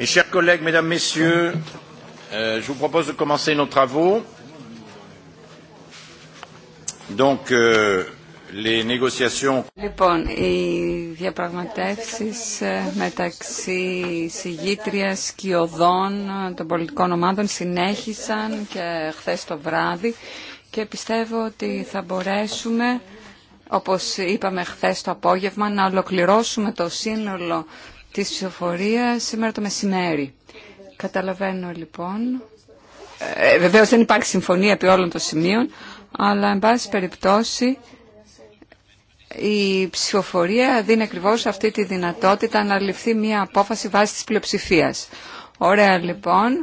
Λοιπόν, οι διαπραγματεύσεις ε, μεταξύ συγγήτριας και οδών ε, των πολιτικών ομάδων συνέχισαν και χθες το βράδυ και πιστεύω ότι θα μπορέσουμε όπως είπαμε χθες το απόγευμα, να ολοκληρώσουμε το σύνολο της ψηφοφορίας σήμερα το μεσημέρι. Καταλαβαίνω λοιπόν, ε, βεβαίως δεν υπάρχει συμφωνία επί όλων των σημείων, αλλά εν πάση περιπτώσει η ψηφοφορία δίνει ακριβώ αυτή τη δυνατότητα να ληφθεί μια απόφαση βάσει της πλειοψηφίας. Ωραία λοιπόν,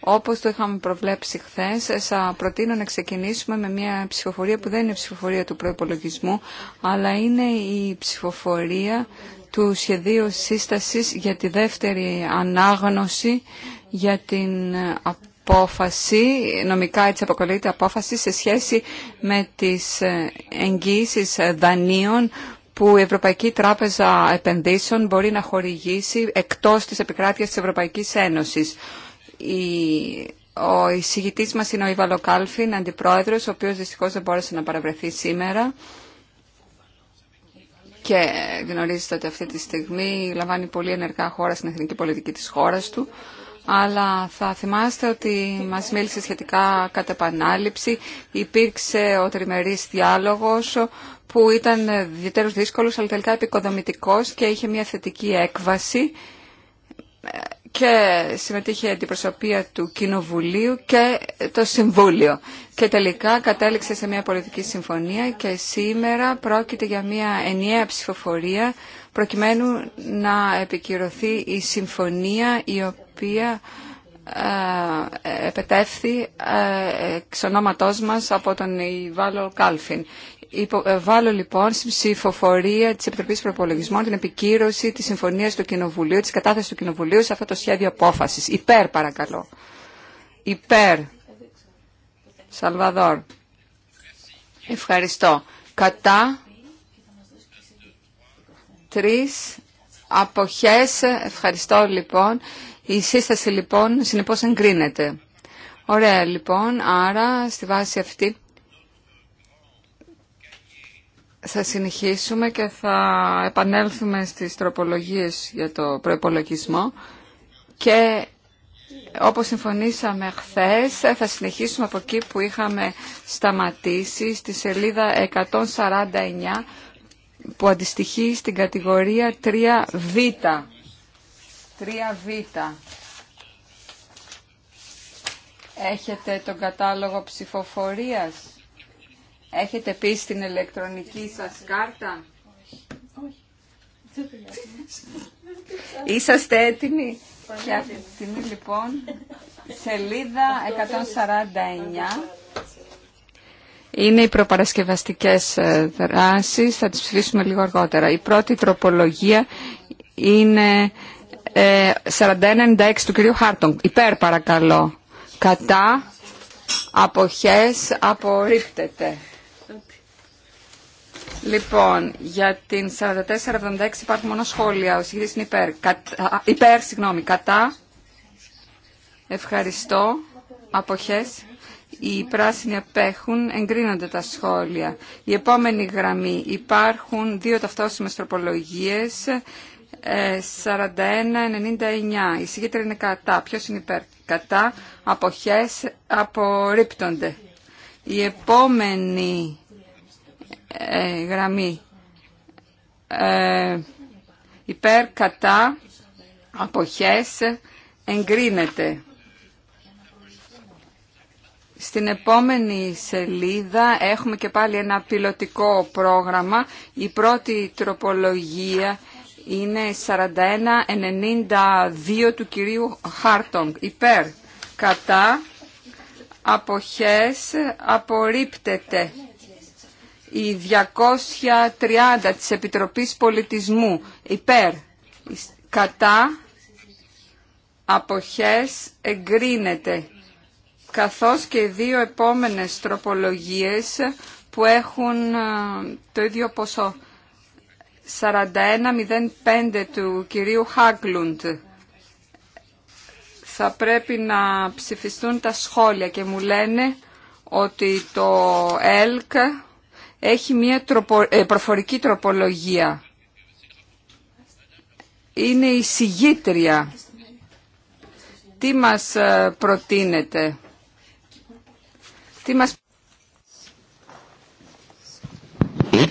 όπως το είχαμε προβλέψει χθε, θα προτείνω να ξεκινήσουμε με μια ψηφοφορία που δεν είναι ψηφοφορία του προϋπολογισμού, αλλά είναι η ψηφοφορία του σχεδίου σύστασης για τη δεύτερη ανάγνωση για την απόφαση, νομικά έτσι αποκαλείται απόφαση, σε σχέση με τις εγγύησεις δανείων που η Ευρωπαϊκή Τράπεζα Επενδύσεων μπορεί να χορηγήσει εκτός της επικράτειας της Ευρωπαϊκής Ένωσης. Ο εισηγητής μας είναι ο Ιβαλοκάλφιν, αντιπρόεδρος, ο οποίος δυστυχώς δεν μπόρεσε να παραβρεθεί σήμερα και γνωρίζετε ότι αυτή τη στιγμή λαμβάνει πολύ ενεργά χώρα στην εθνική πολιτική της χώρας του αλλά θα θυμάστε ότι μας μίλησε σχετικά κατά επανάληψη. Υπήρξε ο τριμερής διάλογος που ήταν ιδιαίτερος δύσκολος αλλά τελικά επικοδομητικός και είχε μια θετική έκβαση και συμμετείχε η αντιπροσωπεία του Κοινοβουλίου και το Συμβούλιο. Και τελικά κατέληξε σε μια πολιτική συμφωνία και σήμερα πρόκειται για μια ενιαία ψηφοφορία προκειμένου να επικυρωθεί η συμφωνία η οποία ε, επετεύθη ε, εξ ονόματός μας από τον Ιβάλλο Κάλφιν. Ε, βάλω λοιπόν στην ψηφοφορία τη Επιτροπή Προπολογισμών την επικύρωση τη συμφωνία του Κοινοβουλίου, τη κατάθεση του Κοινοβουλίου σε αυτό το σχέδιο απόφαση. Υπέρ, παρακαλώ. Υπέρ. Σαλβαδόρ. Ευχαριστώ. Κατά. τρει αποχέ. Ευχαριστώ λοιπόν. Η σύσταση λοιπόν συνεπώς εγκρίνεται. Ωραία λοιπόν. Άρα στη βάση αυτή θα συνεχίσουμε και θα επανέλθουμε στις τροπολογίες για το προϋπολογισμό και όπως συμφωνήσαμε χθες θα συνεχίσουμε από εκεί που είχαμε σταματήσει στη σελίδα 149 που αντιστοιχεί στην κατηγορία 3β. 3β. Έχετε τον κατάλογο ψηφοφορίας. Έχετε πει στην ηλεκτρονική σας κάρτα. Είσαστε έτοιμοι. Και αυτή λοιπόν σελίδα 149 είναι οι προπαρασκευαστικές ε, δράσεις, θα τις ψηφίσουμε λίγο αργότερα. Η πρώτη τροπολογία είναι 4196 ε, του κυρίου Χάρτον. Υπέρ παρακαλώ. Κατά αποχές απορρίπτεται. Λοιπόν, για την 44-76 υπάρχουν μόνο σχόλια. Ο συγκριτής είναι υπέρ. Κατά, υπέρ, συγγνώμη, κατά. Ευχαριστώ. Αποχές. Οι πράσινοι απέχουν, εγκρίνονται τα σχόλια. Η επόμενη γραμμή. Υπάρχουν δύο ταυτόσιμες τροπολογίες. 41-99. Ε, Η συγκέντρια είναι κατά. Ποιο είναι υπέρ. Κατά. Αποχές απορρίπτονται. Η επόμενη ε, γραμμή ε, υπέρ κατά αποχές εγκρίνεται. Στην επόμενη σελίδα έχουμε και πάλι ένα πιλωτικό πρόγραμμα. Η πρώτη τροπολογία είναι 4192 του κυρίου Χάρτονγκ. Υπέρ, κατά, αποχές, απορρίπτεται. Οι 230 της Επιτροπής Πολιτισμού υπέρ κατά αποχές εγκρίνεται καθώς και οι δύο επόμενες τροπολογίες που έχουν το ίδιο ποσό 41.05 του κυρίου Χάγκλουντ θα πρέπει να ψηφιστούν τα σχόλια και μου λένε ότι το ΕΛΚ έχει μια ε, προφορική τροπολογία. Είναι η συγγήτρια. Τι μας ε, προτείνεται. Τι μας... Ναι.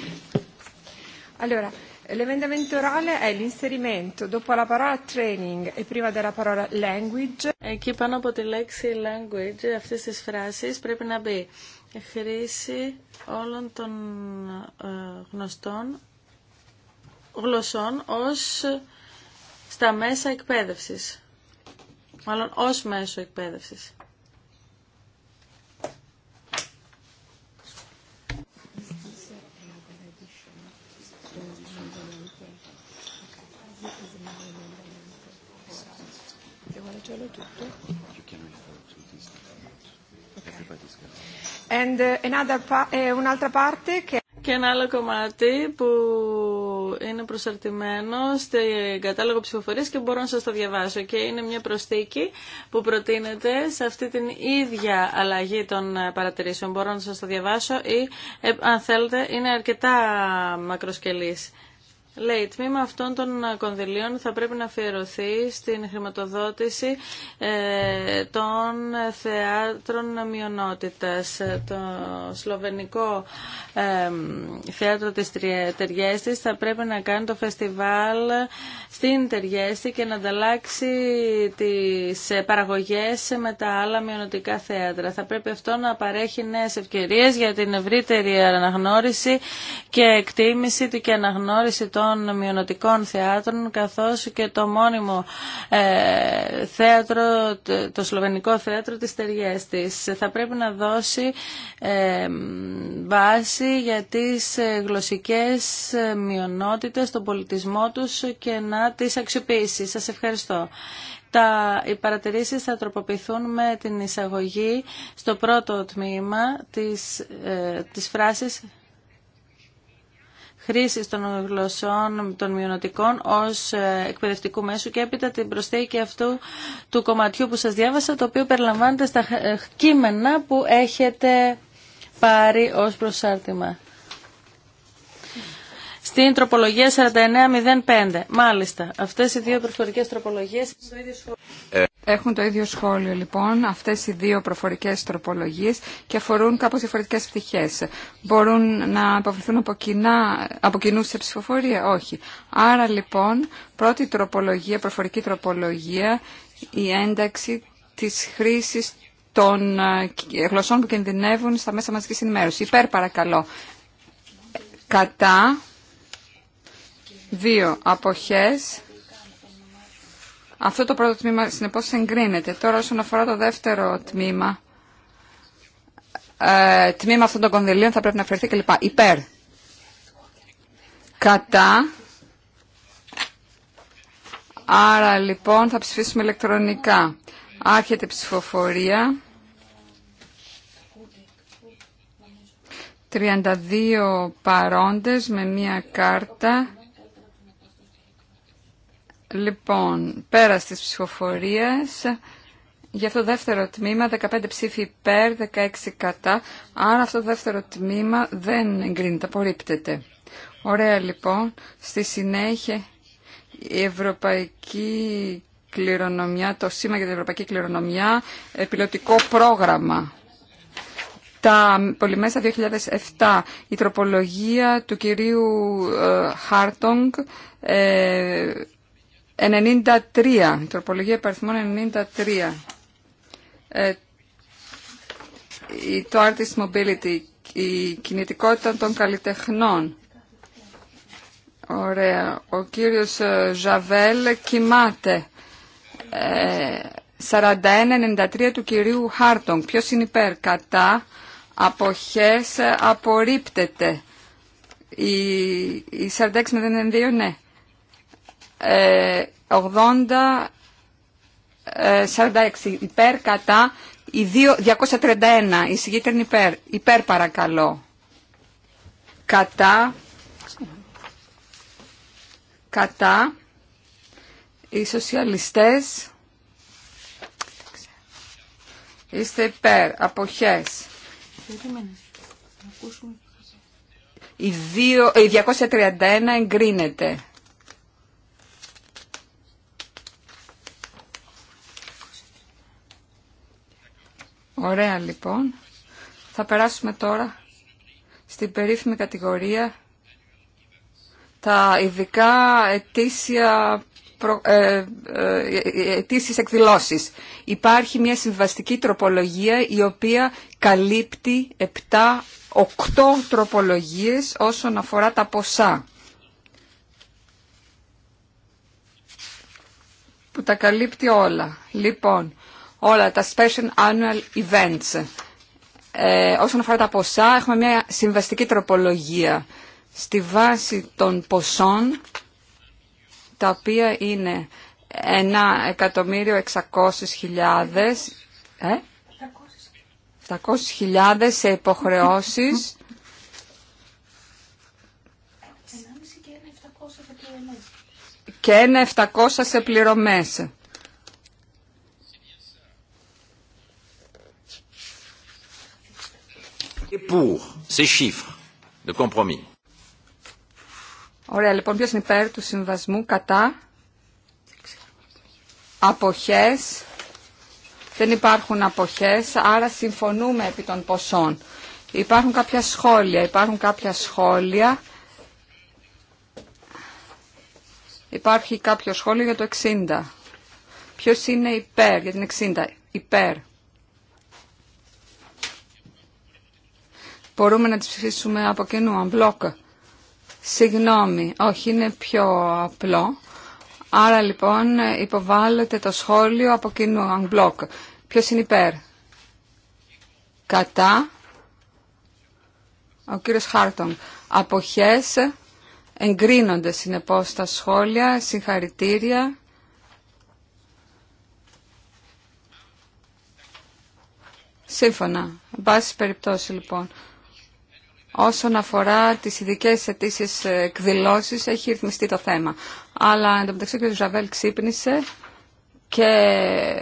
Allora, l'emendamento orale è l'inserimento dopo la parola training e prima della parola language. Εκεί πάνω από τη λέξη language αυτές τις φράσεις πρέπει να μπει χρήση όλων των ε, γνωστών γλωσσών ως στα μέσα εκπαίδευσης. Μάλλον ως μέσο εκπαίδευσης. Uh, uh, και ένα άλλο κομμάτι που είναι προσαρτημένο στην κατάλογο ψηφοφορίας και μπορώ να σας το διαβάσω. Και είναι μια προσθήκη που προτείνεται σε αυτή την ίδια αλλαγή των ε, παρατηρήσεων. Μπορώ να σας το διαβάσω ή, ε, αν θέλετε, είναι αρκετά μακροσκελής. Λέει, τμήμα αυτών των κονδυλίων θα πρέπει να αφιερωθεί στην χρηματοδότηση ε, των θεάτρων μειονότητας. Το σλοβενικό ε, θέατρο της Τεριέστης θα πρέπει να κάνει το φεστιβάλ στην Τεριέστη και να ανταλλάξει τις ε, παραγωγές με τα άλλα μειονοτικά θέατρα. Θα πρέπει αυτό να παρέχει νέες ευκαιρίες για την ευρύτερη αναγνώριση και εκτίμηση και αναγνώριση των των μειονοτικών θεάτρων καθώς και το μόνιμο ε, θέατρο, το σλοβενικό θέατρο της της. Θα πρέπει να δώσει ε, βάση για τις ε, γλωσσικές μειονότητες, τον πολιτισμό τους και να τις αξιοποιήσει. Σας ευχαριστώ. Τα, οι παρατηρήσεις θα τροποποιηθούν με την εισαγωγή στο πρώτο τμήμα της, ε, της φράσης χρήσης των γλωσσών των μειονοτικών ως ε, εκπαιδευτικού μέσου και έπειτα την προσθήκη αυτού του κομματιού που σας διάβασα, το οποίο περιλαμβάνεται στα ε, κείμενα που έχετε πάρει ως προσάρτημα στην τροπολογία 4905. Μάλιστα, αυτές οι δύο προφορικές τροπολογίες ε. έχουν το ίδιο σχόλιο λοιπόν, αυτές οι δύο προφορικές τροπολογίες και αφορούν κάπω διαφορετικέ πτυχέ. Μπορούν να αποβληθούν από, κοινού σε ψηφοφορία, όχι. Άρα λοιπόν, πρώτη τροπολογία, προφορική τροπολογία, η ένταξη τη χρήση των ε, ε, γλωσσών που κινδυνεύουν στα μέσα μαζικής ενημέρωση. Υπέρ παρακαλώ. Κατά Δύο αποχές. Αυτό το πρώτο τμήμα συνεπώς εγκρίνεται. Τώρα όσον αφορά το δεύτερο τμήμα, ε, τμήμα αυτών των κονδυλίων θα πρέπει να φερθεί κλπ. Υπέρ. Κατά. Άρα λοιπόν θα ψηφίσουμε ηλεκτρονικά. Άρχεται ψηφοφορία. 32 παρόντες με μία κάρτα Λοιπόν, πέρα στις ψηφοφορίες, για αυτό το δεύτερο τμήμα, 15 ψήφοι υπέρ, 16 κατά, άρα αυτό το δεύτερο τμήμα δεν εγκρίνεται, απορρίπτεται. Ωραία λοιπόν, στη συνέχεια η Ευρωπαϊκή Κληρονομιά, το σήμα για την Ευρωπαϊκή Κληρονομιά, πιλωτικό πρόγραμμα. Τα πολυμέσα 2007, η τροπολογία του κυρίου ε, Χάρτονγκ, ε, 93, η τροπολογία υπαριθμών 93. Ε, το artist mobility, η κινητικότητα των καλλιτεχνών. Ωραία. Ο κύριος Ζαβέλ ε, κοιμάται. Ε, 41-93 του κυρίου Χάρτονγκ. Ποιος είναι υπέρ. Κατά. Αποχές. Ε, απορρίπτεται. Η, η 46 92, ναι. 80 ε, 46 ε, υπέρ κατά 231 η συγκεκριμένη υπέρ υπέρ παρακαλώ κατά κατά οι σοσιαλιστές είστε υπέρ αποχές οι 231 ε, εγκρίνεται Ωραία λοιπόν. Θα περάσουμε τώρα στην περίφημη κατηγορία τα ειδικά ετήσια προ, ε, ε, ε εκδηλώσεις. Υπάρχει μια συμβαστική τροπολογία η οποία καλύπτει 7-8 τροπολογίες όσον αφορά τα ποσά. Που τα καλύπτει όλα. Λοιπόν, όλα τα special annual events. Ε, όσον αφορά τα ποσά, έχουμε μια συμβαστική τροπολογία. Στη βάση των ποσών, τα οποία είναι 1.600.000 ε, 700.000 σε υποχρεώσεις και ένα 700 σε πληρωμές. Ωραία, λοιπόν, ποιος είναι υπέρ του συμβασμού κατά αποχές. Δεν υπάρχουν αποχές, άρα συμφωνούμε επί των ποσών. Υπάρχουν κάποια σχόλια, υπάρχουν κάποια σχόλια. Υπάρχει κάποιο σχόλιο για το 60. Ποιος είναι υπέρ για την 60. Υπέρ. Μπορούμε να τις ψηφίσουμε από κοινού, unblock. Συγγνώμη, όχι είναι πιο απλό. Άρα λοιπόν υποβάλλεται το σχόλιο από κοινού, unblock. Ποιος είναι υπέρ. Κατά. Ο κύριος Χάρτον. Αποχές. Εγκρίνονται συνεπώς τα σχόλια. Συγχαρητήρια. Σύμφωνα. Εν περιπτώσει λοιπόν. Όσον αφορά τις ειδικέ αιτήσει εκδηλώσει, έχει ρυθμιστεί το θέμα. Αλλά εν τω μεταξύ ο κ. Ζαβέλ ξύπνησε και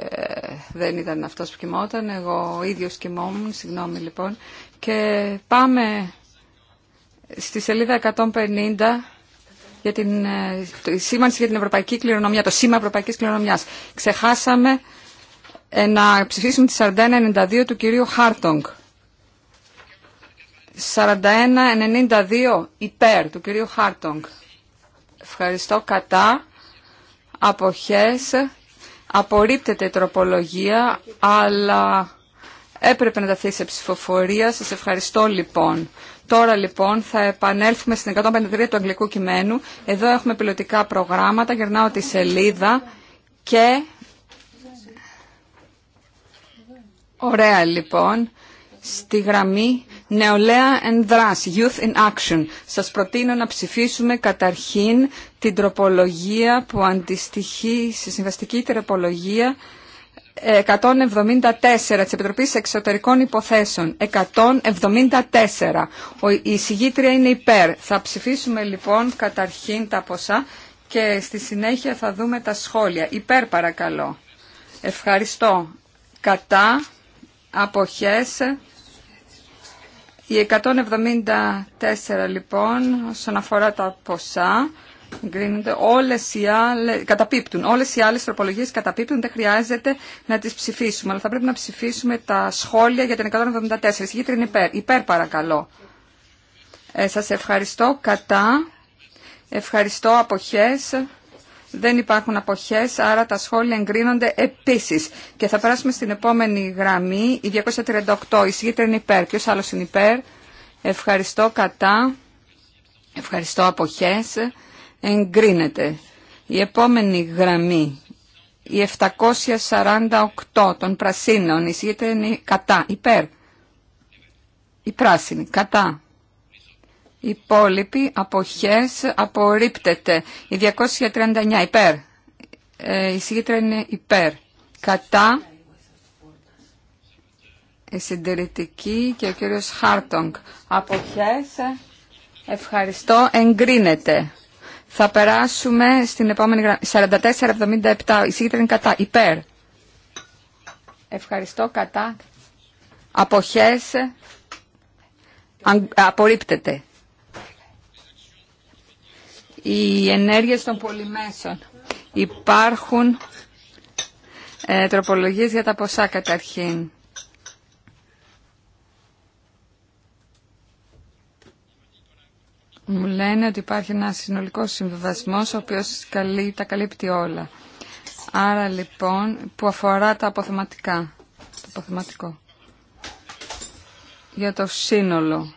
ε, δεν ήταν αυτό που κοιμόταν, εγώ ίδιο ίδιος κοιμόμουν, συγγνώμη λοιπόν. Και πάμε στη σελίδα 150 για την ε, τη σήμανση για την ευρωπαϊκή κληρονομιά, το σήμα ευρωπαϊκής κληρονομιάς. Ξεχάσαμε ε, να ψηφίσουμε τη 4192 του κυρίου Χάρτογκ. 41-92 υπέρ του κυρίου Χάρτονγκ. Ευχαριστώ κατά. Αποχές. Απορρίπτεται η τροπολογία, αλλά έπρεπε να ταθεί σε ψηφοφορία. Σας ευχαριστώ λοιπόν. Τώρα λοιπόν θα επανέλθουμε στην 153 του αγγλικού κειμένου. Εδώ έχουμε πιλωτικά προγράμματα, Γερνάω τη σελίδα και... Ωραία λοιπόν, στη γραμμή Νεολαία εν δράση, Youth in Action. Σας προτείνω να ψηφίσουμε καταρχήν την τροπολογία που αντιστοιχεί στη συμβαστική τροπολογία 174 ε, της Επιτροπής Εξωτερικών Υποθέσεων. 174. Η συγγήτρια είναι υπέρ. Θα ψηφίσουμε λοιπόν καταρχήν τα ποσά και στη συνέχεια θα δούμε τα σχόλια. Υπέρ παρακαλώ. Ευχαριστώ. Κατά αποχές η 174 λοιπόν, όσον αφορά τα ποσά, γκρίνονται όλες οι άλλες, καταπίπτουν. Όλες οι άλλες τροπολογίες καταπίπτουν, δεν χρειάζεται να τις ψηφίσουμε. Αλλά θα πρέπει να ψηφίσουμε τα σχόλια για την 174. είναι υπέρ, υπέρ παρακαλώ. Ε, σας ευχαριστώ. Κατά. Ευχαριστώ. Αποχές. Δεν υπάρχουν αποχές, άρα τα σχόλια εγκρίνονται επίσης. Και θα περάσουμε στην επόμενη γραμμή, η 238. Η είναι υπέρ. Ποιος άλλος είναι υπέρ. Ευχαριστώ κατά. Ευχαριστώ αποχές. Εγκρίνεται. Η επόμενη γραμμή, η 748 των πρασίνων, η είναι κατά. Υπέρ. Η πράσινη. Κατά υπόλοιποι αποχές απορρίπτεται. Η 239 υπέρ. Ε, η σύγκριτρα είναι υπέρ. Κατά η συντηρητική και ο κύριος Χάρτονγκ. Αποχές ευχαριστώ εγκρίνεται. Θα περάσουμε στην επόμενη γραμμή. 44-77. Η σύγκριτρα είναι κατά. Υπέρ. Ευχαριστώ. Κατά. Αποχές. Απορρίπτεται οι ενέργειες των πολυμέσων. Υπάρχουν ε, τροπολογίες για τα ποσά καταρχήν. Μου λένε ότι υπάρχει ένα συνολικό συμβιβασμό ο οποίος τα καλύπτει όλα. Άρα λοιπόν που αφορά τα αποθεματικά. Το αποθεματικό. Για το σύνολο.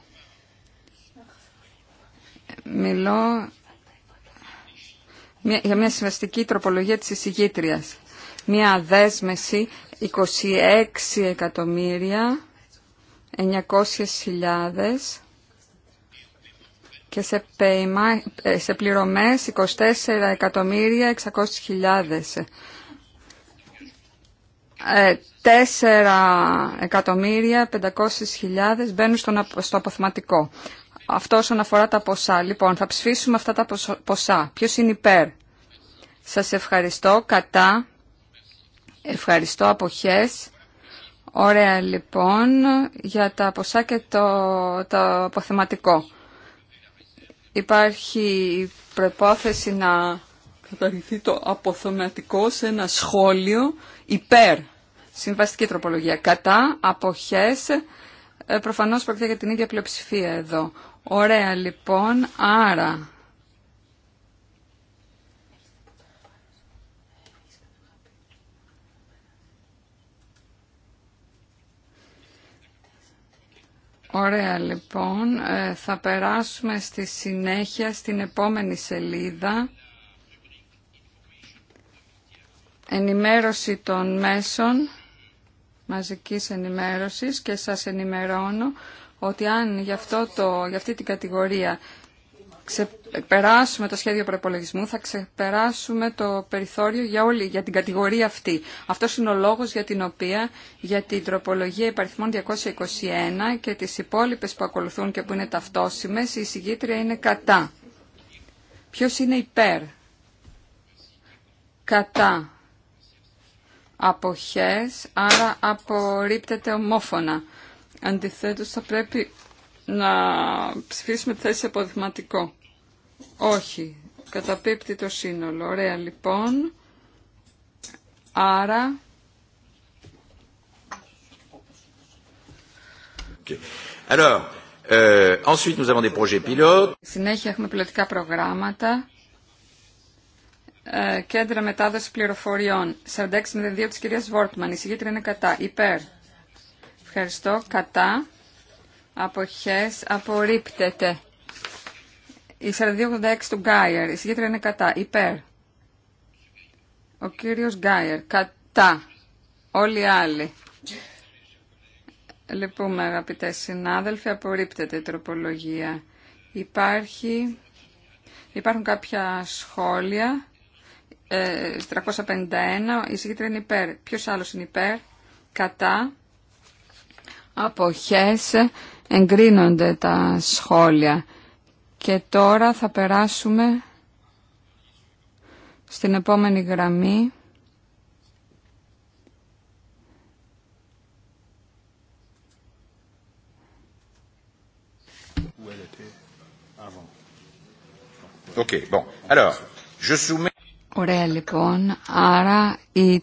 Μιλώ για μια συμβαστική τροπολογία της εισηγήτριας. Μια δέσμεση 26 εκατομμύρια 900.000 και σε, πέιμα, ε, σε πληρωμές 24 εκατομμύρια 600.000. 4 ε, εκατομμύρια 500.000 μπαίνουν στο αποθηματικό. Αυτό όσον αφορά τα ποσά. Λοιπόν, θα ψηφίσουμε αυτά τα ποσά. Ποιος είναι υπέρ. Σας ευχαριστώ. Κατά. Ευχαριστώ. Αποχές. Ωραία λοιπόν για τα ποσά και το, το αποθεματικό. Υπάρχει προπόθεση να καταργηθεί το αποθεματικό σε ένα σχόλιο υπέρ. Συμβαστική τροπολογία. Κατά, αποχές, ε, προφανώς πρόκειται για την ίδια πλειοψηφία εδώ. Ωραία λοιπόν, άρα... Ωραία λοιπόν, ε, θα περάσουμε στη συνέχεια στην επόμενη σελίδα. Ενημέρωση των μέσων μαζικής ενημέρωσης και σας ενημερώνω ότι αν για, αυτό το, για αυτή την κατηγορία ξεπεράσουμε το σχέδιο προπολογισμού, θα ξεπεράσουμε το περιθώριο για, όλη, για την κατηγορία αυτή. Αυτό είναι ο λόγος για την οποία για την τροπολογία υπαριθμών 221 και τις υπόλοιπες που ακολουθούν και που είναι ταυτόσιμες, η συγκίτρια είναι κατά. Ποιος είναι υπέρ. Κατά αποχές, άρα απορρίπτεται ομόφωνα. Αντιθέτως θα πρέπει να ψηφίσουμε τη θέση αποδειγματικό. Όχι. Καταπίπτει το σύνολο. Ωραία λοιπόν. Άρα... Okay. Alors, euh, Συνέχεια έχουμε πιλωτικά προγράμματα. Ε, κέντρα μετάδοση πληροφοριών. 4602 της κυρίας Βόρτμαν. Η συγκίτρια είναι κατά. Υπέρ. Ευχαριστώ. Κατά. Αποχές. Απορρίπτεται. Η 4286 του Γκάιερ. Η συγκίτρια είναι κατά. Υπέρ. Ο κύριος Γκάιερ. Κατά. Όλοι οι άλλοι. Λυπούμε αγαπητέ συνάδελφοι, απορρίπτεται η τροπολογία. Υπάρχει, υπάρχουν κάποια σχόλια 351, η συγκεκριμένη είναι υπέρ. Ποιο άλλο είναι υπέρ, κατά, αποχές, εγκρίνονται τα σχόλια. Και τώρα θα περάσουμε στην επόμενη γραμμή. Okay, bon. Alors, je soumets... Ωραία λοιπόν, άρα η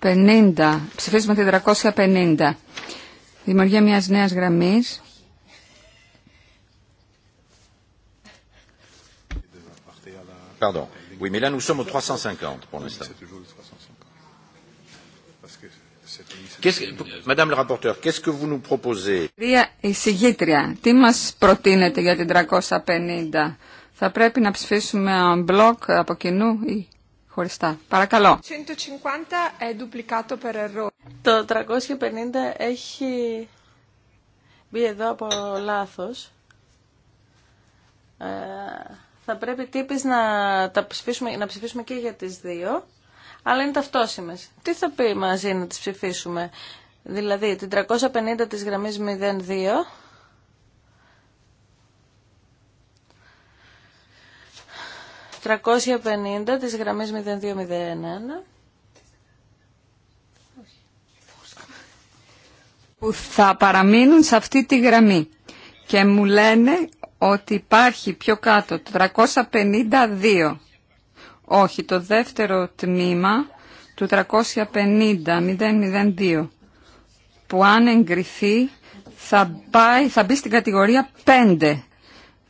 350, ψηφίζουμε τη 350, δημιουργία μιας νέας γραμμής. Pardon. Oui, εισηγήτρια, τι μας προτείνετε για την 350? Θα πρέπει να ψηφίσουμε μπλοκ από κοινού ή χωριστά. Παρακαλώ. Το 350 έχει μπει εδώ από λάθος. Ε, θα πρέπει τύπης να, τα ψηφίσουμε, να ψηφίσουμε και για τις δύο, αλλά είναι ταυτόσιμες. Τι θα πει μαζί να τις ψηφίσουμε, δηλαδή την 350 της γραμμής 02 350 της γραμμής 0201 που θα παραμείνουν σε αυτή τη γραμμή και μου λένε ότι υπάρχει πιο κάτω το 352. Όχι, το δεύτερο τμήμα του 350-002 που αν εγκριθεί θα, θα μπει στην κατηγορία 5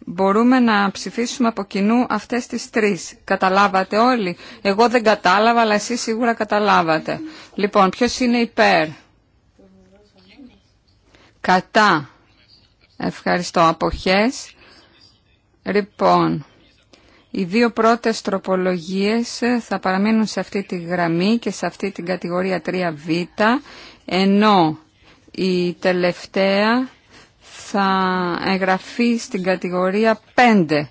Μπορούμε να ψηφίσουμε από κοινού αυτές τις τρεις. Καταλάβατε όλοι. Εγώ δεν κατάλαβα, αλλά εσείς σίγουρα καταλάβατε. Λοιπόν, ποιος είναι υπέρ. Κατά. Ευχαριστώ. Αποχές. Λοιπόν, οι δύο πρώτες τροπολογίες θα παραμείνουν σε αυτή τη γραμμή και σε αυτή την κατηγορία 3β, ενώ η τελευταία θα εγγραφεί στην κατηγορία 5.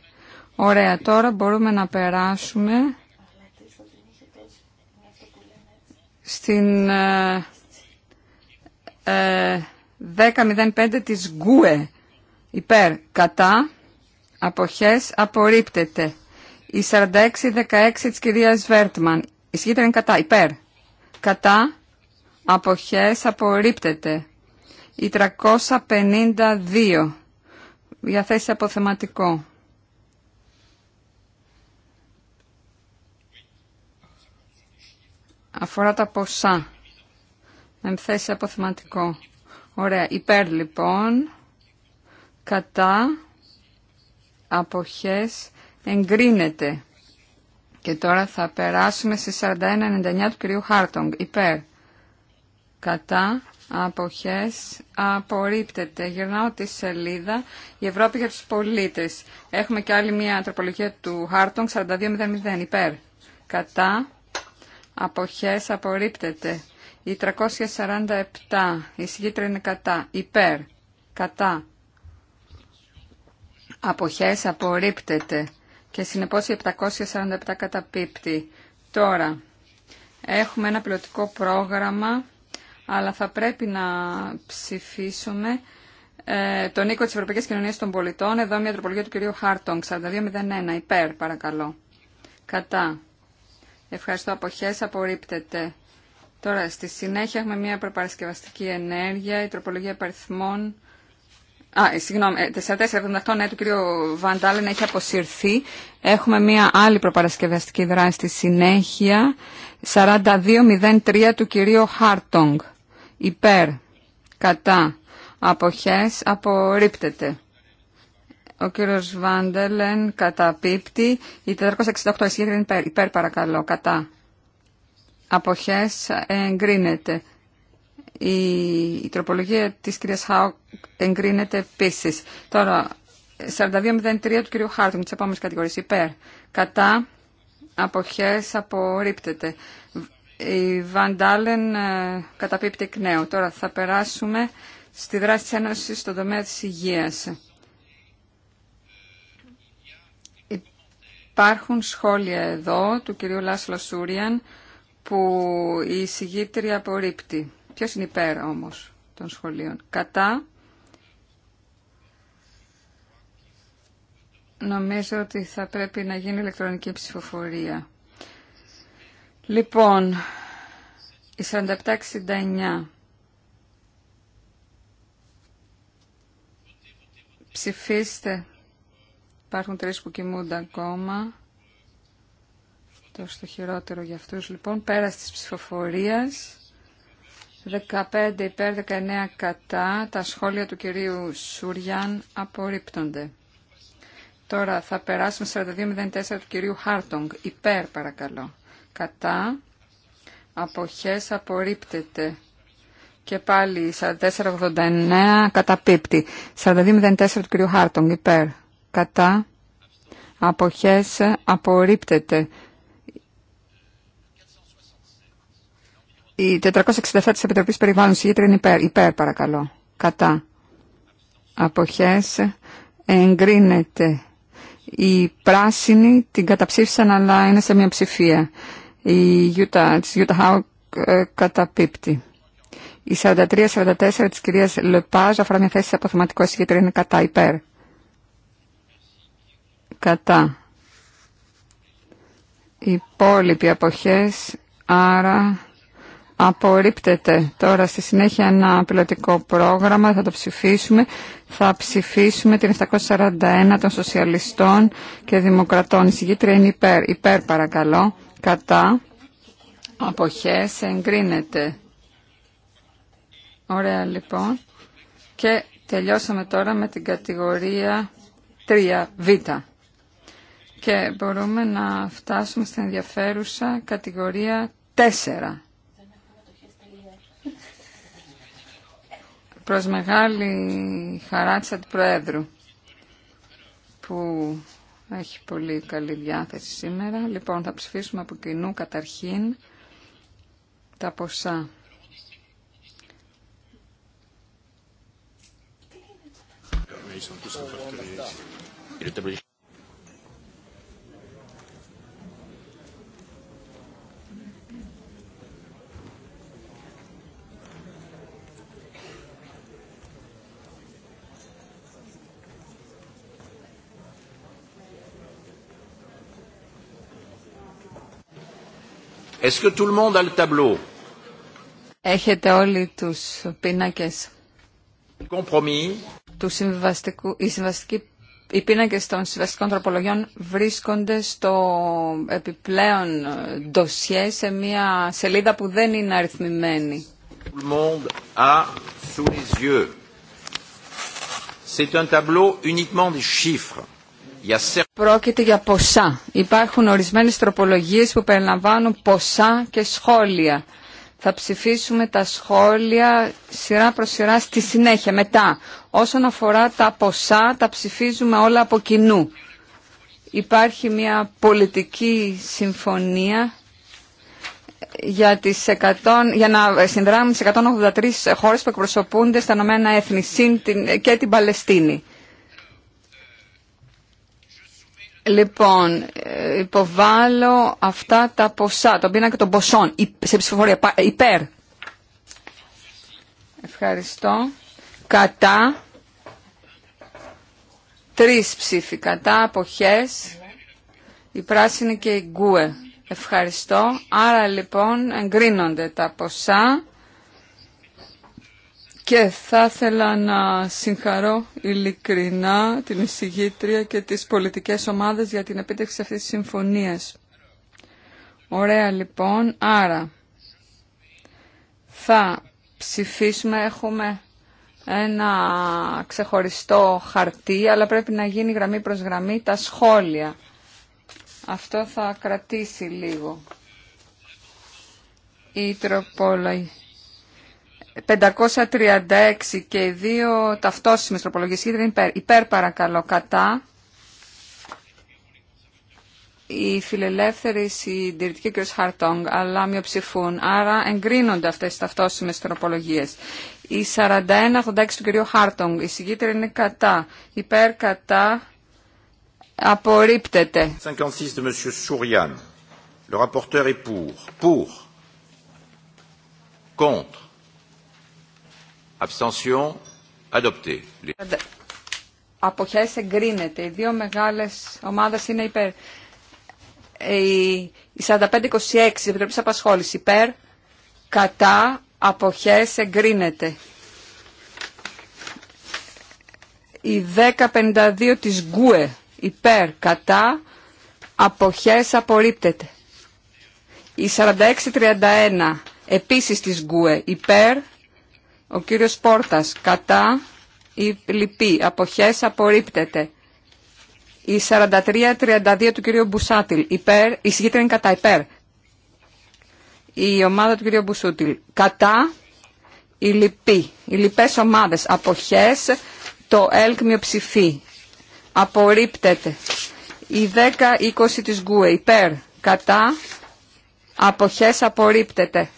Ωραία, τώρα μπορούμε να περάσουμε στην ε, ε, 10.05 της ΓΚΟΕ. Υπέρ, κατά, αποχές, απορρίπτεται. Η 46.16 της κυρίας Βέρτμαν. Η είναι κατά, υπέρ, κατά, αποχές, απορρίπτεται. Η 352 για θέση αποθεματικό. Αφορά τα ποσά. Με θέση αποθεματικό. Ωραία. Υπέρ λοιπόν. Κατά. Αποχές. Εγκρίνεται. Και τώρα θα περάσουμε στη 4199 του κυρίου Χάρτογκ. Υπέρ. Κατά. Αποχές. Απορρίπτεται. Γυρνάω τη σελίδα. Η Ευρώπη για τους πολίτες. Έχουμε και άλλη μια τροπολογία του Χάρτον 42.00. Υπέρ. Κατά. Αποχές. Απορρίπτεται. Η 347. Η είναι κατά. Υπέρ. Κατά. Αποχές. Απορρίπτεται. Και συνεπώς η 747 καταπίπτει. Τώρα. Έχουμε ένα πιλωτικό πρόγραμμα αλλά θα πρέπει να ψηφίσουμε ε, τον οίκο της Ευρωπαϊκής Κοινωνίας των Πολιτών. Εδώ μια τροπολογία του κυρίου Χάρτονγκ, 4201, υπέρ παρακαλώ. Κατά. Ευχαριστώ. Αποχές απορρίπτεται. Τώρα, στη συνέχεια έχουμε μια προπαρασκευαστική ενέργεια, η τροπολογία παριθμών... Α, ε, συγγνώμη, 4478, ε, ναι, του κ. Βαντάλεν έχει αποσυρθεί. Έχουμε μια άλλη προπαρασκευαστική δράση στη συνέχεια, 4203 του κυρίου Χάρτονγκ υπέρ, κατά, αποχές, απορρίπτεται. Ο κύριος Βάντελεν καταπίπτει. Η 468 είναι υπέρ, υπέρ παρακαλώ, κατά. Αποχές εγκρίνεται. Η, τροπολογία της κυρίας Χάου εγκρίνεται επίση. Τώρα, 4203 του κυρίου Χάρτουμ, τις επόμενες κατηγορίες, υπέρ. Κατά, αποχές απορρίπτεται. Η Βαντάλεν καταπίπτει εκ νέου. Τώρα θα περάσουμε στη δράση της Ένωσης στον τομέα της υγείας. Υπάρχουν σχόλια εδώ του κυρίου Λάσλο Σούριαν που η εισηγήτρια απορρίπτει. Ποιος είναι υπέρ όμως των σχολείων. Κατά. Νομίζω ότι θα πρέπει να γίνει ηλεκτρονική ψηφοφορία. Λοιπόν, η 4769 ψηφίστε. Υπάρχουν τρεις που κοιμούνται ακόμα. Το στο χειρότερο για αυτούς λοιπόν. Πέρα της ψηφοφορίας. 15 υπέρ 19 κατά. Τα σχόλια του κυρίου Σουριάν απορρίπτονται. Τώρα θα περάσουμε 4204 του κυρίου Χάρτογκ. Υπέρ παρακαλώ κατά, αποχές απορρίπτεται. Και πάλι 4489 καταπίπτει. 4204 του κ. Χάρτονγκ υπέρ. Κατά. Αποχές απορρίπτεται. Η 467 της Επιτροπής Περιβάλλοντος η είναι υπέρ. Υπέρ παρακαλώ. Κατά. Αποχές εγκρίνεται. η πράσινη την καταψήφισαν αλλά είναι σε μια ψηφία η Γιούτα, της ε, καταπίπτει. Η 43-44 της κυρίας Λεπάζ αφορά μια θέση σε αποθεματικό συγκεκριμένο είναι κατά υπέρ. Κατά. Οι υπόλοιποι αποχές, άρα απορρίπτεται τώρα στη συνέχεια ένα πιλωτικό πρόγραμμα, θα το ψηφίσουμε. Θα ψηφίσουμε την 741 των Σοσιαλιστών και Δημοκρατών. Η συγκήτρια είναι υπέρ. Υπέρ παρακαλώ κατά αποχές εγκρίνεται. Ωραία λοιπόν. Και τελειώσαμε τώρα με την κατηγορία 3β. Και μπορούμε να φτάσουμε στην ενδιαφέρουσα κατηγορία 4. Προς μεγάλη χαρά της Αντιπροέδρου που έχει πολύ καλή διάθεση σήμερα. Λοιπόν, θα ψηφίσουμε από κοινού καταρχήν τα ποσά. Έχετε όλοι τους πίνακες του συμβαστικού, οι πίνακες των συμβαστικών τροπολογιών βρίσκονται στο επιπλέον ε, ντοσιέ σε μια σελίδα που δεν είναι αριθμημένη. C'est un tableau uniquement des chiffres. Πρόκειται για ποσά. Υπάρχουν ορισμένες τροπολογίες που περιλαμβάνουν ποσά και σχόλια. Θα ψηφίσουμε τα σχόλια σειρά προς σειρά στη συνέχεια, μετά. Όσον αφορά τα ποσά, τα ψηφίζουμε όλα από κοινού. Υπάρχει μια πολιτική συμφωνία για, τις 100, για να συνδράμουν τις 183 χώρες που εκπροσωπούνται στα Ηνωμένα και την Παλαιστίνη. Λοιπόν, ε, υποβάλλω αυτά τα ποσά, τον πίνακα των ποσών, σε ψηφοφορία, ε, υπέρ. Ευχαριστώ. Κατά. Τρεις ψήφοι κατά, αποχές, η πράσινη και η γκουε. Ευχαριστώ. Άρα λοιπόν εγκρίνονται τα ποσά. Και θα ήθελα να συγχαρώ ειλικρινά την εισηγήτρια και τις πολιτικές ομάδες για την επίτευξη αυτής της συμφωνίας. Ωραία λοιπόν, άρα θα ψηφίσουμε, έχουμε ένα ξεχωριστό χαρτί, αλλά πρέπει να γίνει γραμμή προς γραμμή τα σχόλια. Αυτό θα κρατήσει λίγο. Η τροπολογία 536 και οι δύο ταυτόσιμες τροπολογίες είναι υπέρ. Υπέρ παρακαλώ, κατά. Οι φιλελεύθεροι συντηρητικοί και ο Χαρτόγκ, αλλά μειοψηφούν. Άρα εγκρίνονται αυτές οι ταυτόσιμες τροπολογίες. Η 86 του κυρίου Χάρτογκ, η συγκίτρια είναι κατά. Υπέρ κατά απορρίπτεται. 56 de Monsieur Σουριαν, Le rapporteur est pour. Pour. Contre. Abstention. Adopté. Αποχές εγκρίνεται. Οι δύο μεγάλες ομάδες είναι υπέρ. Ε, η 45-26 Επιτροπή Απασχόληση υπέρ. Κατά. Αποχές εγκρίνεται. Η 1052 της Γκουε υπέρ. Κατά. Αποχές απορρίπτεται. Η 4631 επίσης της Γκουε υπέρ ο κύριος Πόρτας, κατά, η λυπή, αποχές, απορρίπτεται. Η 43-32 του κυρίου Μπουσάτιλ, υπέρ, η συγκίτρια είναι κατά, υπέρ. Η ομάδα του κυρίου Μπουσούτιλ, κατά, η λυπή, οι λυπές ομάδες, αποχές, το ΕΛΚ ψηφί. Απορρίπτεται. Η 10-20 της ΓΚΟΕ, υπέρ, κατά, αποχές απορρίπτεται.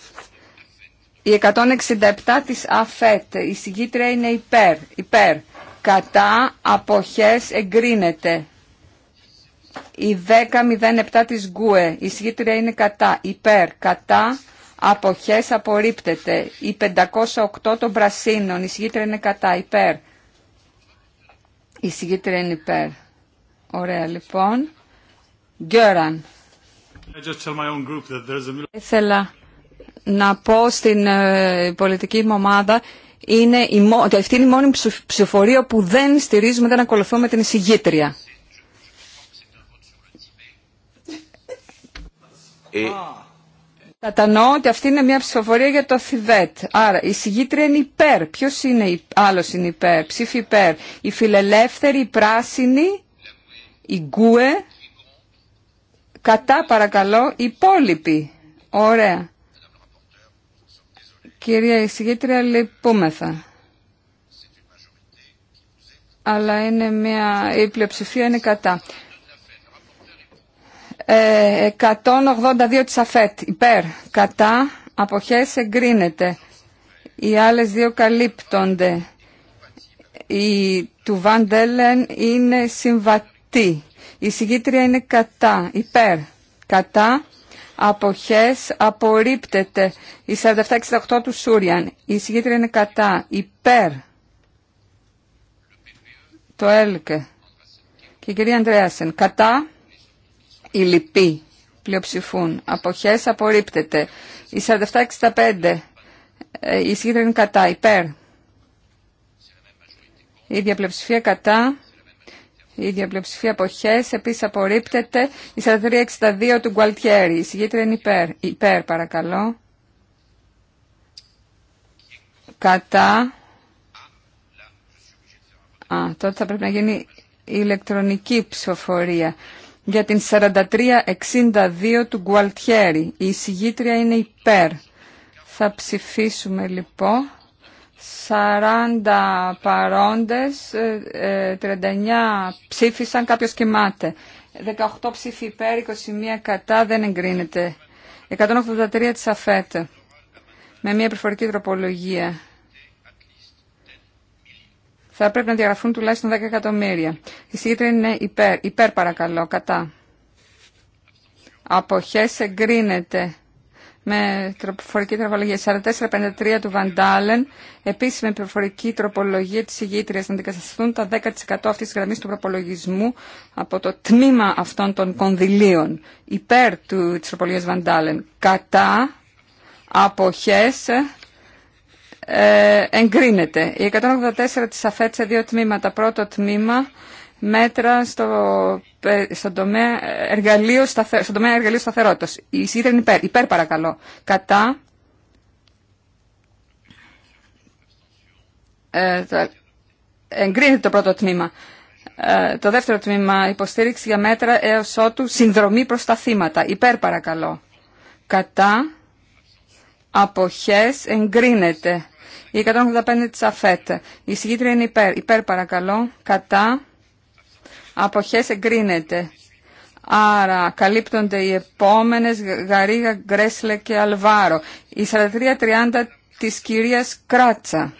Η 167 της ΑΦΕΤ, η συγκήτρια είναι υπέρ, υπέρ. Κατά αποχές εγκρίνεται. Η 1007 της ΓΚΟΕ, η συγκήτρια είναι κατά, υπέρ, κατά αποχές απορρίπτεται. Η 508 των Πρασίνων, η συγκήτρια είναι κατά, υπέρ. Η συγκήτρια είναι υπέρ. Ωραία λοιπόν. Γκέραν. Ήθελα να πω στην ε, πολιτική μου ομάδα είναι ότι αυτή είναι η μόνη ψηφοφορία που δεν στηρίζουμε, δεν ακολουθούμε την εισηγήτρια. Ε... Κατανοώ ότι αυτή είναι μια ψηφοφορία για το Θιβέτ. Άρα η συγκήτρια είναι υπέρ. Ποιο είναι άλλο είναι υπέρ. Ψήφι υπέρ. Η φιλελεύθερη, η πράσινη, η γκουε. Κατά παρακαλώ, οι υπόλοιποι. Ωραία. Κυρία εισηγήτρια, λυπούμεθα. Αλλά είναι μια... η πλειοψηφία είναι κατά. 182 ε, της ΑΦΕΤ, υπέρ, κατά, αποχές εγκρίνεται. Οι άλλες δύο καλύπτονται. Η του Βαντέλεν είναι συμβατή. Η εισηγήτρια είναι κατά, υπέρ, κατά, αποχές απορρίπτεται. Η 4768 του Σούριαν. Η συγκήτρια είναι κατά. Υπέρ. Το έλκε. Και η κυρία Ανδρέασεν. Κατά. Η λυπή. Πλειοψηφούν. Αποχές απορρίπτεται. Η 47-65, ε, Η συγκήτρια είναι κατά. Υπέρ. Η ίδια κατά η ίδια πλειοψηφία αποχές, επίσης απορρίπτεται η 4362 του Γκουαλτιέρη. Η συγκέντρια είναι υπέρ. Υπέρ παρακαλώ. Κατά. Α, τότε θα πρέπει να γίνει η ηλεκτρονική ψηφοφορία για την 4362 του Γκουαλτιέρη. Η συγγήτρια είναι υπέρ. Θα ψηφίσουμε λοιπόν 40 παρόντες, 39 ε, ε, ψήφισαν, κάποιος κοιμάται. 18 ψηφί υπέρ, 21 κατά, δεν εγκρίνεται. 183 της ΑΦΕΤ, με μια προφορική τροπολογία. Θα πρέπει να διαγραφούν τουλάχιστον 10 εκατομμύρια. Η σύγκριση είναι υπέρ, υπέρ παρακαλώ, κατά. Αποχές εγκρίνεται με προφορική τροπολογία 4453 του Βαντάλεν, με προφορική τροπολογία της ηγήτριας να αντικαταστούν τα 10% αυτής της γραμμής του προπολογισμού από το τμήμα αυτών των κονδυλίων υπέρ του, της τροπολογίας Βαντάλεν. Κατά αποχές ε, εγκρίνεται. Η 184 της ΑΦΕΤ δύο τμήματα. Πρώτο τμήμα μέτρα στο, ε, στον τομέα εργαλείου, σταθε, στο εργαλείου σταθερότητας. Η συγκίτρια είναι υπέρ, υπέρ παρακαλώ. Κατά ε, το, εγκρίνεται το πρώτο τμήμα. Ε, το δεύτερο τμήμα υποστήριξη για μέτρα έως ότου συνδρομή προς τα θύματα. Υπέρ παρακαλώ. Κατά αποχές εγκρίνεται. Η 185 της ΑΦΕΤ. Η συγκίτρια είναι υπέρ. Υπέρ παρακαλώ. Κατά αποχές εγκρίνεται. Άρα καλύπτονται οι επόμενες Γαρίγα, Γκρέσλε και Αλβάρο. Η 4330 της κυρίας Κράτσα.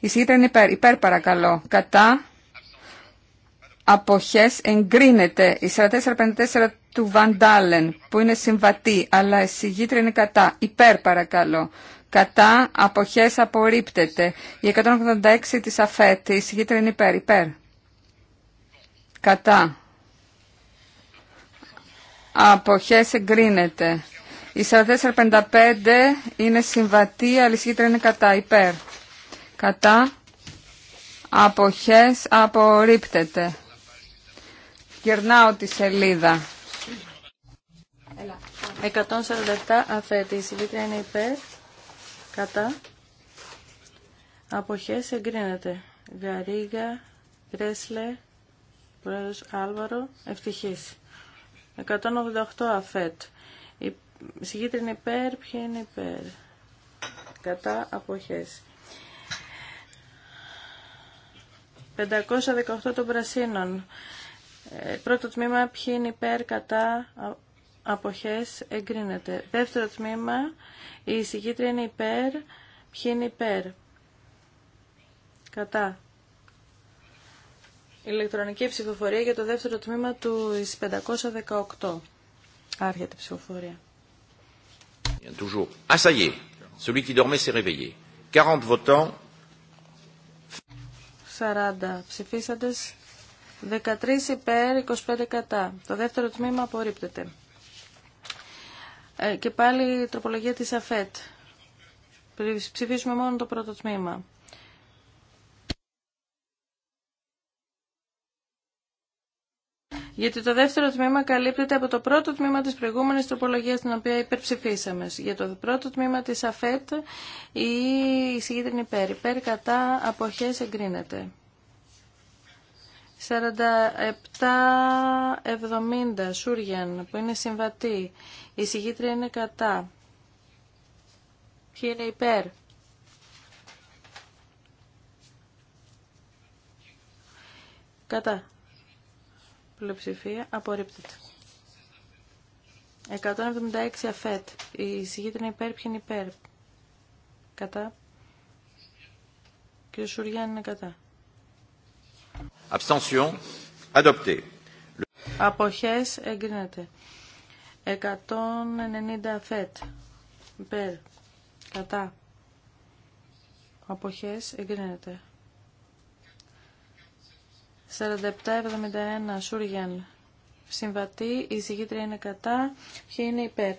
Η συγκίτρια είναι υπέρ. Υπέρ παρακαλώ. Κατά αποχές εγκρίνεται. Η 4454 του Βαντάλεν που είναι συμβατή αλλά η συγγήτρια είναι κατά. Υπέρ παρακαλώ. Κατά αποχές απορρίπτεται. Η 186 της Αφέτη. Η συγγήτρια είναι υπέρ. Υπέρ κατά αποχές εγκρίνεται. Η 4455 είναι συμβατή, αλλά η είναι κατά, υπέρ. Κατά αποχές απορρίπτεται. Γερνάω τη σελίδα. 147 αφέτη. Η συμβήτρια είναι υπέρ. Κατά. Αποχές εγκρίνεται. Γαρίγα, Γκρέσλε, Πρόεδρος Άλβαρο, ευτυχής. 188 αφέτ. Η συγκίτρια είναι υπέρ, ποια είναι υπέρ. Κατά αποχές. 518 των πρασίνων. Ε, πρώτο τμήμα, ποιοι είναι υπέρ, κατά αποχές, εγκρίνεται. Δεύτερο τμήμα, η συγκίτρια είναι υπέρ, ποιοι είναι υπέρ. Κατά Ηλεκτρονική ψηφοφορία για το δεύτερο τμήμα του 518. Άρχεται η ψηφοφορία. Toujours. Ah, ça y est. Celui qui dormait s'est réveillé. 40 votants. 40 ψηφίσαντες. 13 υπέρ, 25 κατά. Το δεύτερο τμήμα απορρίπτεται. Ε, και πάλι η τροπολογία της ΑΦΕΤ. Ψηφίσουμε μόνο το πρώτο τμήμα. Γιατί το δεύτερο τμήμα καλύπτεται από το πρώτο τμήμα της προηγούμενης τροπολογίας την οποία υπερψηφίσαμε. Για το πρώτο τμήμα της ΑΦΕΤ η συγκίτρινη πέρι πέρι Υπέρ κατά αποχές εγκρίνεται. 47-70 που είναι συμβατή. Η συγκίτρια είναι κατά. Ποιοι είναι υπέρ. Κατά πλειοψηφία απορρίπτεται. 176 αφέτ. Η συγκίτρια υπέρ, είναι υπέρ. Κατά. Και ο Σουριάν είναι κατά. Abstention. Adopté. Αποχές εγκρίνεται. 190 αφέτ. Υπέρ. Κατά. Αποχές εγκρίνεται. 47-71 συμβατή, η συγκίτρια είναι κατά, ποιοι είναι υπέρ.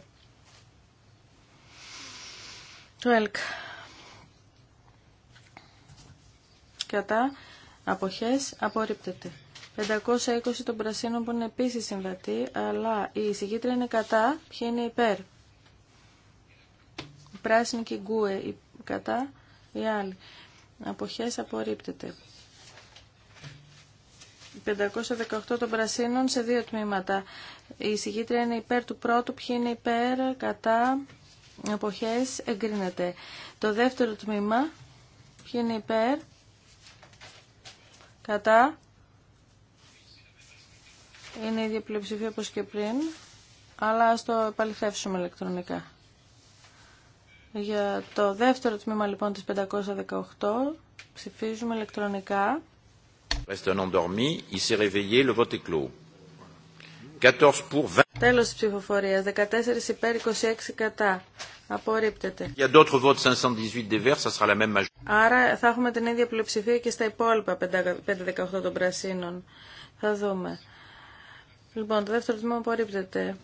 Το ΕΛΚ. Κατά, αποχές, απορρίπτεται. 520 των πρασίνων που είναι επίσης συμβατή, αλλά η συγκίτρια είναι κατά, ποια είναι υπέρ. πράσινη και γκουε, κατά, οι άλλοι. Αποχές απορρίπτεται. 518 των Πρασίνων σε δύο τμήματα. Η συγκήτρια είναι υπέρ του πρώτου, ποιοι είναι υπέρ, κατά, εποχές, εγκρίνεται. Το δεύτερο τμήμα, ποιοι είναι υπέρ, κατά, είναι η ίδια πλειοψηφία όπως και πριν, αλλά ας το επαληθεύσουμε ηλεκτρονικά. Για το δεύτερο τμήμα λοιπόν της 518 ψηφίζουμε ηλεκτρονικά. Reste un endormi. Il s'est réveillé. Le vote est clos. 14 pour 20. Τέλος της ψηφοφορίας. 14 υπέρ, 26 κατά. Απορρίπτεται. Για d'autres votes 518 des Verts, ça sera la même majorité. Άρα θα έχουμε την ίδια πλειοψηφία και στα υπόλοιπα 518 των πρασίνων. Θα δούμε. Λοιπόν, το δεύτερο τμήμα απορρίπτεται.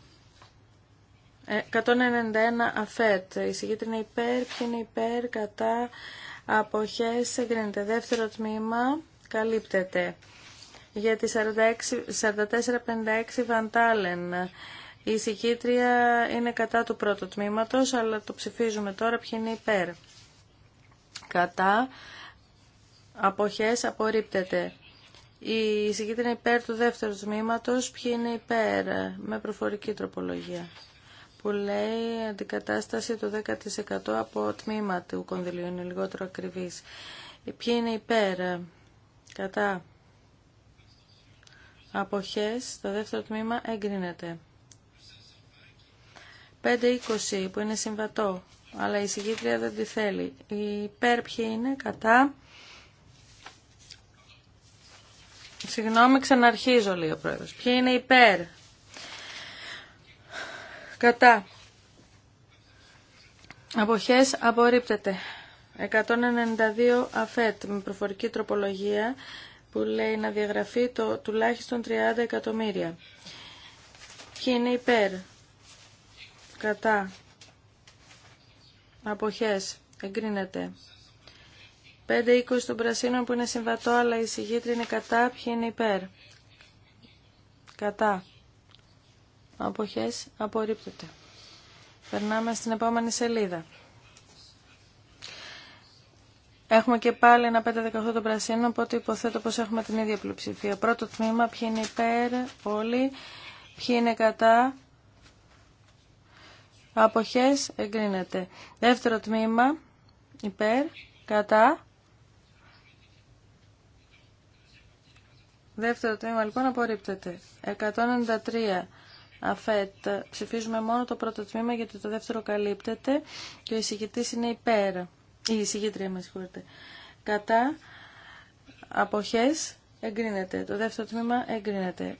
191 ε, αφέτ. Η συγγήτη είναι υπέρ, ποιοι είναι υπέρ, κατά, αποχές, εγκρίνεται. Δεύτερο τμήμα καλύπτεται. Για τη 4456 Βαντάλεν. Η συγκήτρια είναι κατά του πρώτου τμήματος, αλλά το ψηφίζουμε τώρα ποιοι είναι υπέρ. Κατά. Αποχές απορρίπτεται. Η συγκήτρια είναι υπέρ του δεύτερου τμήματος, ποιοι είναι υπέρ, με προφορική τροπολογία που λέει αντικατάσταση του 10% από τμήμα του κονδυλίου, είναι λιγότερο ακριβής. Ποιοι είναι υπέρ, κατά αποχές το δεύτερο τμήμα εγκρίνεται 5-20 που είναι συμβατό αλλά η συγκίτρια δεν τη θέλει η υπέρ ποιοι είναι κατά συγγνώμη ξαναρχίζω λίγο ο πρόεδρος ποιοι είναι υπέρ κατά αποχές απορρίπτεται 192 αφέτ με προφορική τροπολογία που λέει να διαγραφεί το τουλάχιστον 30 εκατομμύρια. Ποιοι είναι υπέρ, κατά, αποχές, εγκρίνεται. 5-20 των πρασίνων που είναι συμβατό αλλά η συγκίτρινη κατά, ποιοι είναι υπέρ. Κατά. Αποχές απορρίπτεται. Περνάμε στην επόμενη σελίδα. Έχουμε και πάλι ένα 5-18 των πρασίνων, οπότε υποθέτω πως έχουμε την ίδια πλειοψηφία. Πρώτο τμήμα, ποιοι είναι υπέρ, όλοι, ποιοι είναι κατά, αποχές, εγκρίνεται. Δεύτερο τμήμα, υπέρ, κατά. Δεύτερο τμήμα λοιπόν απορρίπτεται. 193 αφέτ. Ψηφίζουμε μόνο το πρώτο τμήμα γιατί το δεύτερο καλύπτεται και ο εισηγητής είναι υπέρ η εισηγήτρια με συγχωρείτε, κατά αποχές εγκρίνεται. Το δεύτερο τμήμα εγκρίνεται.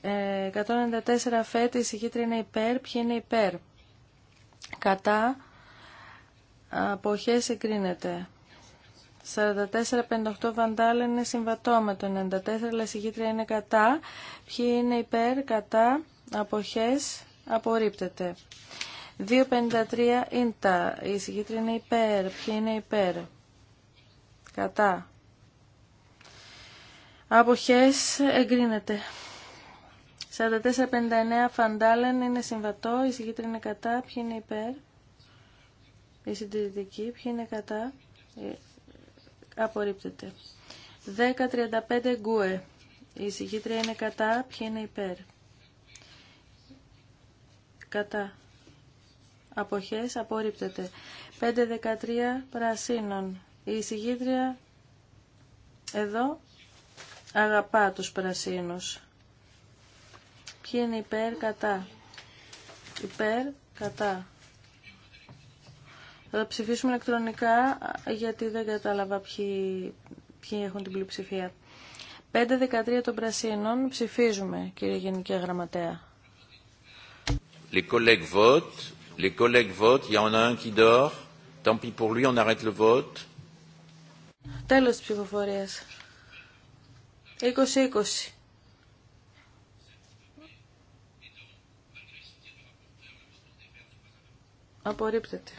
194 ε, φέτη, η εισηγήτρια είναι υπέρ, ποιοι είναι υπέρ. Κατά αποχές εγκρίνεται. 44-58 βαντάλ είναι συμβατό με το 94, αλλά η είναι κατά. Ποιοι είναι υπέρ, κατά, αποχές, απορρίπτεται. 2.53 ίντα. Η συγκίτρια είναι υπέρ. Ποιοι είναι υπέρ. Κατά. Αποχές εγκρίνεται. 44.59 φαντάλεν είναι συμβατό. Η συγκίτρια είναι κατά. Ποιοι είναι υπέρ. Η συντηρητική. Ποιοι είναι κατά. Ε, απορρίπτεται. 10.35 γκουε. Η συγκίτρια είναι κατά. Ποιοι είναι υπέρ. Κατά αποχές απορρίπτεται. 5.13 πρασίνων. Η εισηγήτρια εδώ αγαπά τους πρασίνους. Ποιοι είναι υπέρ κατά. Υπέρ κατά. Θα ψηφίσουμε ηλεκτρονικά γιατί δεν κατάλαβα ποιοι, ποιοι έχουν την πλειοψηφία. 5.13 των πρασίνων ψηφίζουμε κύριε Γενική Γραμματέα. Les collègues Les collègues votent. Il y en a un qui dort. Tant pis pour lui, on arrête le vote. Τέλος ψηφοφορίας. 20-20. Απορρίπτεται.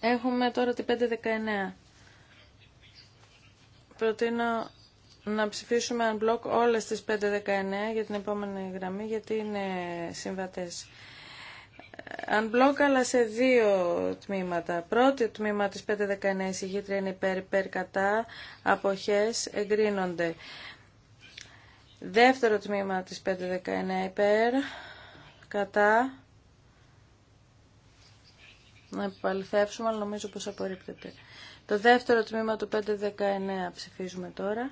Έχουμε τώρα την 5 19 Προτείνω να ψηφίσουμε αν μπλοκ όλες τις 519 για την επόμενη γραμμή, γιατί είναι συμβατές. Αν μπλοκ, αλλά σε δύο τμήματα. Πρώτο τμήμα της 519, 19 εισηγήτρια είναι υπέρ, υπέρ, κατά, αποχές, εγκρίνονται. Δεύτερο τμήμα της 519 υπέρ, κατά, να επαληθεύσουμε, αλλά νομίζω πως απορρίπτεται. Το δεύτερο τμήμα του 519 ψηφίζουμε τώρα.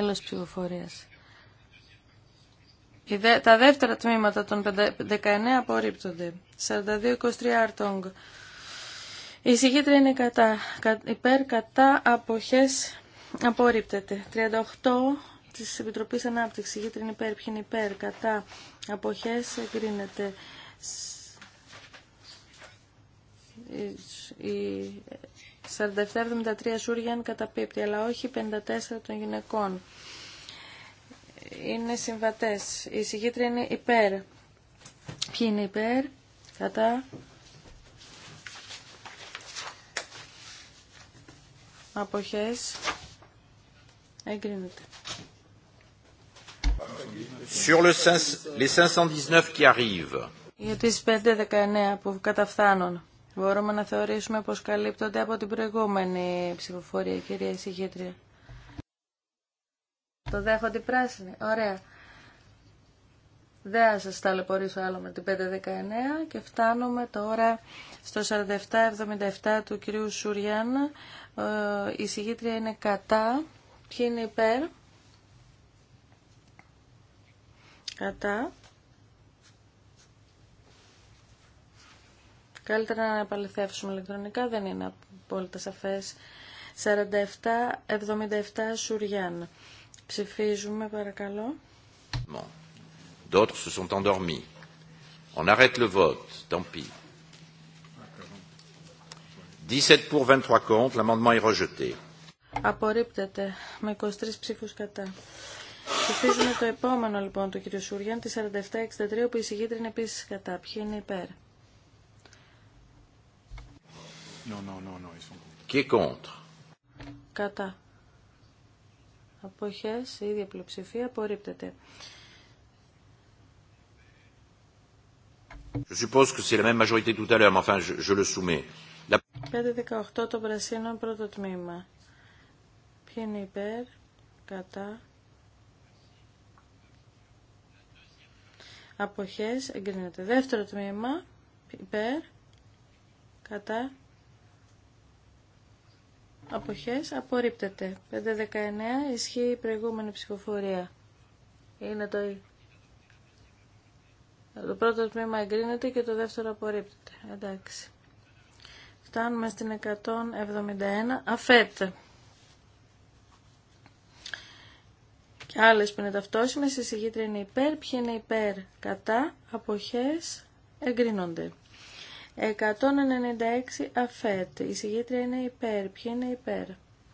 Τέλος ψηφοφορίας. Τα δεύτερα τμήματα των 19 απορρίπτονται. 42-23 Άρτογκ. Η συγκίτρια είναι κατά, υπέρ, κατά, αποχές, απορρίπτεται. 38 της Επιτροπής Ανάπτυξης, η συγκίτρια είναι υπέρ, ποιοι είναι υπέρ, κατά, αποχές, εγκρίνεται. 47-73 Σούριαν καταπίπτει, αλλά όχι 54 των γυναικών. Είναι συμβατές. Η συγκήτρια είναι υπέρ. Ποιοι είναι υπέρ, κατά... Αποχές. Εγκρίνεται. Sur le 5, les 519 qui arrivent. Για τις 519 που καταφθάνουν. Μπορούμε να θεωρήσουμε πως καλύπτονται από την προηγούμενη ψηφοφορία, κυρία Συγχύτρια. Το δέχονται οι πράσινοι. Ωραία. Δεν θα σας ταλαιπωρήσω άλλο με την 519 και φτάνουμε τώρα στο 4777 του κυρίου Σουριάν. Ε, η συγγήτρια είναι κατά. Ποιοι είναι υπέρ. Κατά. Καλύτερα να επαληθεύσουμε ηλεκτρονικά, δεν είναι απόλυτα σαφές. 47-77 Σουριάν. Ψηφίζουμε παρακαλώ. Bon. D'autres se sont endormis. On arrête le vote, tant pis. 17 pour 23 contre, l'amendement est rejeté. Απορρίπτεται με 23 ψήφους κατά. Ψηφίζουμε το επόμενο λοιπόν του κ. Σουριάν, τη 47-63, που η είναι κατά. Ποιοι είναι υπέρ. Non, non, non, non, ils sont contre. Qui est contre. Κατά. Αποχές, η ίδια πλειοψηφία απορρίπτεται. Je suppose que c'est la même majorité tout à l'heure, mais enfin, je, je le soumets. La... 5-18 το πρασίνο πρώτο τμήμα. Ποιοι είναι υπέρ, κατά. Αποχές, εγκρίνεται. Δεύτερο τμήμα, υπέρ, κατά αποχές απορρίπτεται. 519 ισχύει η προηγούμενη ψηφοφορία. Είναι το το πρώτο τμήμα εγκρίνεται και το δεύτερο απορρίπτεται. Εντάξει. Φτάνουμε στην 171. Αφέτε. Και άλλες που είναι ταυτόσιμες, η συγκίτρια είναι υπέρ, ποιοι είναι υπέρ, κατά, αποχές, εγκρίνονται. 196 αφέτ. Η συγγήτρια είναι υπέρ. Ποιοι είναι υπέρ.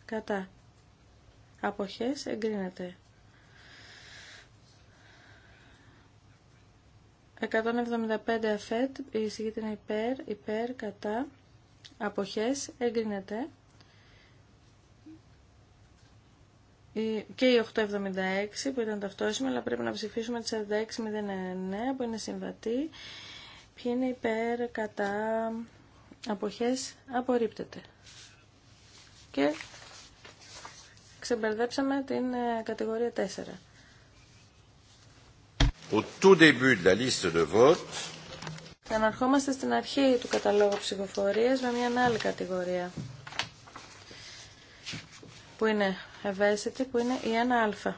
Κατά. Αποχές εγκρίνεται. 175 αφέτ. Η συγγήτρια είναι υπέρ. Υπέρ. Κατά. Αποχές εγκρίνεται. και η 876 που ήταν ταυτόσιμη, αλλά πρέπει να ψηφίσουμε τη 4609 που είναι συμβατή. Ποιοι είναι υπέρ, κατά, αποχές, απορρίπτεται. Και ξεμπερδέψαμε την ε, κατηγορία 4. Au tout début de la liste de vote. Αναρχόμαστε στην αρχή του καταλόγου ψηφοφορίας με μια άλλη κατηγορία που είναι ευαίσθητη, που είναι η 1α.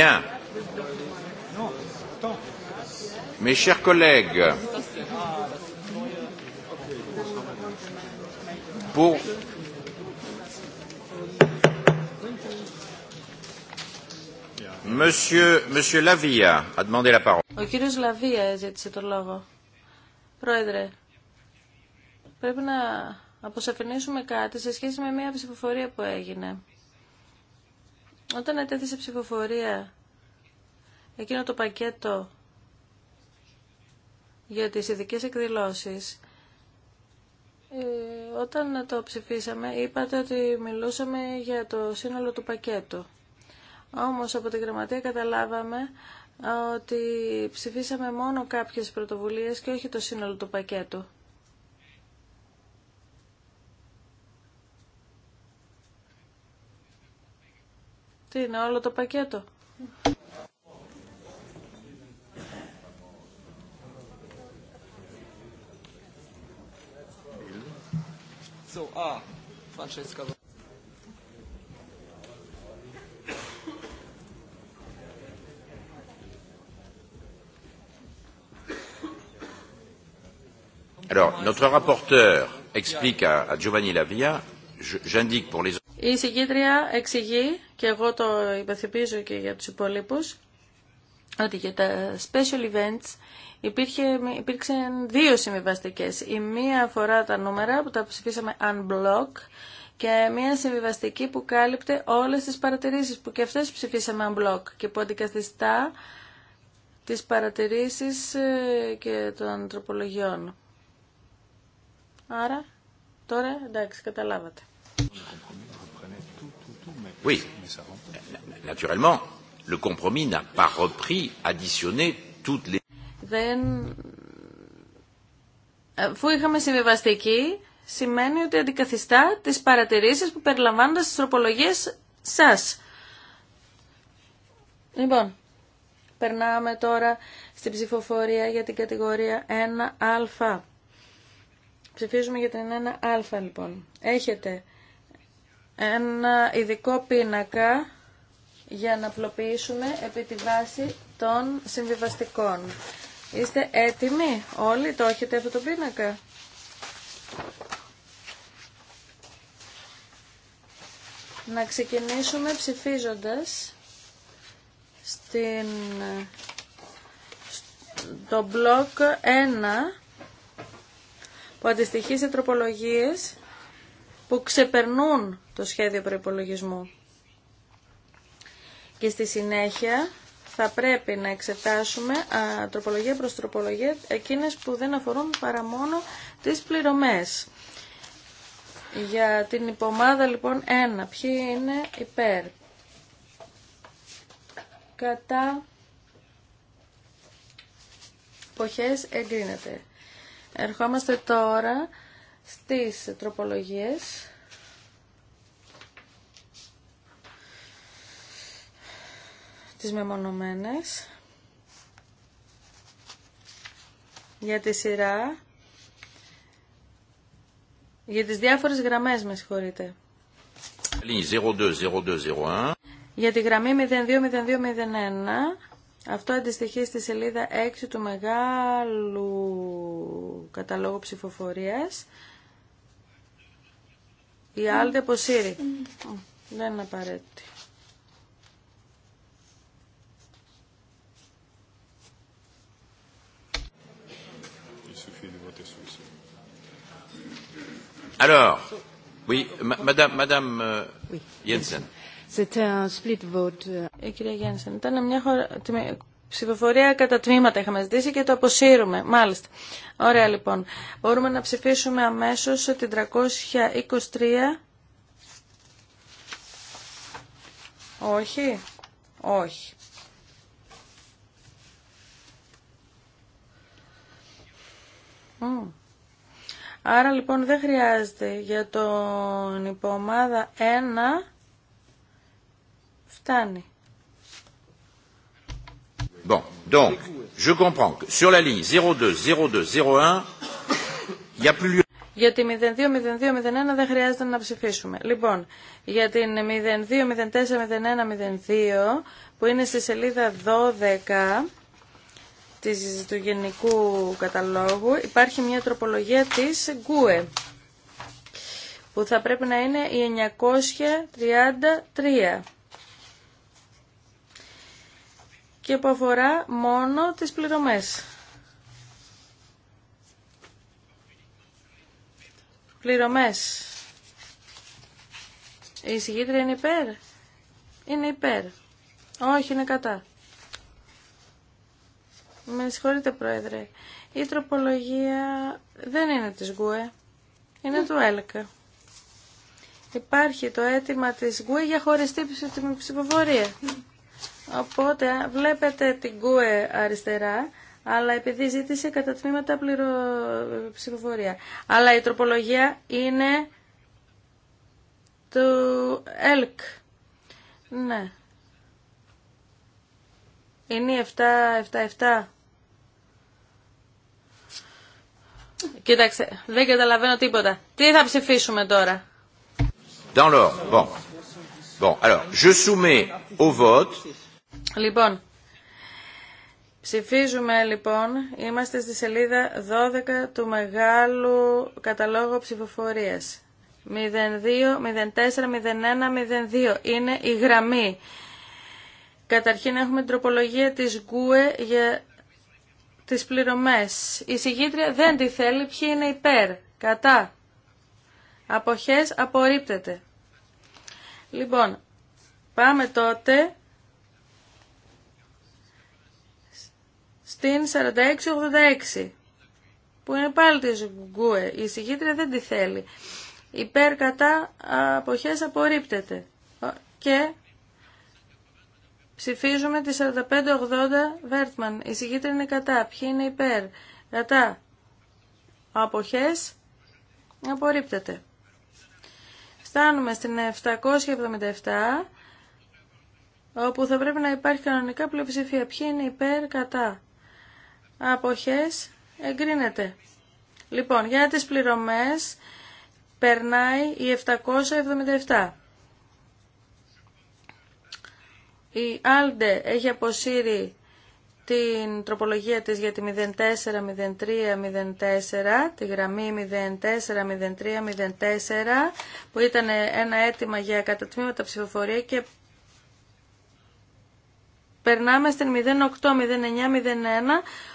Bien. Mes chers collègues, pour Monsieur, Monsieur Lavia a demandé la parole. Ο κύριος Λαβία ζήτησε το λόγο. Πρόεδρε, πρέπει να αποσαφηνίσουμε κάτι σε σχέση με μια ψηφοφορία που έγινε. Όταν ετέθησε ψηφοφορία εκείνο το πακέτο για τις ειδικέ εκδηλώσεις, ε, όταν το ψηφίσαμε είπατε ότι μιλούσαμε για το σύνολο του πακέτου. Όμως από τη Γραμματεία καταλάβαμε ότι ψηφίσαμε μόνο κάποιες πρωτοβουλίες και όχι το σύνολο του πακέτου. Τι είναι όλο το πακέτο. Alors, notre rapporteur explique à, à Giovanni Lavia, j'indique pour les η συγκίτρια εξηγεί, και εγώ το υπεθυπίζω και για τους υπόλοιπους, ότι για τα special events υπήρχε, υπήρξαν δύο συμβιβαστικέ. Η μία αφορά τα νούμερα που τα ψηφίσαμε unblock και μία συμβιβαστική που κάλυπτε όλες τις παρατηρήσεις που και αυτές ψηφίσαμε unblock και που αντικαθιστά τις παρατηρήσεις ε, και των τροπολογιών. Άρα, τώρα εντάξει, καταλάβατε. Oui. Naturellement, le compromis n'a pas repris, additionné toutes les... Αφού είχαμε συμβιβαστική, σημαίνει ότι αντικαθιστά τις παρατηρήσεις που περιλαμβάνονται στις τροπολογίες σας. Λοιπόν, περνάμε τώρα στην ψηφοφορία για την κατηγορία 1α. Ψηφίζουμε για την 1α λοιπόν. Έχετε ένα ειδικό πίνακα για να απλοποιήσουμε επί τη βάση των συμβιβαστικών. Είστε έτοιμοι όλοι, το έχετε αυτό το πίνακα. Να ξεκινήσουμε ψηφίζοντας στην, το μπλοκ 1 που αντιστοιχεί σε τροπολογίες που ξεπερνούν το σχέδιο προϋπολογισμού. Και στη συνέχεια θα πρέπει να εξετάσουμε α, τροπολογία προς τροπολογία εκείνες που δεν αφορούν παρά μόνο τις πληρωμές. Για την υπομάδα λοιπόν 1. Ποιοι είναι υπέρ. Κατά εποχές εγκρίνεται. Ερχόμαστε τώρα στις τροπολογίες. τις μεμονωμένες για τη σειρά για τις διάφορες γραμμές με συγχωρείτε 020201 για τη γραμμή 020201 αυτό αντιστοιχεί στη σελίδα 6 του μεγάλου καταλόγου ψηφοφορίας η άλλη αποσύρει. Δεν είναι απαραίτητη. Alors, oui, madame, madame euh, oui. Jensen. C'était un split vote. Euh. Η κυρία Γένσεν, ήταν μια χώρα, Ψηφοφορία κατά τμήματα είχαμε ζητήσει και το αποσύρουμε. Μάλιστα. Ωραία λοιπόν. Μπορούμε να ψηφίσουμε αμέσως την 323. Όχι. Όχι. Άρα λοιπόν δεν χρειάζεται για τον υποομάδα 1 φτάνει. Bon, donc, je comprends que sur la ligne 02, 02, 01, il n'y a plus lieu. Για τη 02, 02, 01 δεν χρειάζεται να ψηφίσουμε. Λοιπόν, για την 02, 04, 01, 02, που είναι στη σελίδα 12 της, του Γενικού Καταλόγου, υπάρχει μια τροπολογία της ΓΚΟΕ, που θα πρέπει να είναι η 933. και που αφορά μόνο τις πληρωμές. Πληρωμές. Η εισηγήτρια είναι υπέρ. Είναι υπέρ. Όχι, είναι κατά. Με συγχωρείτε, Πρόεδρε. Η τροπολογία δεν είναι της ΓΚΟΕ. Είναι του ΕΛΚΑ. Υπάρχει το αίτημα της ΓΚΟΕ για χωριστή ψηφοφορία. Οπότε βλέπετε την ΚΟΕ αριστερά, αλλά επειδή ζήτησε κατά τμήματα πληρο... ψηφοφορία. Αλλά η τροπολογία είναι του ΕΛΚ. Ναι. Είναι η 777. Κοίταξε, δεν καταλαβαίνω τίποτα. Τι θα ψηφίσουμε τώρα. Dans l'ordre. Bon. Bon, alors, je soumets au vote Λοιπόν, ψηφίζουμε λοιπόν, είμαστε στη σελίδα 12 του μεγάλου καταλόγου ψηφοφορίας. 02, 04, 01, 02. Είναι η γραμμή. Καταρχήν έχουμε την τροπολογία της ΓΚΟΕ για τις πληρωμές. Η συγγήτρια δεν τη θέλει. Ποιοι είναι υπέρ. Κατά. Αποχές απορρίπτεται. Λοιπόν, πάμε τότε στην 4686 που είναι πάλι της Γκουε. Η συγκίτρια δεν τη θέλει. Υπέρ κατά αποχές απορρίπτεται. Και ψηφίζουμε τη 4580 Βέρτμαν. Η συγκίτρια είναι κατά. Ποιοι είναι υπέρ. Κατά αποχές απορρίπτεται. Φτάνουμε στην 777 όπου θα πρέπει να υπάρχει κανονικά πλειοψηφία. Ποιοι είναι υπέρ κατά αποχές εγκρίνεται. Λοιπόν, για τις πληρωμές περνάει η 777. Η Άλντε έχει αποσύρει την τροπολογία της για τη 040304, τη γραμμή 040304, που ήταν ένα αίτημα για κατατμήματα ψηφοφορία και περνάμε στην 080901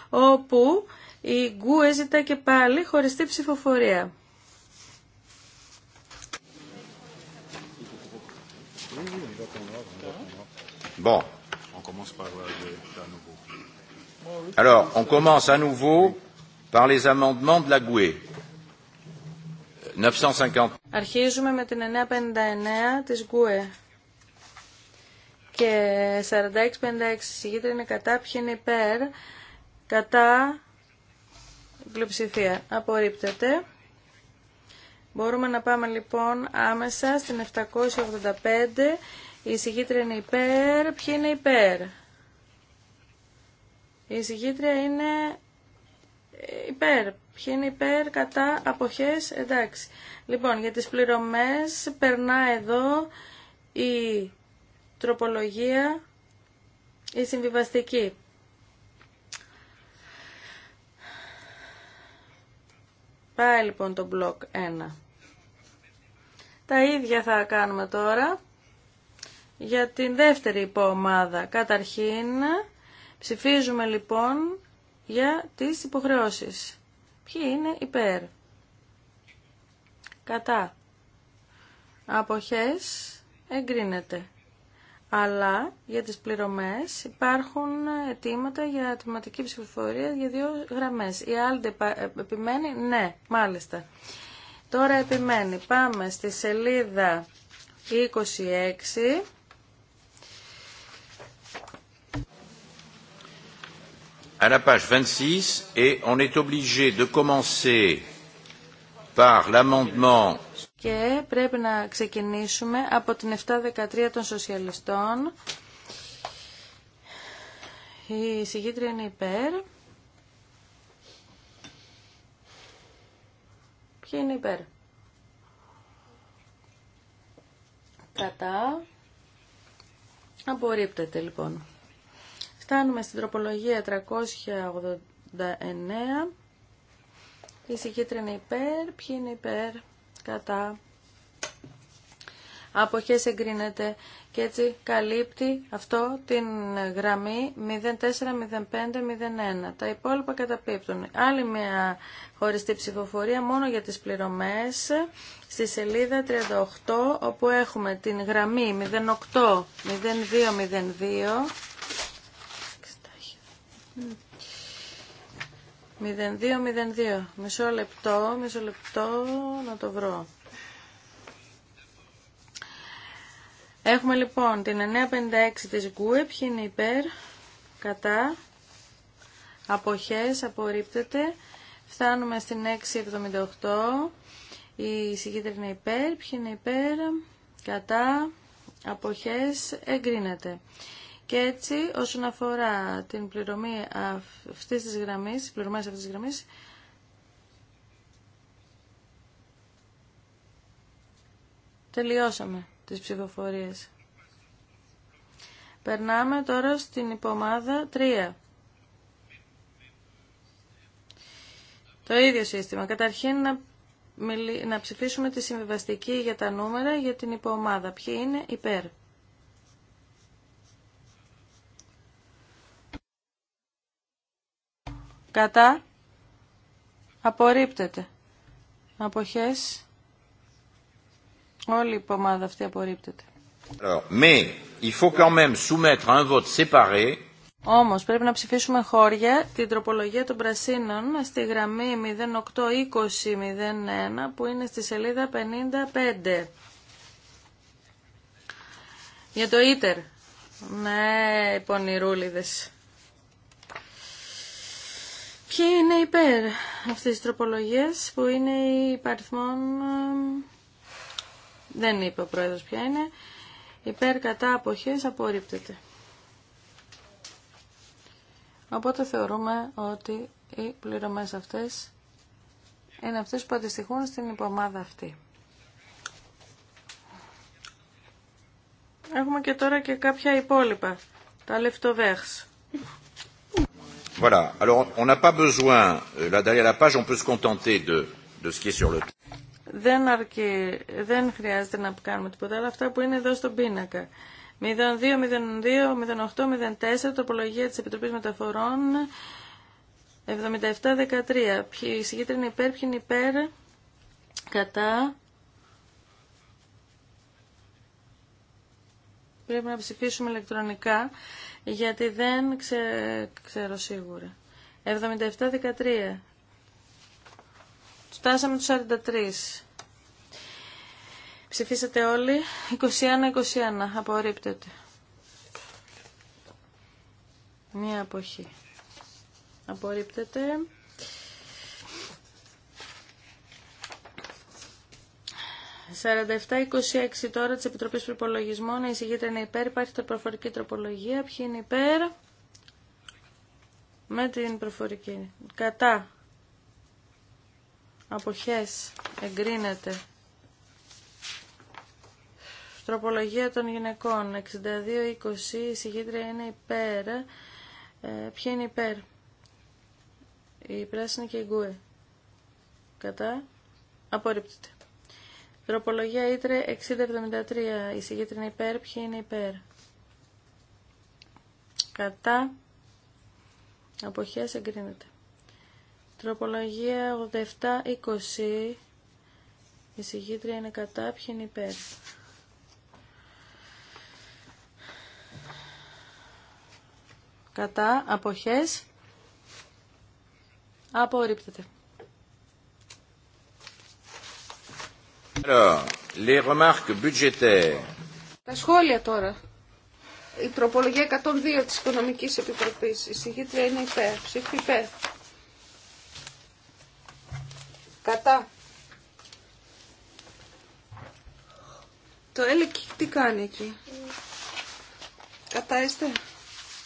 όπου η Γκούέ ζητά και πάλι χωριστή ψηφοφορία. Αρχίζουμε με την 959 της ΓΚΟΕ και 4656 συγγύτερα είναι κατά, ποιοι είναι υπέρ, κατά πλειοψηφία απορρίπτεται. Μπορούμε να πάμε λοιπόν άμεσα στην 785. Η εισηγήτρια είναι υπέρ. Ποιοι είναι υπέρ. Η εισηγήτρια είναι υπέρ. Ποιοι είναι υπέρ κατά αποχές. Εντάξει. Λοιπόν, για τις πληρωμές περνά εδώ η τροπολογία η συμβιβαστική. Πάει λοιπόν το μπλοκ 1. Τα ίδια θα κάνουμε τώρα για την δεύτερη υποομάδα. Καταρχήν ψηφίζουμε λοιπόν για τις υποχρεώσεις. Ποιοι είναι υπέρ. Κατά. Αποχές εγκρίνεται αλλά για τις πληρωμές υπάρχουν αιτήματα για ατοματική ψηφοφορία για δύο γραμμές. Η Άλντε ε, επιμένει, ναι, μάλιστα. Τώρα επιμένει. Πάμε στη σελίδα 26. À la page 26, et on est obligé de commencer par l'amendement και πρέπει να ξεκινήσουμε από την 713 των σοσιαλιστών. Η συγκίτρια είναι υπέρ. Ποιοι είναι υπέρ. Κατά. Απορρίπτεται λοιπόν. Φτάνουμε στην τροπολογία 389. Η συγκίτρια είναι υπέρ. Ποιοι είναι υπέρ κατά αποχές εγκρίνεται και έτσι καλύπτει αυτό την γραμμή 040501. Τα υπόλοιπα καταπίπτουν. Άλλη μια χωριστή ψηφοφορία μόνο για τις πληρωμές στη σελίδα 38 όπου έχουμε την γραμμή 080202 0202. Μισό λεπτό, μισό λεπτό να το βρω. Έχουμε λοιπόν την 956 της ΓΚΟΕ, ποιοι είναι υπέρ, κατά, αποχές, απορρίπτεται. Φτάνουμε στην 678, η συγκίτρια είναι υπέρ, ποιοι είναι υπέρ, κατά, αποχές, εγκρίνεται. Και έτσι όσον αφορά την πληρωμή αυτής της γραμμής, πληρωμές αυτής της γραμμής, τελειώσαμε τις ψηφοφορίες. Περνάμε τώρα στην υπομάδα 3. Το ίδιο σύστημα. Καταρχήν να, ψηφίσουμε τη συμβιβαστική για τα νούμερα για την υπομάδα. Ποιοι είναι υπέρ. Κατά. Απορρίπτεται. Αποχές. Όλη η πομάδα αυτή απορρίπτεται. mais Όμως πρέπει να ψηφίσουμε χώρια την τροπολογία των πρασίνων στη γραμμή 082001 που είναι στη σελίδα 55. Για το ίτερ. Ναι, πονηρούλιδες. Ποιοι είναι υπέρ αυτής της τροπολογίας που είναι οι υπαριθμόν... Δεν είπε ο πρόεδρος ποια είναι. Υπέρ κατά αποχές απορρίπτεται. Οπότε θεωρούμε ότι οι πληρωμές αυτές είναι αυτές που αντιστοιχούν στην υπομάδα αυτή. Έχουμε και τώρα και κάποια υπόλοιπα. Τα λεφτοβέχς. Voilà. Alors, on n'a pas besoin euh, d'aller à la page, on peut se contenter de, de ce qui est sur le. Δεν, αρκεί, δεν χρειάζεται να κάνουμε τίποτα, αλλά αυτά που είναι εδώ στον πίνακα. 02, 02, 08, 04, τροπολογία της Επιτροπής Μεταφορών, 77-13. Ποιοι συγκέντρες είναι υπέρ, ποιοι είναι υπέρ, κατά. Πρέπει να ψηφίσουμε ηλεκτρονικά γιατί δεν ξε... ξέρω σίγουρα. 77-13. Φτάσαμε του 43. Ψηφίσατε όλοι. 21-21. Απορρίπτεται. Μία αποχή. Απορρίπτεται. 47-26 τώρα της Επιτροπής Προπολογισμών. Η είναι υπέρ. Υπάρχει το προφορική τροπολογία. Ποιοι είναι υπέρ. Με την προφορική. Κατά. Αποχές. Εγκρίνεται. Τροπολογία των γυναικών. 62-20. Η εισηγήτρια είναι υπέρ. Ε, ποιοι είναι υπέρ. Η πράσινη και η γκουε. Κατά. Απορρίπτεται. Τροπολογία Ήτρε 6073. Η συγκίτρια είναι υπέρ. Ποιοι είναι υπέρ. Κατά. Αποχές εγκρίνεται. Τροπολογία 8720. Η συγκίτρια είναι κατά. Ποιοι είναι υπέρ. Κατά. Αποχές. Απορρίπτεται. Τα σχόλια τώρα. Η τροπολογία 102 της Οικονομικής Επιτροπής. Η συγκήτρια είναι υπέρ. Ψήφι υπέρ. Κατά. Το έλεγε τι κάνει εκεί. Κατά είστε.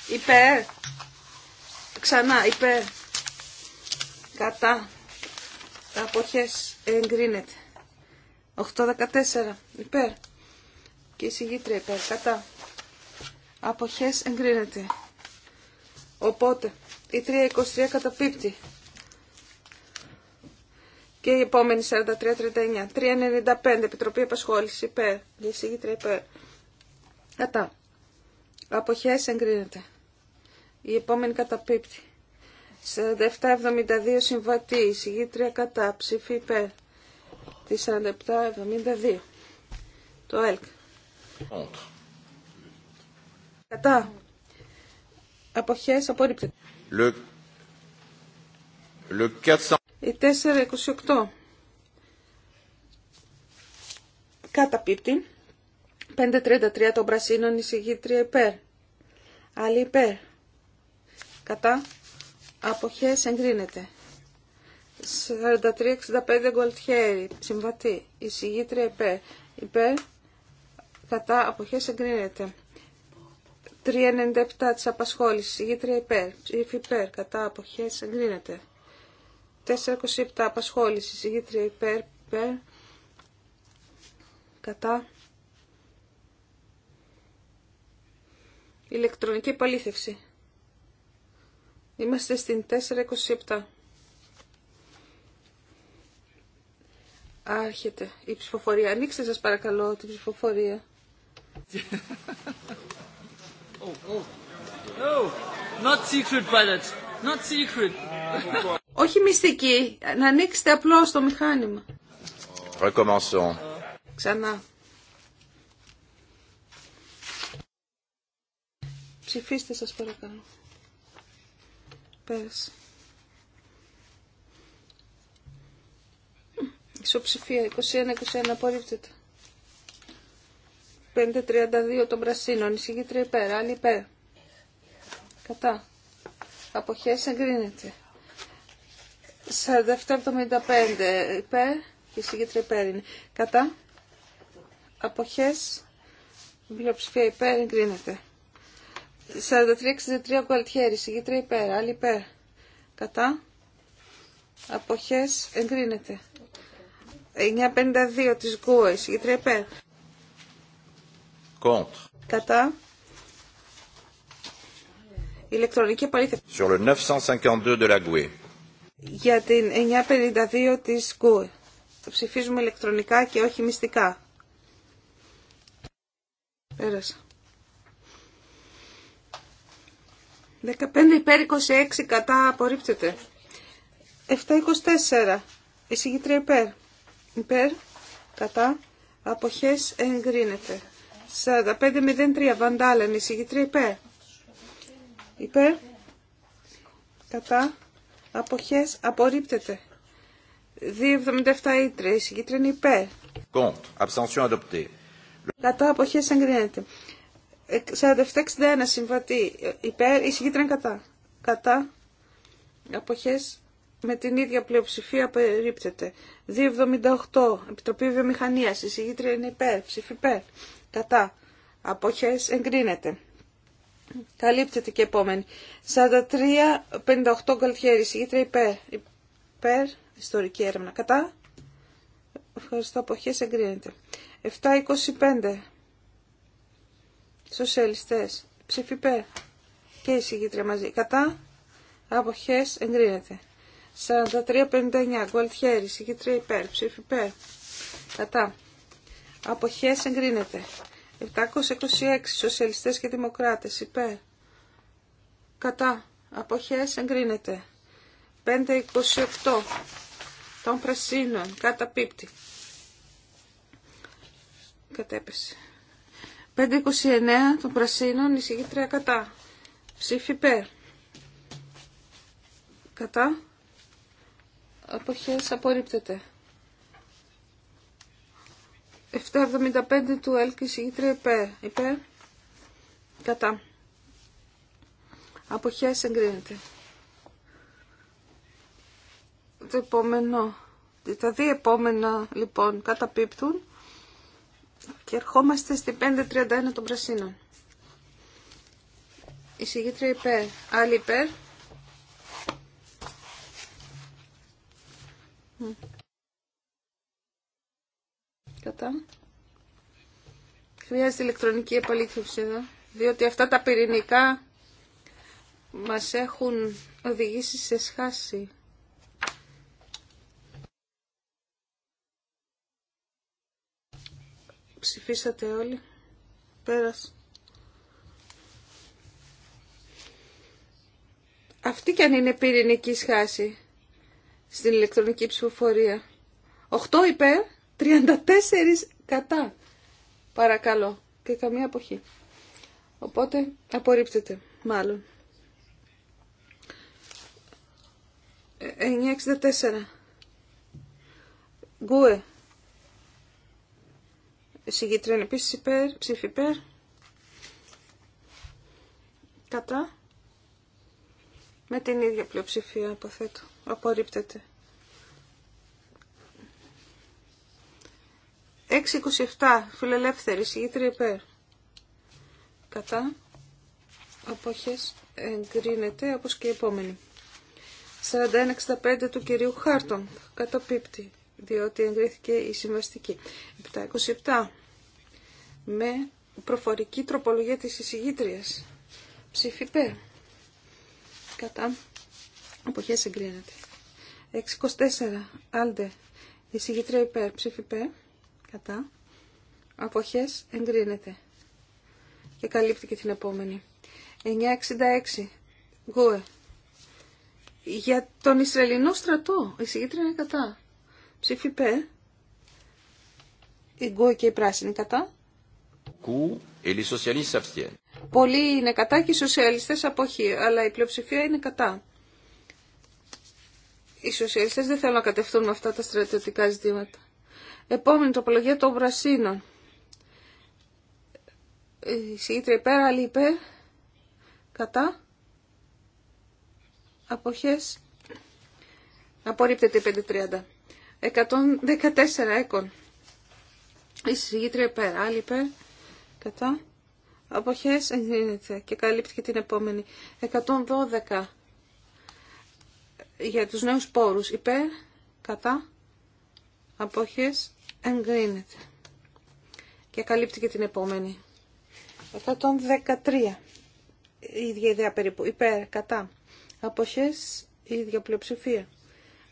Υπέρ. Ξανά υπέρ. Κατά. Τα αποχές εγκρίνεται. 814 υπέρ και η συγγήτρια υπέρ κατά αποχές εγκρίνεται οπότε η 323 καταπίπτει και η επόμενη 43-39 395 Επιτροπή Επασχόληση υπέρ και η συγγήτρια υπέρ κατά αποχές εγκρίνεται η επόμενη καταπίπτει 47-72 συμβατή η συγγήτρια κατά ψήφι υπέρ Τη 72 Το ΕΛΚ. Κατά. Αποχές απορρίπτεται. Le... Le 400... Η 428. Καταπίπτει. 533 των πρασίνων εισηγήτρια υπέρ. Άλλη υπέρ. Κατά. Αποχές εγκρίνεται. 43-65 γκολτιέρι, συμβατή, εισηγήτρια υπέρ, υπέρ, κατά αποχές εγκρίνεται. 397 της απασχόλησης, εισηγήτρια υπέρ, ψήφι υπέρ, κατά αποχές εγκρίνεται. 427 απασχόληση, εισηγήτρια υπέρ, υπέρ, κατά ηλεκτρονική υπολήθευση. Είμαστε στην 427. Άρχεται η ψηφοφορία. Ανοίξτε σας παρακαλώ την ψηφοφορία. Oh, oh. Όχι μυστική. Να ανοίξετε απλώς το μηχάνημα. Ξανά. Ψηφίστε σας παρακαλώ. Πέρασε. Ισοψηφία 21-21 απορρίπτεται. 5-32 των πρασίνων. Εισηγήτρια υπέρ. Άλλη υπέρ. Κατά. Αποχές εγκρίνεται. 47-75 υπέρ. Εισηγήτρια υπέρ είναι. Κατά. Αποχές. Βιβλιοψηφία υπέρ εγκρίνεται. 43-63 Γκουαλτιέρη. Εισηγήτρια υπέρ. Άλλη υπέρ. Κατά. Αποχές εγκρίνεται. 952 της ΓΟΕΣ, η τρεπέ. Contre. Κατά. Ηλεκτρονική επαλήθευση. Sur le 952 de la GUE. Για την 952 της Το Ψηφίζουμε ηλεκτρονικά και όχι μυστικά. Πέρασα. 15 υπέρ 26 κατά απορρίπτεται. 724. Εισηγήτρια υπέρ υπέρ, κατά, αποχές εγκρίνεται. 4503 Βαντάλεν, εισηγητρία υπέρ. Υπέρ, κατά, αποχές απορρίπτεται. 277 Ήτρε, εισηγητρία είναι υπέρ. Κοντ, Κατά, αποχές εγκρίνεται. 4761 συμβατή υπέρ, εισηγητρία είναι κατά. Κατά, αποχές με την ίδια πλειοψηφία περίπτεται. 278. Επιτροπή Βιομηχανίας. Η συγγήτρια είναι υπέρ. Ψήφι υπέρ. Κατά. Αποχές εγκρίνεται. Καλύπτεται και επόμενη. 43-58 Η Συγγήτρια υπέρ. Υπέρ. Ιστορική έρευνα. Κατά. Ευχαριστώ. Αποχές 7.25 7-25. Σοσιαλιστές. Ψήφι υπέρ. Και η συγγήτρια μαζί. Κατά. Αποχές εγκρίνεται. 43-59. Γκουαλτιέρη. Συγκήτρια υπέρ. Ψήφι υπέρ. Κατά. Αποχές εγκρίνεται. 726. Σοσιαλιστές και Δημοκράτες. Υπέρ. Κατά. Αποχές εγκρίνεται. 528. Των Πρασίνων. Κατά πίπτη. Κατέπεσε. 529. Των Πρασίνων. Εισηγήτρια κατά. Ψήφι υπέρ. Κατά αποχές απορρίπτεται. 775 του έλκης ή υπέρ. Υπέρ. Κατά. Αποχές εγκρίνεται. Το επόμενο. Τα δύο επόμενα λοιπόν καταπίπτουν και ερχόμαστε στη 531 των πρασίνων. Η συγγήτρια υπέρ. Άλλη υπέρ. Κατά. Χρειάζεται ηλεκτρονική επαλήθευση εδώ. Διότι αυτά τα πυρηνικά μας έχουν οδηγήσει σε σχάση. Ψηφίσατε όλοι. Πέρας. Αυτή κι αν είναι πυρηνική σχάση στην ηλεκτρονική ψηφοφορία. 8 υπέρ, 34 κατά. Παρακαλώ. Και καμία αποχή. Οπότε απορρίπτεται, μάλλον. 964. Γκουε. Συγκίτρια επίση υπέρ, ψήφι υπέρ. Κατά. Με την ίδια πλειοψηφία αποθέτω. Απορρίπτεται. 6.27 φιλελεύθερη συγγήτρια υπέρ. Κατά. Απόχες εγκρίνεται όπως και η επόμενη. 41.65 του κυρίου Χάρτον καταπίπτει διότι εγκρίθηκε η συμβαστική. 727 με προφορική τροπολογία της εισηγήτριας. Ψήφι υπέρ κατά αποχές εγκρίνεται. 624 Η εισηγήτρια υπέρ ψήφι υπέρ κατά αποχές εγκρίνεται. Και καλύπτει και την επόμενη. 966 γκουε για τον Ισραηλινό στρατό εισηγήτρια είναι κατά ψήφι υπέρ η γκουε και η πράσινη κατά. Κου, et les Πολλοί είναι κατά και οι σοσιαλιστές από αλλά η πλειοψηφία είναι κατά. Οι σοσιαλιστές δεν θέλουν να κατευθούν με αυτά τα στρατιωτικά ζητήματα. Επόμενη τοπολογία των Βρασίνων. Η υπέρ, άλλη υπέρ. Κατά. Αποχές. Απορρίπτεται 530. 114 έκον. Η συγήτρια υπέρ, άλλη υπέρ. Κατά. Αποχές εγκρίνεται και καλύπτει και την επόμενη. 112 για τους νέους πόρους. Υπέρ, κατά, αποχές εγκρίνεται. Και καλύπτει και την επόμενη. 113. Η ίδια ιδέα περίπου. Υπέρ, κατά. Αποχές, η ίδια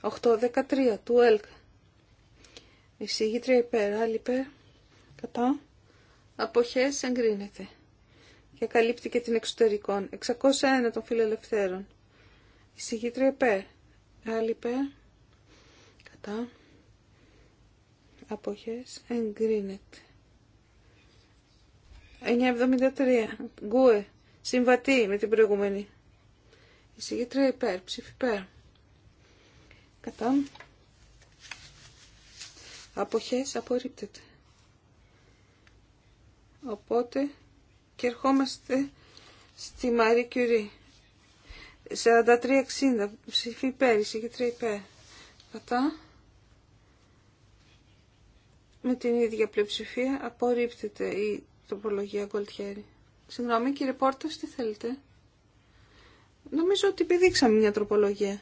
813 του ΕΛΚ. Εισηγήτρια υπέρ, άλλη υπέρ. Κατά. Αποχές εγκρίνεται και καλύπτει και την εξωτερικών. 601 των φιλελευθέρων. Εισηγήτρια πέ Άλλη πέ Κατά. Αποχές. Εγκρίνεται. 973. Γκουε. Συμβατή με την προηγούμενη. Εισηγήτρια υπέρ. Ψήφι υπέρ. Κατά. Αποχές απορρίπτεται. Οπότε και ερχόμαστε στη Μαρή Κιουρί. 43-60 ψηφί υπέρ, εισηγητρία υπέρ. Κατά. Με την ίδια πλειοψηφία απορρίπτεται η τοπολογία Γκολτιέρη. Συγγνώμη κύριε Πόρτος, τι θέλετε. Νομίζω ότι επιδείξαμε μια τροπολογία.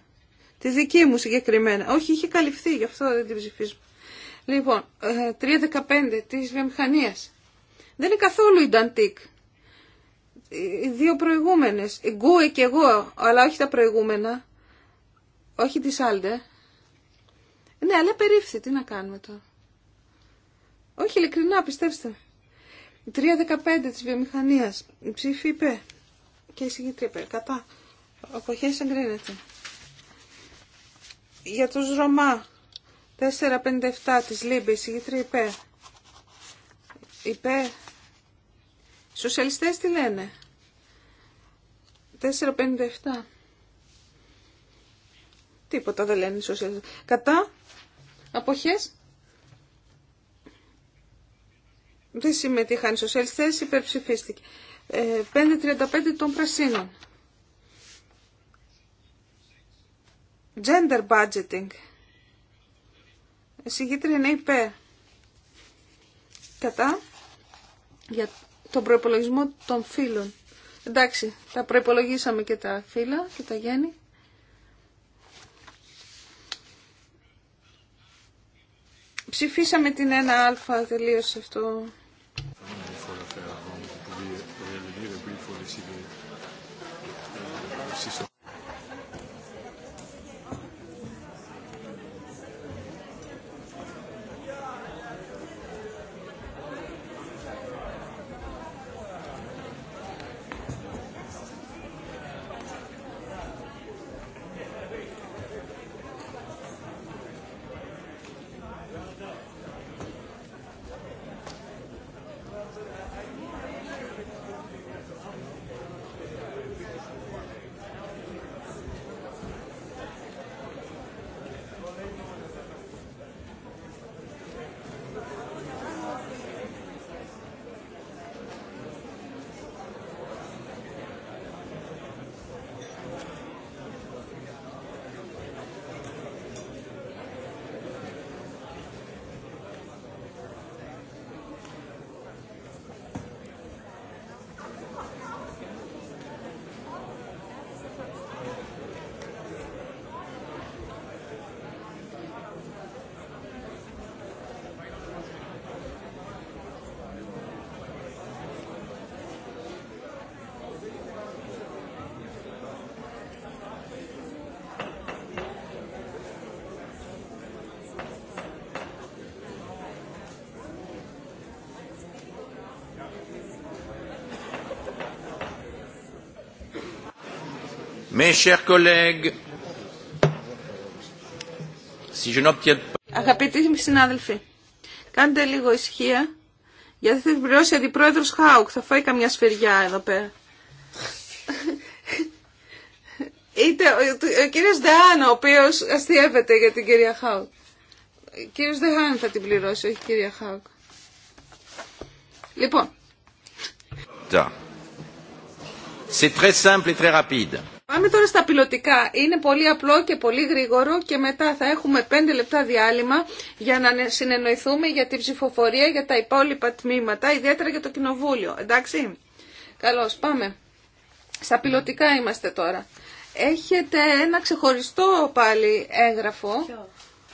Τη δική μου συγκεκριμένα. Όχι, είχε καλυφθεί, γι' αυτό δεν την ψηφίζουμε. Λοιπόν, 3.15 ε, της βιομηχανία. Δεν είναι καθόλου η Νταντίκ οι δύο προηγούμενες, η Γκούε και εγώ, αλλά όχι τα προηγούμενα, όχι τη Άλντε. Ναι, αλλά περίφθη, τι να κάνουμε τώρα. Όχι, ειλικρινά, πιστέψτε. 3.15 της βιομηχανίας, η ψήφη είπε και η συγκήτρια είπε κατά. Αποχές εγκρίνεται. Για τους Ρωμά, 4.57 της Λίμπη, η συγκήτρια είπε είπε Σοσιαλιστές τι λένε. 4,57. Τίποτα δεν λένε οι σοσιαλιστές. Κατά. Αποχές. Δεν συμμετείχαν οι σοσιαλιστές, υπερψηφίστηκε. 5.35 ε, των πρασίνων. Gender budgeting. Συγκίτρια είναι υπέρ. Κατά. Για τον προπολογισμό των φύλων. Εντάξει, τα προπολογίσαμε και τα φύλλα και τα γέννη. Ψηφίσαμε την 1α, τελείωσε αυτό. Mes chers συνάδελφοι, κάντε λίγο ησυχία, γιατί θα πληρώσει η αντιπρόεδρος Χάουκ, θα φάει καμιά σφυριά εδώ πέρα. Είτε ο κύριος Δεάν ο οποίο αστείευεται για την κυρία Χάουκ. Ο κύριος Ντεάν θα την πληρώσει, όχι η κυρία Χάουκ. Λοιπόν. C'est très simple et très rapide. Πάμε τώρα στα πιλωτικά. Είναι πολύ απλό και πολύ γρήγορο και μετά θα έχουμε 5 λεπτά διάλειμμα για να συνεννοηθούμε για την ψηφοφορία για τα υπόλοιπα τμήματα, ιδιαίτερα για το Κοινοβούλιο. Εντάξει. Καλώς, πάμε. Στα πιλωτικά είμαστε τώρα. Έχετε ένα ξεχωριστό πάλι έγγραφο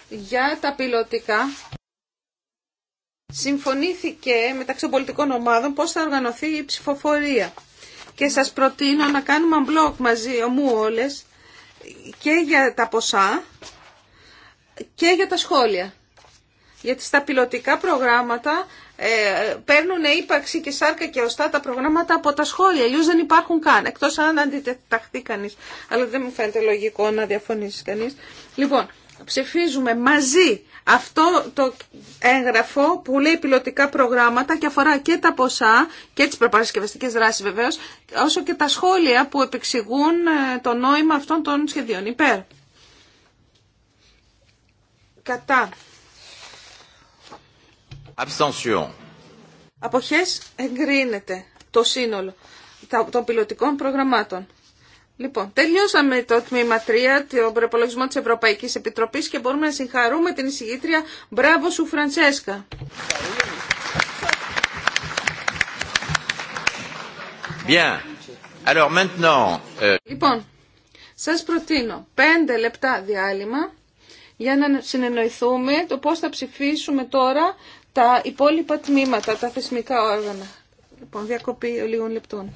για τα πιλωτικά. Συμφωνήθηκε μεταξύ των πολιτικών ομάδων πώς θα οργανωθεί η ψηφοφορία και σας προτείνω να κάνουμε blog μαζί μου όλες και για τα ποσά και για τα σχόλια. Γιατί στα πιλωτικά προγράμματα ε, παίρνουν ύπαρξη και σάρκα και οστά τα προγράμματα από τα σχόλια. Αλλιώ δεν υπάρχουν καν. Εκτό αν αντιταχθεί κανεί. Αλλά δεν μου φαίνεται λογικό να διαφωνήσει κανεί. Λοιπόν, ψηφίζουμε μαζί αυτό το έγγραφο που λέει πιλωτικά προγράμματα και αφορά και τα ποσά και τις προπαρασκευαστικές δράσεις βεβαίως, όσο και τα σχόλια που επεξηγούν ε, το νόημα αυτών των σχεδίων. Υπέρ. Κατά. Abstention. Αποχές εγκρίνεται το σύνολο των πιλωτικών προγραμμάτων. Λοιπόν, τελειώσαμε το τμήμα 3, τον προπολογισμό τη Ευρωπαϊκής Επιτροπής και μπορούμε να συγχαρούμε την εισηγήτρια. Μπράβο σου, Φραντσέσκα. Bien. Alors maintenant, euh, Λοιπόν, σας προτείνω πέντε λεπτά διάλειμμα για να συνεννοηθούμε το πώς θα ψηφίσουμε τώρα τα υπόλοιπα τμήματα, τα θεσμικά όργανα. Λοιπόν, διακοπή λίγων λεπτών.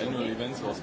annual events was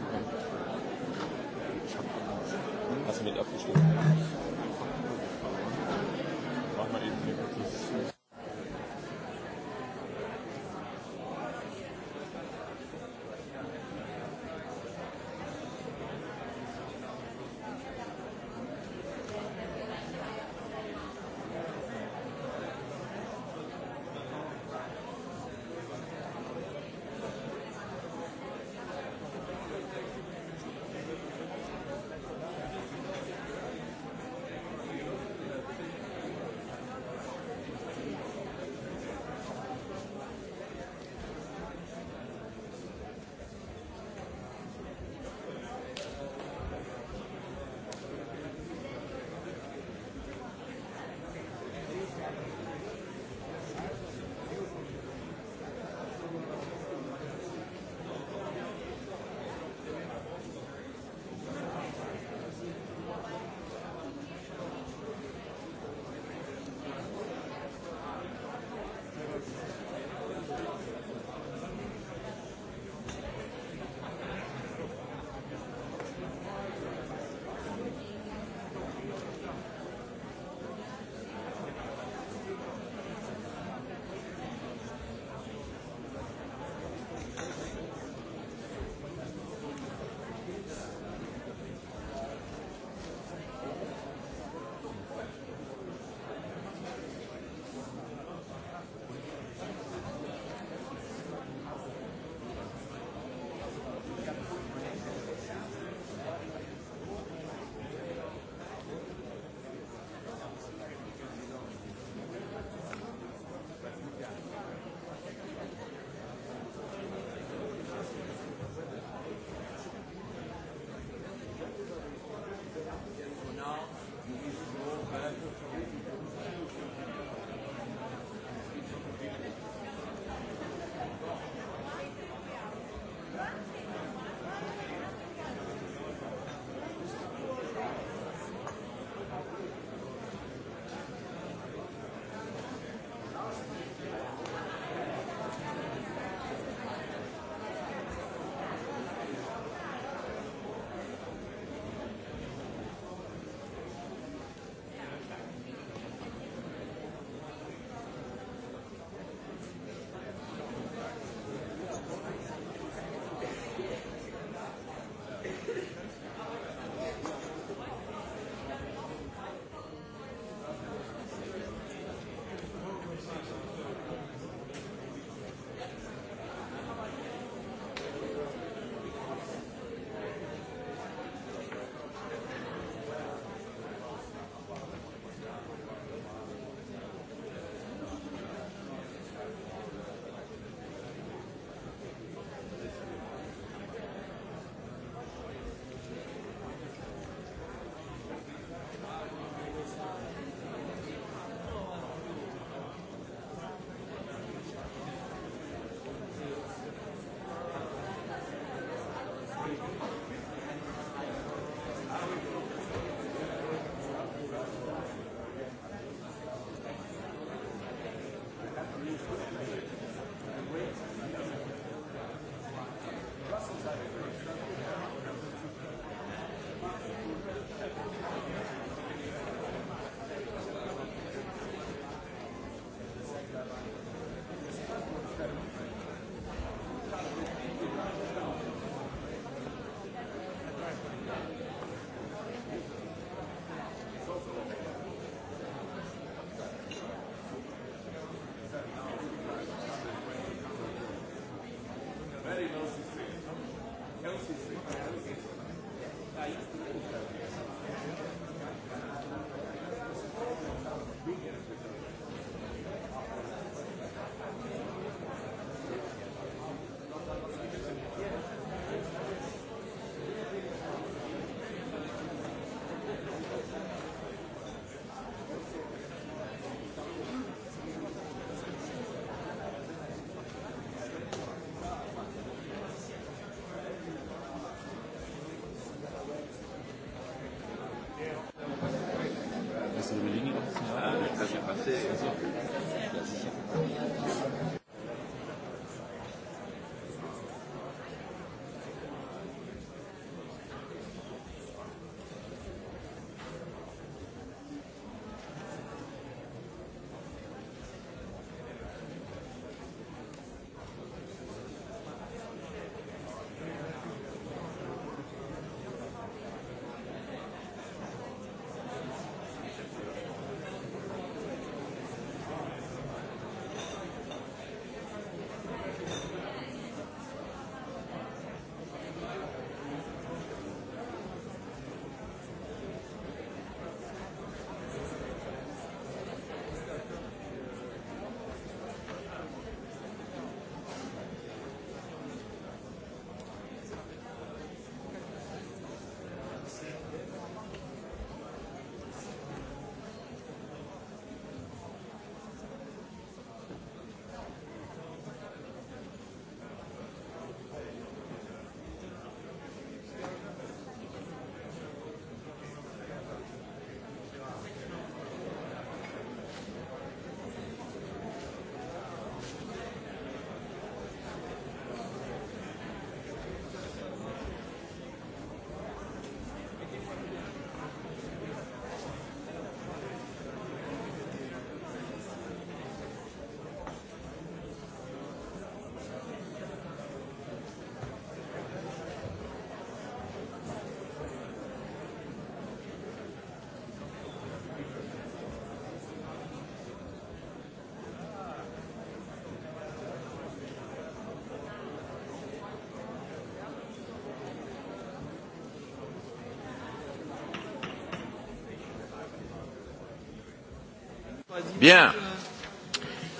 Bien.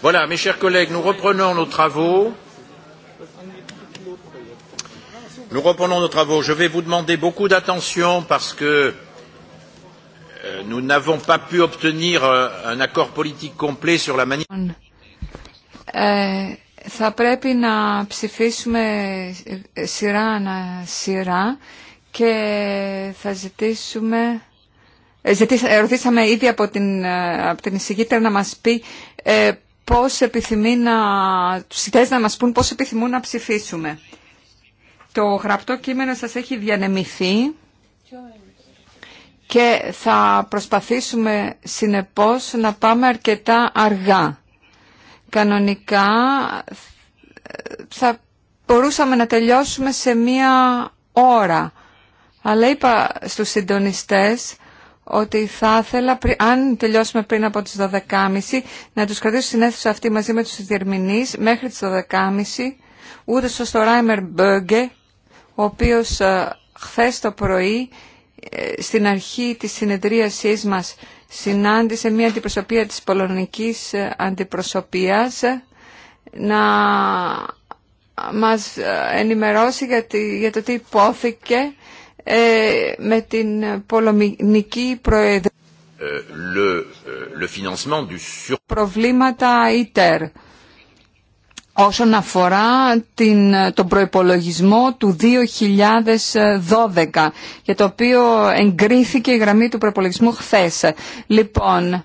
Voilà, mes chers collègues, nous reprenons nos travaux. Nous reprenons nos travaux. Je vais vous demander beaucoup d'attention parce que nous n'avons pas pu obtenir un accord politique complet sur la manière. Euh, θα πρέπει να ψηφίσουμε σειρά ανά σειρά και θα ζητήσουμε ρωτήσαμε ήδη από την, ε, από την εισηγήτρια να μας πει ε, πώς επιθυμεί να, τους να μας πούν πώς επιθυμούν να ψηφίσουμε. Το γραπτό κείμενο σας έχει διανεμηθεί και θα προσπαθήσουμε συνεπώς να πάμε αρκετά αργά. Κανονικά θα μπορούσαμε να τελειώσουμε σε μία ώρα. Αλλά είπα στους συντονιστές ότι θα ήθελα, αν τελειώσουμε πριν από τις 12.30, να τους κρατήσω στην αίθουσα αυτή μαζί με τους διερμηνείς μέχρι τις 12.30, ούτε στο Ράιμερ Μπέγκε, ο οποίος ε, χθες το πρωί ε, στην αρχή της συνεδρίασής μας συνάντησε μια αντιπροσωπεία της πολωνικής ε, αντιπροσωπείας να μας ενημερώσει για το τι υπόθηκε ε, με την πολεμική Προεδρία. Ε, ε, Προβλήματα ΙΤΕΡ όσον αφορά την, τον προϋπολογισμό του 2012, για το οποίο εγκρίθηκε η γραμμή του προϋπολογισμού χθες. Λοιπόν,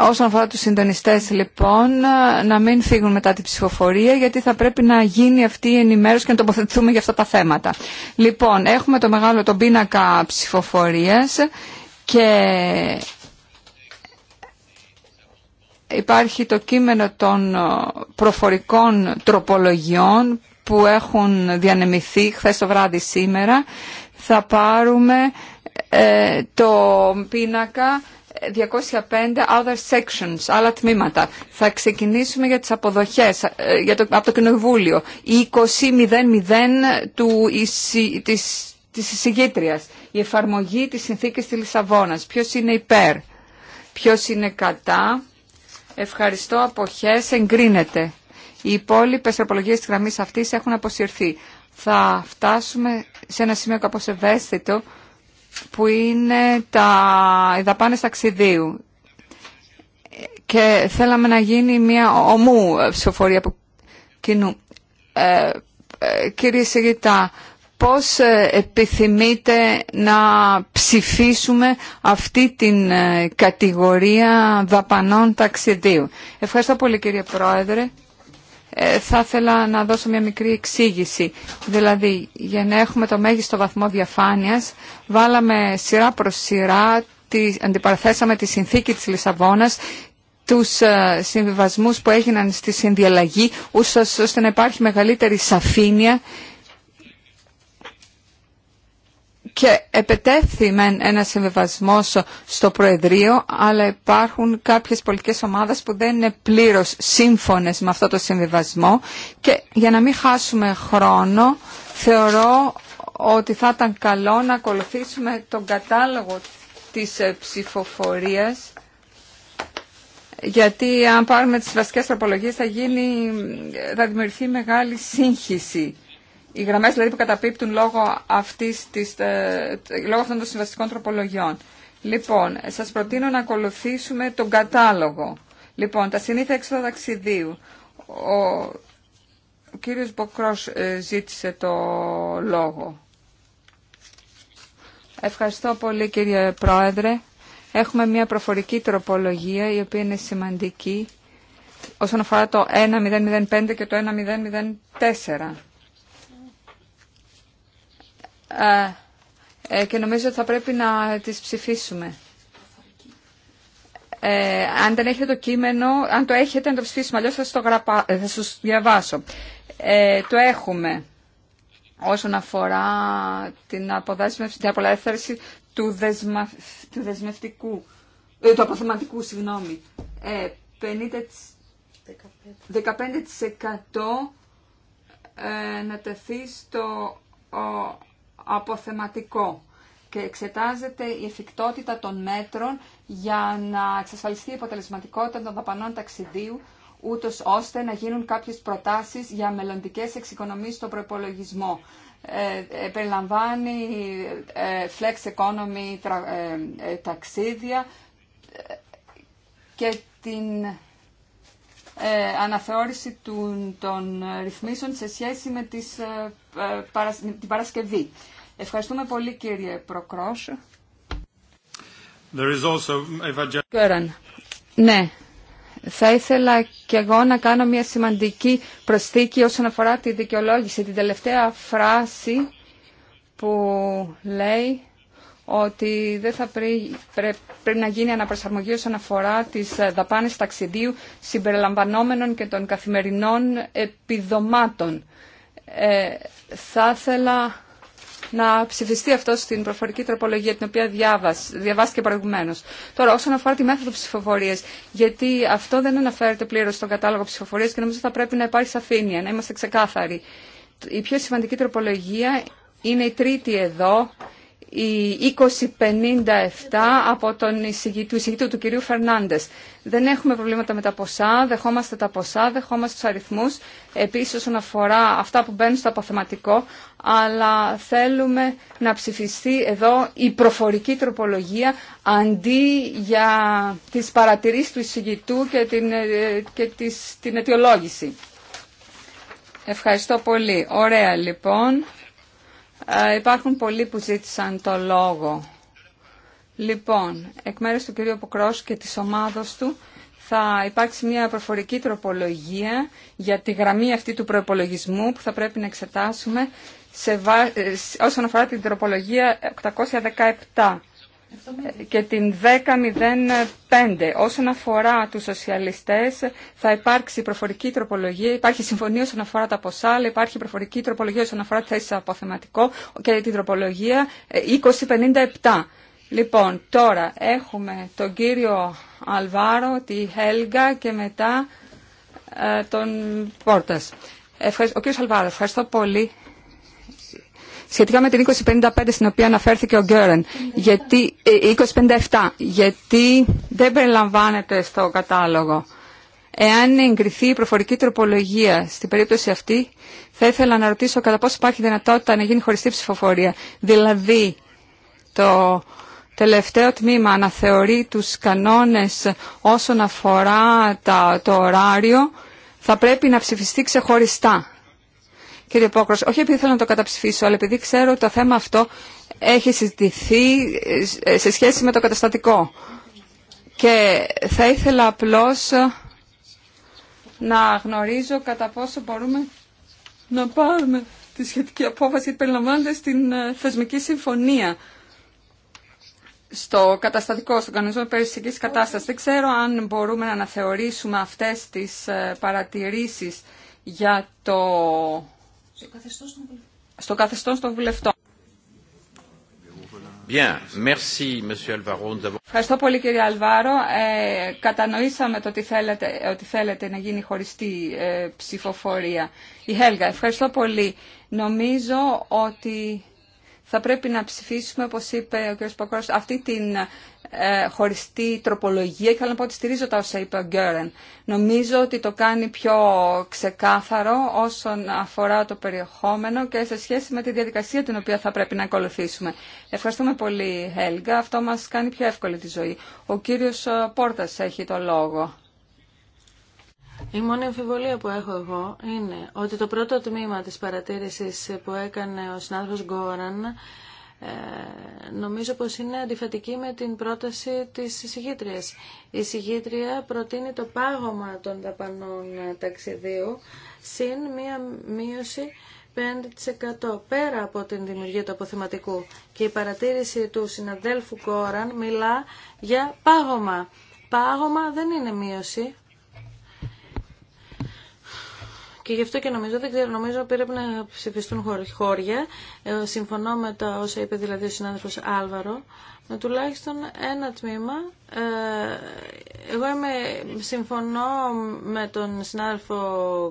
Όσον αφορά τους συντονιστές λοιπόν, να μην φύγουν μετά την ψηφοφορία γιατί θα πρέπει να γίνει αυτή η ενημέρωση και να τοποθετηθούμε για αυτά τα θέματα. Λοιπόν, έχουμε το μεγάλο τον πίνακα ψηφοφορίας και υπάρχει το κείμενο των προφορικών τροπολογιών που έχουν διανεμηθεί χθε το βράδυ σήμερα. Θα πάρουμε ε, το πίνακα 205 other sections, άλλα τμήματα. Θα ξεκινήσουμε για τις αποδοχές ε, για το, από το Κοινοβούλιο. Η 20.00 του, της, της εισηγήτριας. Η εφαρμογή της συνθήκης της Λισαβόνας. Ποιος είναι υπέρ. Ποιος είναι κατά. Ευχαριστώ. Αποχές εγκρίνεται. Οι υπόλοιπε τροπολογίε τη γραμμή αυτή έχουν αποσυρθεί. Θα φτάσουμε σε ένα σημείο κάπω ευαίσθητο που είναι τα, οι δαπάνες ταξιδίου και θέλαμε να γίνει μια ομού ψηφοφορία από κοινού. Ε, ε κύριε Σιγητά, πώς ε, επιθυμείτε να ψηφίσουμε αυτή την ε, κατηγορία δαπανών ταξιδίου. Ευχαριστώ πολύ κύριε Πρόεδρε. Ε, θα ήθελα να δώσω μια μικρή εξήγηση. Δηλαδή, για να έχουμε το μέγιστο βαθμό διαφάνειας, βάλαμε σειρά προς σειρά, αντιπαραθέσαμε τη συνθήκη της Λισαβόνας, τους ε, συμβιβασμούς που έγιναν στη συνδιαλλαγή, ώστε να υπάρχει μεγαλύτερη σαφήνεια και επετέθη με ένα συμβιβασμό στο Προεδρείο, αλλά υπάρχουν κάποιες πολιτικές ομάδες που δεν είναι πλήρως σύμφωνες με αυτό το συμβιβασμό και για να μην χάσουμε χρόνο θεωρώ ότι θα ήταν καλό να ακολουθήσουμε τον κατάλογο της ε, ψηφοφορίας γιατί αν πάρουμε τις βασικές τροπολογίες θα, ε, θα δημιουργηθεί μεγάλη σύγχυση οι γραμμέ δηλαδή που καταπίπτουν λόγω, αυτής της, ε, λόγω αυτών των συμβαστικών τροπολογιών. Λοιπόν, σα προτείνω να ακολουθήσουμε τον κατάλογο. Λοιπόν, τα συνήθεια έξοδα ταξιδίου. Ο, ο κύριος Μποκρός ε, ζήτησε το λόγο. Ευχαριστώ πολύ κύριε Πρόεδρε. Έχουμε μια προφορική τροπολογία η οποία είναι σημαντική όσον αφορά το 1005 και το 1004. Ε, και νομίζω ότι θα πρέπει να τις ψηφίσουμε. Ε, αν δεν έχετε το κείμενο, αν το έχετε, να το ψηφίσουμε. Αλλιώς θα ε, σας, το γραπα... θα διαβάσω. το έχουμε όσον αφορά την απολαύθερση του, δεσμα... του δεσμευτικού, του αποθεματικού, συγγνώμη. 15% να τεθεί στο αποθεματικό και εξετάζεται η εφικτότητα των μέτρων για να εξασφαλιστεί η αποτελεσματικότητα των δαπανών ταξιδίου, ούτω ώστε να γίνουν κάποιες προτάσεις για μελλοντικέ εξοικονομίες στον προπολογισμό. Ε, ε, περιλαμβάνει ε, flex economy ε, ταξίδια και την ε, αναθεώρηση των ρυθμίσεων σε σχέση με τις, ε, ε, την Παρασκευή. Ευχαριστούμε πολύ κύριε Προκρός. There Ναι, θα ήθελα και εγώ να κάνω μια σημαντική προσθήκη όσον αφορά τη δικαιολόγηση. Την τελευταία φράση που λέει ότι δεν θα πρέπει, να γίνει αναπροσαρμογή όσον αφορά τις ε, δαπάνες ταξιδίου συμπεριλαμβανόμενων και των καθημερινών επιδομάτων. Ε, θα ήθελα να ψηφιστεί αυτό στην προφορική τροπολογία την οποία διαβάστηκε προηγουμένω. Τώρα, όσον αφορά τη μέθοδο ψηφοφορία, γιατί αυτό δεν αναφέρεται πλήρω στον κατάλογο ψηφοφορία και νομίζω θα πρέπει να υπάρχει σαφήνεια, να είμαστε ξεκάθαροι. Η πιο σημαντική τροπολογία είναι η τρίτη εδώ, η 2057 από τον εισηγητή, του εισηγητή του κυρίου Φερνάντες. Δεν έχουμε προβλήματα με τα ποσά, δεχόμαστε τα ποσά, δεχόμαστε τους αριθμούς, επίσης όσον αφορά αυτά που μπαίνουν στο αποθεματικό, αλλά θέλουμε να ψηφιστεί εδώ η προφορική τροπολογία αντί για τις παρατηρήσεις του εισηγητού και την, ε, και την αιτιολόγηση. Ευχαριστώ πολύ. Ωραία λοιπόν υπάρχουν πολλοί που ζήτησαν το λόγο. Λοιπόν, εκ μέρους του κυρίου Ποκρός και της ομάδος του θα υπάρξει μια προφορική τροπολογία για τη γραμμή αυτή του προπολογισμού που θα πρέπει να εξετάσουμε σε ε, όσον αφορά την τροπολογία 817. Ε, και την 10.05. Όσον αφορά τους σοσιαλιστές θα υπάρξει προφορική τροπολογία, υπάρχει συμφωνία όσον αφορά τα ποσά, αλλά υπάρχει προφορική τροπολογία όσον αφορά τη θέση αποθεματικό και την τροπολογία 20.57. Ε, λοιπόν, τώρα έχουμε τον κύριο Αλβάρο, τη Χέλγα και μετά ε, τον Πόρτας. Ο κύριος Αλβάρο, ευχαριστώ πολύ σχετικά με την 2055 στην οποία αναφέρθηκε ο Γκέρεν, γιατί, 2057, ε, γιατί δεν περιλαμβάνεται στο κατάλογο. Εάν εγκριθεί η προφορική τροπολογία στην περίπτωση αυτή, θα ήθελα να ρωτήσω κατά πόσο υπάρχει δυνατότητα να γίνει χωριστή ψηφοφορία. Δηλαδή, το τελευταίο τμήμα αναθεωρεί τους κανόνες όσον αφορά το ωράριο, θα πρέπει να ψηφιστεί ξεχωριστά κύριε Πόκρος, όχι επειδή θέλω να το καταψηφίσω, αλλά επειδή ξέρω ότι το θέμα αυτό έχει συζητηθεί ε, σε σχέση με το καταστατικό. Και θα ήθελα απλώς ε, να γνωρίζω κατά πόσο μπορούμε να πάρουμε τη σχετική απόφαση που περιλαμβάνεται στην ε, θεσμική συμφωνία στο καταστατικό, στον κανονισμό περιστατικής κατάστασης. Δεν ξέρω αν μπορούμε να αναθεωρήσουμε αυτές τις παρατηρήσεις για το στο καθεστώς των βουλευτών. Ευχαριστώ πολύ κύριε Αλβάρο. Ε, κατανοήσαμε ότι θέλετε, ότι θέλετε να γίνει χωριστή ε, ψηφοφορία. Η Χέλγα, ευχαριστώ πολύ. Νομίζω ότι θα πρέπει να ψηφίσουμε, όπως είπε ο κ. Πακρός, αυτή την ε, χωριστή τροπολογία και θέλω να πω ότι στηρίζω τα όσα είπε ο Γκέρεν. Νομίζω ότι το κάνει πιο ξεκάθαρο όσον αφορά το περιεχόμενο και σε σχέση με τη διαδικασία την οποία θα πρέπει να ακολουθήσουμε. Ευχαριστούμε πολύ, Έλγα. Αυτό μας κάνει πιο εύκολη τη ζωή. Ο κύριος ε, Πόρτας έχει το λόγο. Η μόνη αμφιβολία που έχω εγώ είναι ότι το πρώτο τμήμα της παρατήρησης που έκανε ο συνάδελφος Γκόραν νομίζω πως είναι αντιφατική με την πρόταση της εισηγήτριας. Η συγγήτρια προτείνει το πάγωμα των δαπανών ταξιδίου συν μία μείωση 5% πέρα από την δημιουργία του αποθεματικού. Και η παρατήρηση του συναδέλφου Κόραν μιλά για πάγωμα. Πάγωμα δεν είναι μείωση, και γι' αυτό και νομίζω, δεν ξέρω, νομίζω πρέπει να ψηφιστούν χώρια. Ε, συμφωνώ με τα όσα είπε δηλαδή ο συνάδελφο Άλβαρο, με τουλάχιστον ένα τμήμα. Ε, εγώ είμαι, συμφωνώ με τον συνάδελφο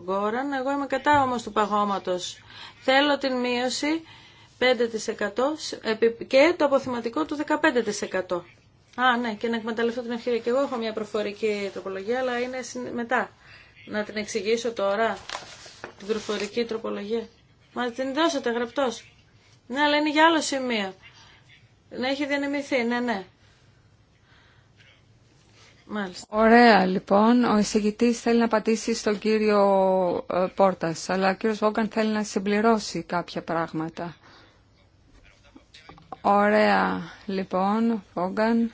Γκόραν, εγώ είμαι κατά όμως του παγώματος. Θέλω την μείωση 5% και το αποθυματικό του 15%. Α, ναι, και να εκμεταλλευτώ την ευκαιρία. Και εγώ έχω μια προφορική τροπολογία, αλλά είναι μετά. Να την εξηγήσω τώρα, την προφορική τροπολογία. Μα την δώσατε γραπτός. Ναι, αλλά είναι για άλλο σημείο. Να έχει διανεμηθεί, ναι, ναι. Μάλιστα. Ωραία, λοιπόν. Ο εισηγητή θέλει να πατήσει στον κύριο ε, Πόρτα, αλλά ο κύριο Βόγκαν θέλει να συμπληρώσει κάποια πράγματα. Ωραία, λοιπόν, Βόγκαν.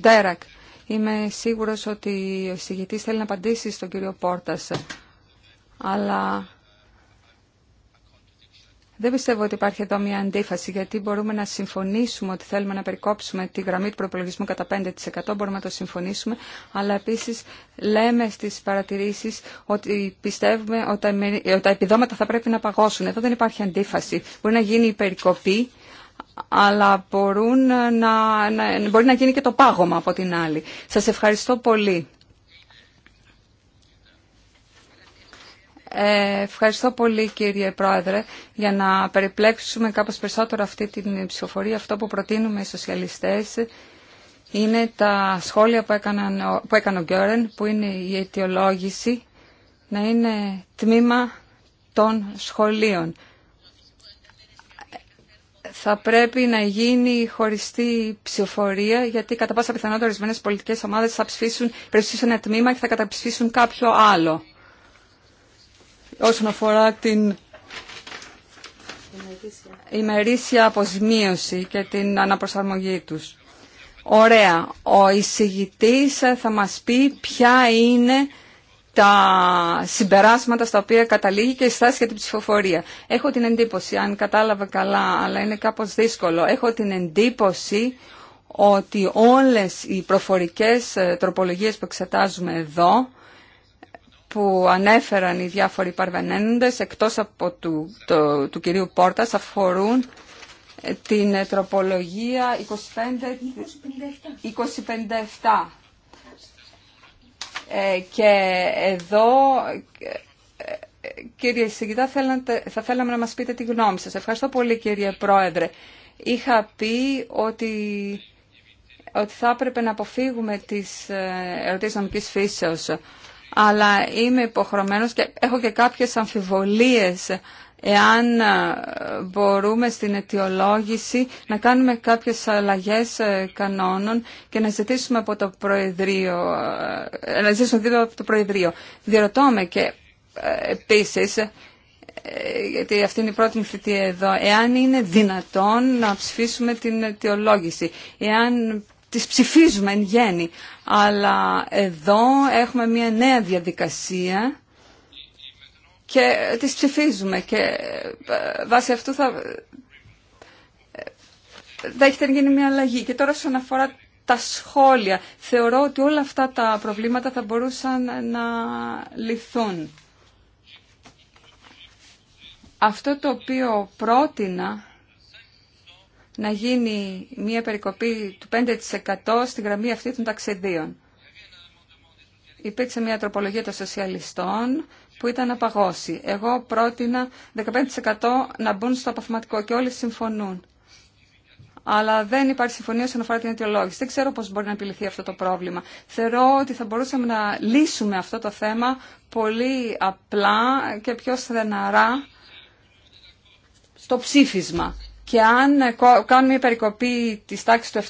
Ντέρακ. Είμαι σίγουρος ότι ο εισηγητής θέλει να απαντήσει στον κύριο Πόρτας, αλλά δεν πιστεύω ότι υπάρχει εδώ μια αντίφαση, γιατί μπορούμε να συμφωνήσουμε ότι θέλουμε να περικόψουμε τη γραμμή του προπολογισμού κατά 5%, μπορούμε να το συμφωνήσουμε, αλλά επίση λέμε στι παρατηρήσει ότι πιστεύουμε ότι τα επιδόματα θα πρέπει να παγώσουν. Εδώ δεν υπάρχει αντίφαση. Μπορεί να γίνει η περικοπή αλλά μπορούν να, μπορεί να γίνει και το πάγωμα από την άλλη. Σας ευχαριστώ πολύ. Ε, ευχαριστώ πολύ κύριε Πρόεδρε για να περιπλέξουμε κάπως περισσότερο αυτή την ψηφοφορία. Αυτό που προτείνουμε οι σοσιαλιστές είναι τα σχόλια που, έκαναν, που έκανε ο Γκιόρεν, που είναι η αιτιολόγηση, να είναι τμήμα των σχολείων θα πρέπει να γίνει χωριστή ψηφοφορία, γιατί κατά πάσα πιθανότητα ορισμένε πολιτικέ ομάδε θα ψηφίσουν περισσότερο ένα τμήμα και θα καταψηφίσουν κάποιο άλλο. Όσον αφορά την ημερήσια αποσμίωση και την αναπροσαρμογή τους. Ωραία. Ο εισηγητής θα μας πει ποια είναι τα συμπεράσματα στα οποία καταλήγει και η στάση για την ψηφοφορία. Έχω την εντύπωση, αν κατάλαβα καλά, αλλά είναι κάπως δύσκολο, έχω την εντύπωση ότι όλες οι προφορικές ε, τροπολογίες που εξετάζουμε εδώ, που ανέφεραν οι διάφοροι παρβενέντες, εκτός από του, το, του κυρίου Πόρτας, αφορούν ε, την ε, τροπολογία 25, 25. Ε, και εδώ, ε, ε, κύριε Σιγητά, θα θέλαμε να μας πείτε τη γνώμη σας. Ευχαριστώ πολύ κύριε Πρόεδρε. Είχα πει ότι, ότι θα έπρεπε να αποφύγουμε τις ερωτήσεις νομικής φύσεως αλλά είμαι υποχρεωμένος και έχω και κάποιες αμφιβολίες εάν ε, μπορούμε στην αιτιολόγηση να κάνουμε κάποιες αλλαγές ε, κανόνων και να ζητήσουμε από το Προεδρείο, ε, να ζητήσουμε από το Προεδρείο. Διερωτώ και επίσης, γιατί αυτή είναι η πρώτη μου εδώ, εάν είναι δυνατόν να ψηφίσουμε την αιτιολόγηση, εάν τις ψηφίζουμε εν γέννη, αλλά εδώ έχουμε μια νέα διαδικασία και τις ψηφίζουμε και ε, βάσει αυτού θα, θα ε, έχετε γίνει μια αλλαγή. Και τώρα όσον αφορά τα σχόλια, θεωρώ ότι όλα αυτά τα προβλήματα θα μπορούσαν να λυθούν. Αυτό το οποίο πρότεινα να γίνει μια περικοπή του 5% στη γραμμή αυτή των ταξιδίων υπήρξε μια τροπολογία των σοσιαλιστών που ήταν να παγώσει. Εγώ πρότεινα 15% να μπουν στο απαθηματικό και όλοι συμφωνούν. Αλλά δεν υπάρχει συμφωνία όσον αφορά την αιτιολόγηση. Δεν ξέρω πώς μπορεί να επιληθεί αυτό το πρόβλημα. Θεωρώ ότι θα μπορούσαμε να λύσουμε αυτό το θέμα πολύ απλά και πιο στεναρά στο ψήφισμα. Και αν κάνουμε μια περικοπή της τάξης του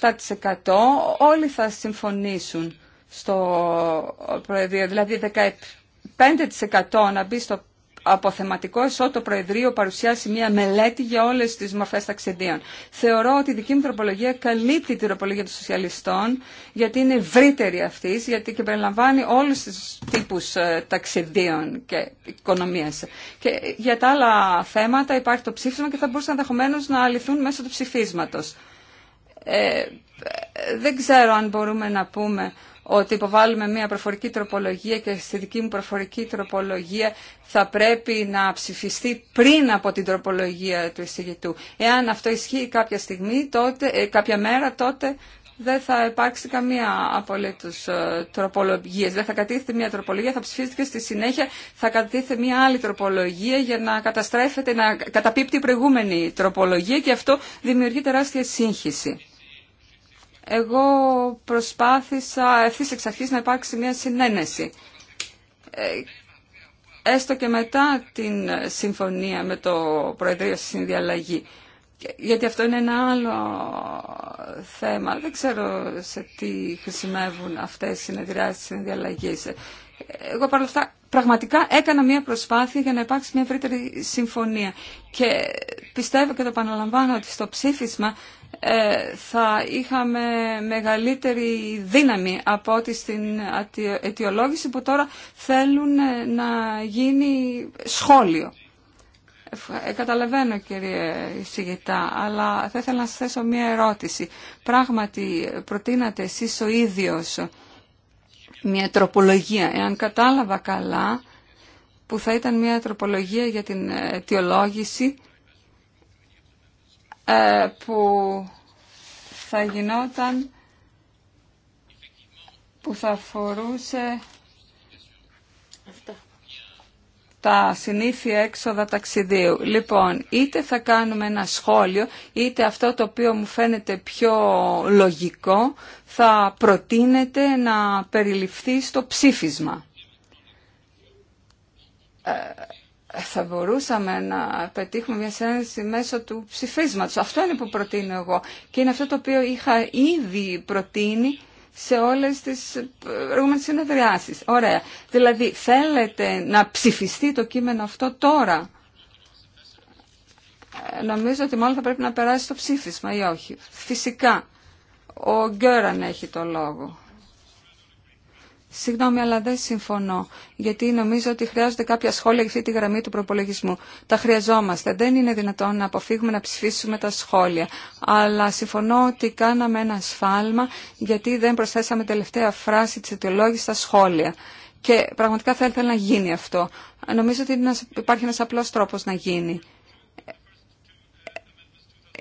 7% όλοι θα συμφωνήσουν στο Προεδρείο, δηλαδή 15% να μπει στο αποθεματικό εσώ το Προεδρείο παρουσιάσει μια μελέτη για όλες τις μορφές ταξιδίων. Θεωρώ ότι η δική μου τροπολογία καλύπτει την τροπολογία των σοσιαλιστών γιατί είναι ευρύτερη αυτή, γιατί και περιλαμβάνει όλους τους τύπους ε, ταξιδίων και οικονομίας. Και για τα άλλα θέματα υπάρχει το ψήφισμα και θα μπορούσαν ενδεχομένω να αληθούν μέσω του ψηφίσματος. Ε, ε, δεν ξέρω αν μπορούμε να πούμε ότι υποβάλλουμε μια προφορική τροπολογία και στη δική μου προφορική τροπολογία θα πρέπει να ψηφιστεί πριν από την τροπολογία του εισηγητού. Εάν αυτό ισχύει κάποια στιγμή, τότε, ε, κάποια μέρα, τότε δεν θα υπάρξει καμία απολύτω ε, τροπολογία. Δεν θα κατήθεται μια τροπολογία, θα ψηφίστηκε στη συνέχεια θα κατήθεται μια άλλη τροπολογία για να καταστρέφεται, να καταπίπτει η προηγούμενη τροπολογία και αυτό δημιουργεί τεράστια σύγχυση εγώ προσπάθησα ευθύ εξ αρχής να υπάρξει μια συνένεση. Ε, έστω και μετά την συμφωνία με το Προεδρείο στη Συνδιαλλαγή. Γιατί αυτό είναι ένα άλλο θέμα. Δεν ξέρω σε τι χρησιμεύουν αυτές οι συνεδριάσεις της συνδιαλλαγής. Εγώ παρόλα αυτά πραγματικά έκανα μια προσπάθεια για να υπάρξει μια ευρύτερη συμφωνία. Και πιστεύω και το επαναλαμβάνω ότι στο ψήφισμα ε, θα είχαμε μεγαλύτερη δύναμη από ό,τι στην αιτιολόγηση που τώρα θέλουν ε, να γίνει σχόλιο. Ε, καταλαβαίνω κύριε Σιγητά, αλλά θα ήθελα να σας θέσω μία ερώτηση. Πράγματι προτείνατε εσείς ο ίδιος μία τροπολογία, εάν κατάλαβα καλά, που θα ήταν μία τροπολογία για την αιτιολόγηση ε, που θα γινόταν που θα αφορούσε Αυτά. τα συνήθεια έξοδα ταξιδίου. Λοιπόν, είτε θα κάνουμε ένα σχόλιο, είτε αυτό το οποίο μου φαίνεται πιο λογικό, θα προτείνεται να περιληφθεί στο ψήφισμα. Ε, θα μπορούσαμε να πετύχουμε μια συνέντευξη μέσω του ψηφίσματος. Αυτό είναι που προτείνω εγώ και είναι αυτό το οποίο είχα ήδη προτείνει σε όλες τις προηγούμενες συνεδριάσεις. Ωραία. Δηλαδή θέλετε να ψηφιστεί το κείμενο αυτό τώρα. Ε, νομίζω ότι μάλλον θα πρέπει να περάσει το ψήφισμα ή όχι. Φυσικά. Ο Γκέραν έχει το λόγο. Συγγνώμη, αλλά δεν συμφωνώ, γιατί νομίζω ότι χρειάζονται κάποια σχόλια για αυτή τη γραμμή του προπολογισμού. Τα χρειαζόμαστε. Δεν είναι δυνατόν να αποφύγουμε να ψηφίσουμε τα σχόλια. Αλλά συμφωνώ ότι κάναμε ένα σφάλμα, γιατί δεν προσθέσαμε τελευταία φράση τη αιτιολόγηση στα σχόλια. Και πραγματικά θα ήθελα να γίνει αυτό. Νομίζω ότι υπάρχει ένα απλό τρόπο να γίνει.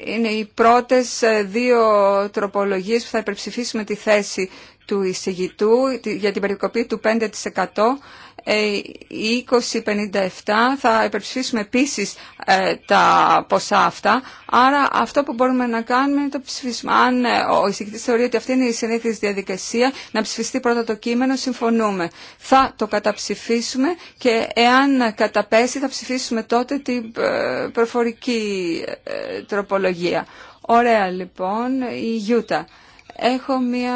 Είναι οι πρώτες ε, δύο τροπολογίες που θα υπερψηφίσουμε τη θέση του εισηγητού για την περικοπή του 5% η 2057 θα υπερψηφίσουμε επίσης ε, τα ποσά αυτά. Άρα αυτό που μπορούμε να κάνουμε είναι το ψηφίσμα. Αν ε, ο εισηγητής θεωρεί ότι αυτή είναι η συνήθι διαδικασία, να ψηφιστεί πρώτα το κείμενο, συμφωνούμε. Θα το καταψηφίσουμε και εάν καταπέσει θα ψηφίσουμε τότε την ε, προφορική τροπολογία. Ωραία λοιπόν, η Γιούτα έχω μία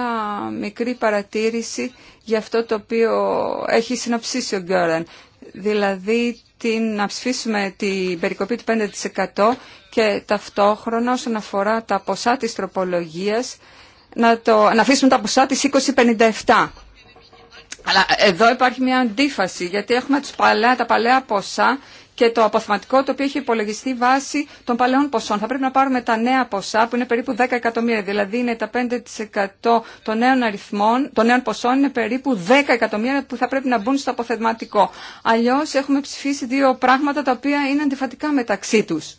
μικρή παρατήρηση για αυτό το οποίο έχει συνοψίσει ο Γκόραν. Δηλαδή την, να ψηφίσουμε την περικοπή του 5% και ταυτόχρονα όσον αφορά τα ποσά της τροπολογίας να, το, να αφήσουμε τα ποσά της 2057. Αλλά εδώ υπάρχει μια αντίφαση, γιατί έχουμε τα παλαιά ποσά και το αποθεματικό το οποίο έχει υπολογιστεί βάσει των παλαιών ποσών. Θα πρέπει να πάρουμε τα νέα ποσά που είναι περίπου 10 εκατομμύρια, δηλαδή είναι τα 5% των νέων, αριθμών, των νέων ποσών είναι περίπου 10 εκατομμύρια που θα πρέπει να μπουν στο αποθεματικό. Αλλιώ έχουμε ψηφίσει δύο πράγματα τα οποία είναι αντιφατικά μεταξύ τους.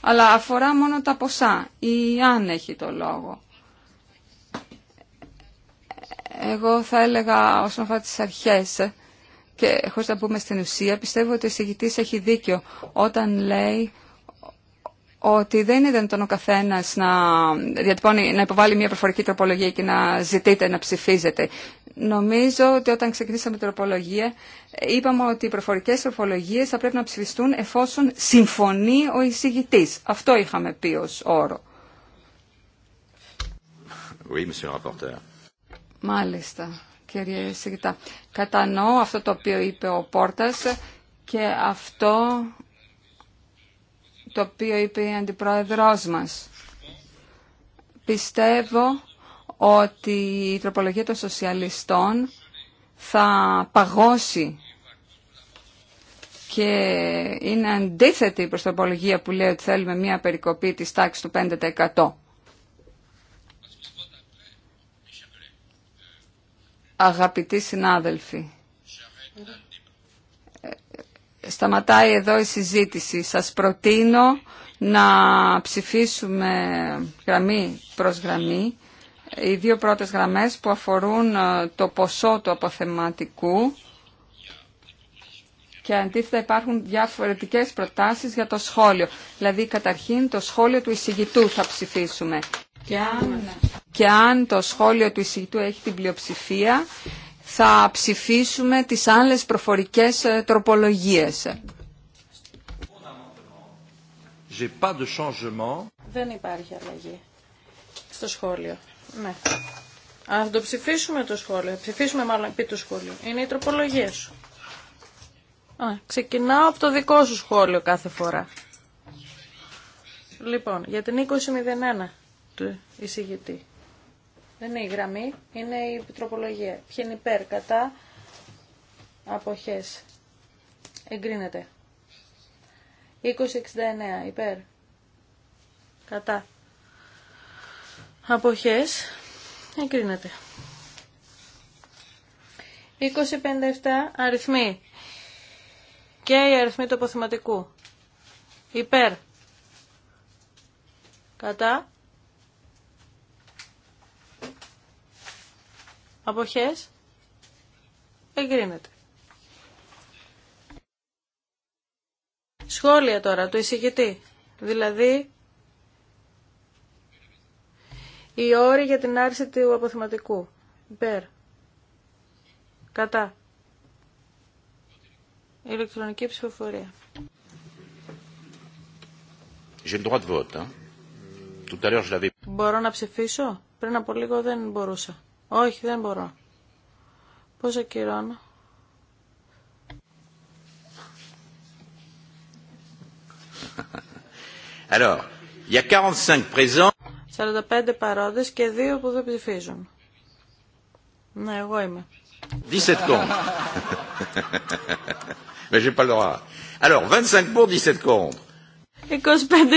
Αλλά αφορά μόνο τα ποσά ή αν έχει το λόγο. Εγώ θα έλεγα όσον αφορά τις αρχές και χωρίς να μπούμε στην ουσία, πιστεύω ότι ο εισηγητής έχει δίκιο όταν λέει ότι δεν είναι δυνατόν ο καθένα να, διατυπώνει, να υποβάλει μια προφορική τροπολογία και να ζητείτε να ψηφίζετε. Νομίζω ότι όταν ξεκινήσαμε την τροπολογία, είπαμε ότι οι προφορικέ τροπολογίε θα πρέπει να ψηφιστούν εφόσον συμφωνεί ο εισηγητή. Αυτό είχαμε πει ω όρο. Μάλιστα κύριε Σιγητά. Κατανοώ αυτό το οποίο είπε ο Πόρτας και αυτό το οποίο είπε η Αντιπρόεδρός μας. Πιστεύω ότι η τροπολογία των σοσιαλιστών θα παγώσει και είναι αντίθετη η την τροπολογία που λέει ότι θέλουμε μια περικοπή της τάξης του 5%. Αγαπητοί συνάδελφοι, σταματάει εδώ η συζήτηση. Σας προτείνω να ψηφίσουμε γραμμή προς γραμμή οι δύο πρώτες γραμμές που αφορούν ε, το ποσό του αποθεματικού και αντίθετα υπάρχουν διαφορετικές προτάσεις για το σχόλιο. Δηλαδή καταρχήν το σχόλιο του εισηγητού θα ψηφίσουμε. Και αν και αν το σχόλιο του εισηγητού έχει την πλειοψηφία θα ψηφίσουμε τις άλλες προφορικές ε, τροπολογίες. Δεν υπάρχει αλλαγή στο σχόλιο. Ναι. Α, το ψηφίσουμε το σχόλιο. Ψηφίσουμε μάλλον επί του σχόλιο. Είναι οι τροπολογίε σου. Α, ξεκινάω από το δικό σου σχόλιο κάθε φορά. Λοιπόν, για την 2001 του εισηγητή. Δεν είναι η γραμμή, είναι η τροπολογία. Ποιοι είναι υπέρ, κατά, αποχές. Εγκρίνεται. 2069, υπέρ. Κατά. Αποχές. Εγκρίνεται. 2057, αριθμοί. Και οι αριθμοί του αποθηματικού. Υπέρ. Κατά. Αποχές. Εγκρίνεται. Σχόλια τώρα του εισηγητή. Δηλαδή, η όροι για την άρση του αποθηματικού. Υπέρ. Κατά. Ηλεκτρονική ψηφοφορία. Μπορώ να ψηφίσω. Πριν από λίγο δεν μπορούσα. Όχι, δεν μπορώ. Πώς ακυρώνω. 45 παρόντες και δύο που δεν ψηφίζουν. Ναι, εγώ είμαι. 17 contre. 25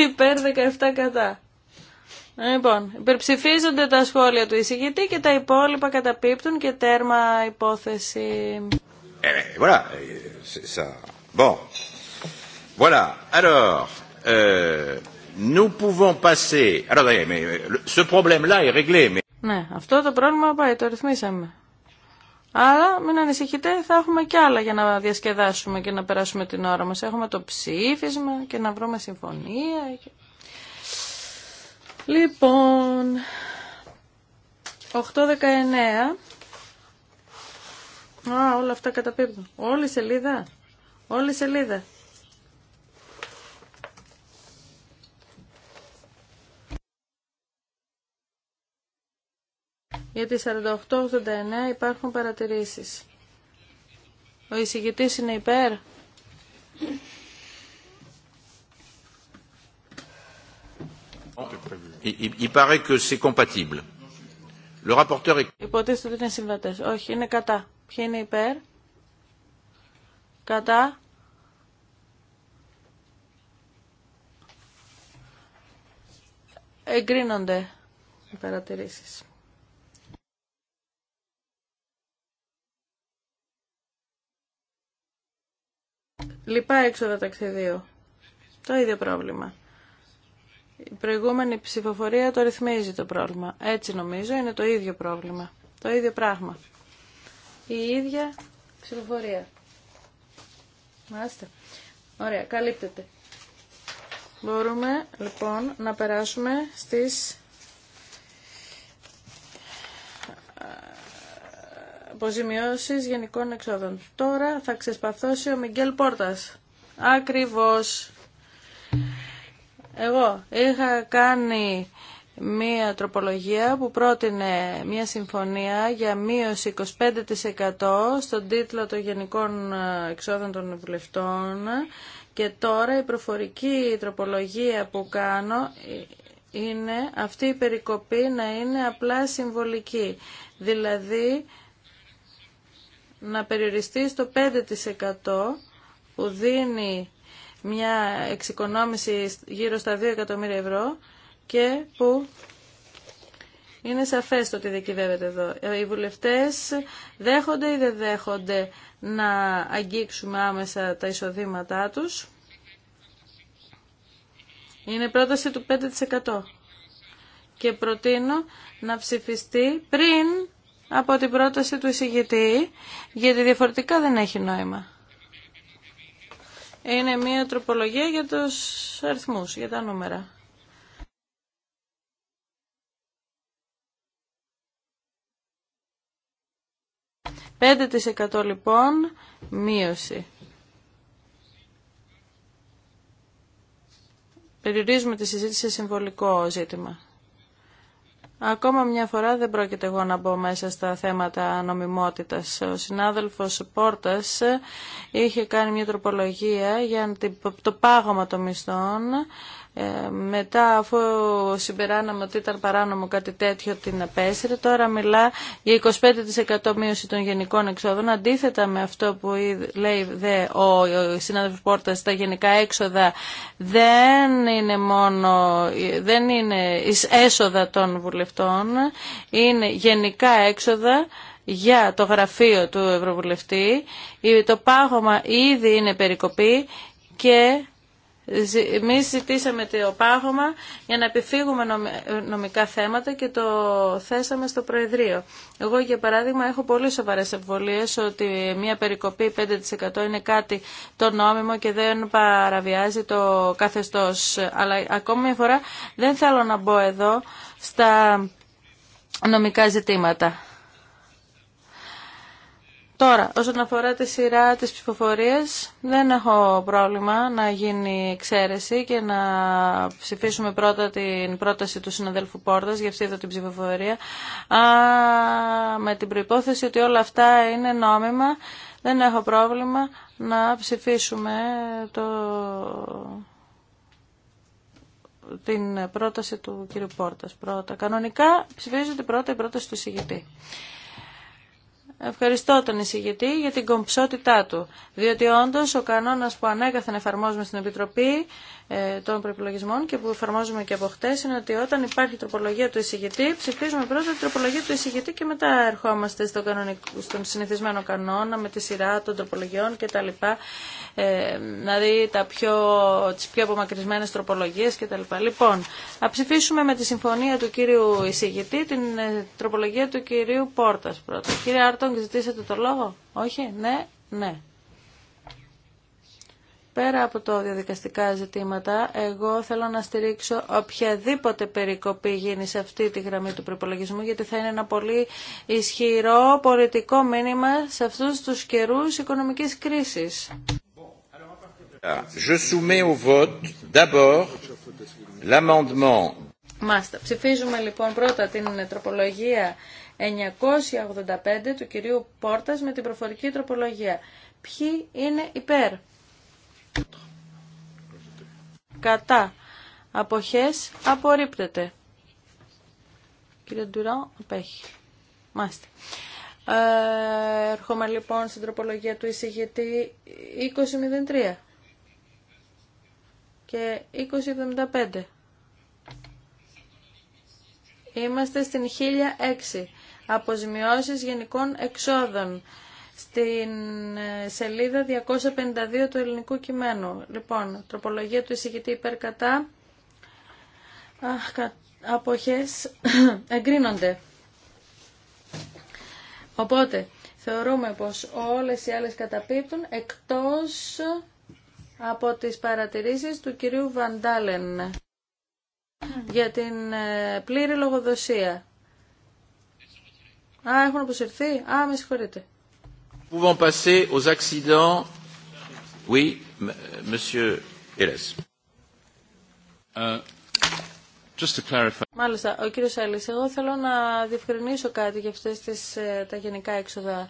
υπέρ, 17 κατά. Λοιπόν, υπερψηφίζονται τα σχόλια του εισηγητή και τα υπόλοιπα καταπίπτουν και τέρμα υπόθεση. Ναι, αυτό το πρόβλημα πάει, το ρυθμίσαμε. Άρα, μην ανησυχείτε, θα έχουμε κι άλλα για να διασκεδάσουμε και να περάσουμε την ώρα μας. Έχουμε το ψήφισμα και να βρούμε συμφωνία... Και... Λοιπόν, 8-19. Α, όλα αυτά καταπίπτουν. Όλη σελίδα. Όλη σελίδα. γιατι 48-89 υπάρχουν παρατηρήσεις. Ο εισηγητής είναι υπέρ. Υποτίθεται ότι είναι συμβατέ. Όχι, είναι κατά. Ποιοι είναι υπέρ. Κατά. Εγκρίνονται οι παρατηρήσει. Λοιπά έξοδα ταξιδίου. Το ίδιο πρόβλημα. Η προηγούμενη ψηφοφορία το ρυθμίζει το πρόβλημα. Έτσι νομίζω είναι το ίδιο πρόβλημα. Το ίδιο πράγμα. Η ίδια ψηφοφορία. μάστε Ωραία, καλύπτεται. Μπορούμε λοιπόν να περάσουμε στις ε, αποζημιώσει γενικών εξόδων. Τώρα θα ξεσπαθώσει ο Μιγγέλ Πόρτας. Ακριβώς. Εγώ είχα κάνει μία τροπολογία που πρότεινε μία συμφωνία για μείωση 25% στον τίτλο των γενικών ε, εξόδων των βουλευτών και τώρα η προφορική τροπολογία που κάνω ε, είναι αυτή η περικοπή να είναι απλά συμβολική. Δηλαδή να περιοριστεί στο 5% που δίνει μια εξοικονόμηση γύρω στα 2 εκατομμύρια ευρώ και που είναι σαφές το ότι διακυβεύεται εδώ. Ε, οι βουλευτές δέχονται ή δεν δέχονται να αγγίξουμε άμεσα τα εισοδήματά τους. Είναι πρόταση του 5% και προτείνω να ψηφιστεί πριν από την πρόταση του εισηγητή, γιατί διαφορετικά δεν έχει νόημα είναι μια τροπολογία για τους αριθμούς, για τα νούμερα. 5% της λοιπόν μείωση. Περιορίζουμε τη συζήτηση σε συμβολικό ζήτημα. Ακόμα μια φορά δεν πρόκειται εγώ να μπω μέσα στα θέματα νομιμότητας. Ο συνάδελφος Πόρτας είχε κάνει μια τροπολογία για το πάγωμα των μισθών ε, μετά αφού συμπεράναμε ότι ήταν παράνομο κάτι τέτοιο την απέσυρε, τώρα μιλά για 25% μείωση των γενικών εξόδων. Αντίθετα με αυτό που λέει ο, ο συνάδελφος Πόρτας, τα γενικά έξοδα δεν είναι μόνο, δεν είναι έσοδα των βουλευτών, είναι γενικά έξοδα για το γραφείο του Ευρωβουλευτή. Το πάγωμα ήδη είναι περικοπή και Εμεί ζητήσαμε το πάγωμα για να επιφύγουμε νομικά θέματα και το θέσαμε στο Προεδρείο. Εγώ, για παράδειγμα, έχω πολύ σοβαρέ εμβολίε ότι μια περικοπή 5% είναι κάτι το νόμιμο και δεν παραβιάζει το καθεστώ. Αλλά ακόμη μια φορά δεν θέλω να μπω εδώ στα νομικά ζητήματα. Τώρα, όσον αφορά τη σειρά της ψηφοφορίας, δεν έχω πρόβλημα να γίνει εξαίρεση και να ψηφίσουμε πρώτα την πρόταση του συναδέλφου Πόρτας για αυτή εδώ την ψηφοφορία, Α, με την προϋπόθεση ότι όλα αυτά είναι νόμιμα, δεν έχω πρόβλημα να ψηφίσουμε το... την πρόταση του κύριου Πόρτας πρώτα. Κανονικά ψηφίζεται πρώτα η πρόταση του Συγητή. Ευχαριστώ τον εισηγητή για την κομψότητά του, διότι όντως ο κανόνας που ανέκαθεν εφαρμόζουμε στην Επιτροπή ε, των προπολογισμών και που εφαρμόζουμε και από χτε είναι ότι όταν υπάρχει τροπολογία του εισηγητή, ψηφίζουμε πρώτα την τροπολογία του εισηγητή και μετά ερχόμαστε στον, συνηθισμένο κανόνα με τη σειρά των τροπολογιών κτλ. Ε, δηλαδή τα πιο, τις πιο απομακρυσμένες τροπολογίες κτλ. Λοιπόν, θα ψηφίσουμε με τη συμφωνία του κύριου εισηγητή την ε, τροπολογία του κυρίου Πόρτας πρώτα. Κύριε Άρτον, ζητήσατε το λόγο. Όχι, ναι, ναι. Πέρα από τα διαδικαστικά ζητήματα, εγώ θέλω να στηρίξω οποιαδήποτε περικοπή γίνει σε αυτή τη γραμμή του προπολογισμού, γιατί θα είναι ένα πολύ ισχυρό πολιτικό μήνυμα σε αυτούς τους καιρούς οικονομικής κρίσης. Μάστα. Ψηφίζουμε λοιπόν πρώτα την τροπολογία 985 του κυρίου Πόρτας με την προφορική τροπολογία. Ποιοι είναι υπέρ. Κατά. Αποχές απορρίπτεται. Κύριε Ντουρά, απέχει. Μάστε. Ε, ερχόμαι λοιπόν στην τροπολογία του εισηγητή 20.03 και 20.75. Είμαστε στην 1006. Αποζημιώσεις γενικών εξόδων στην ε, σελίδα 252 του ελληνικού κειμένου. Λοιπόν, τροπολογία του εισηγητή υπερκατά Αχ, αποχές εγκρίνονται. Οπότε, θεωρούμε πως όλες οι άλλες καταπίπτουν εκτός από τις παρατηρήσεις του κυρίου Βαντάλεν για την ε, πλήρη λογοδοσία. Α, έχουν αποσυρθεί. Α, με συγχωρείτε. Pouvons passer aux accidents. Oui, Monsieur Ellis. Euh, Μάλιστα, ο κύριος Έλλης, εγώ θέλω να διευκρινίσω κάτι για αυτές τις, ε, τα γενικά έξοδα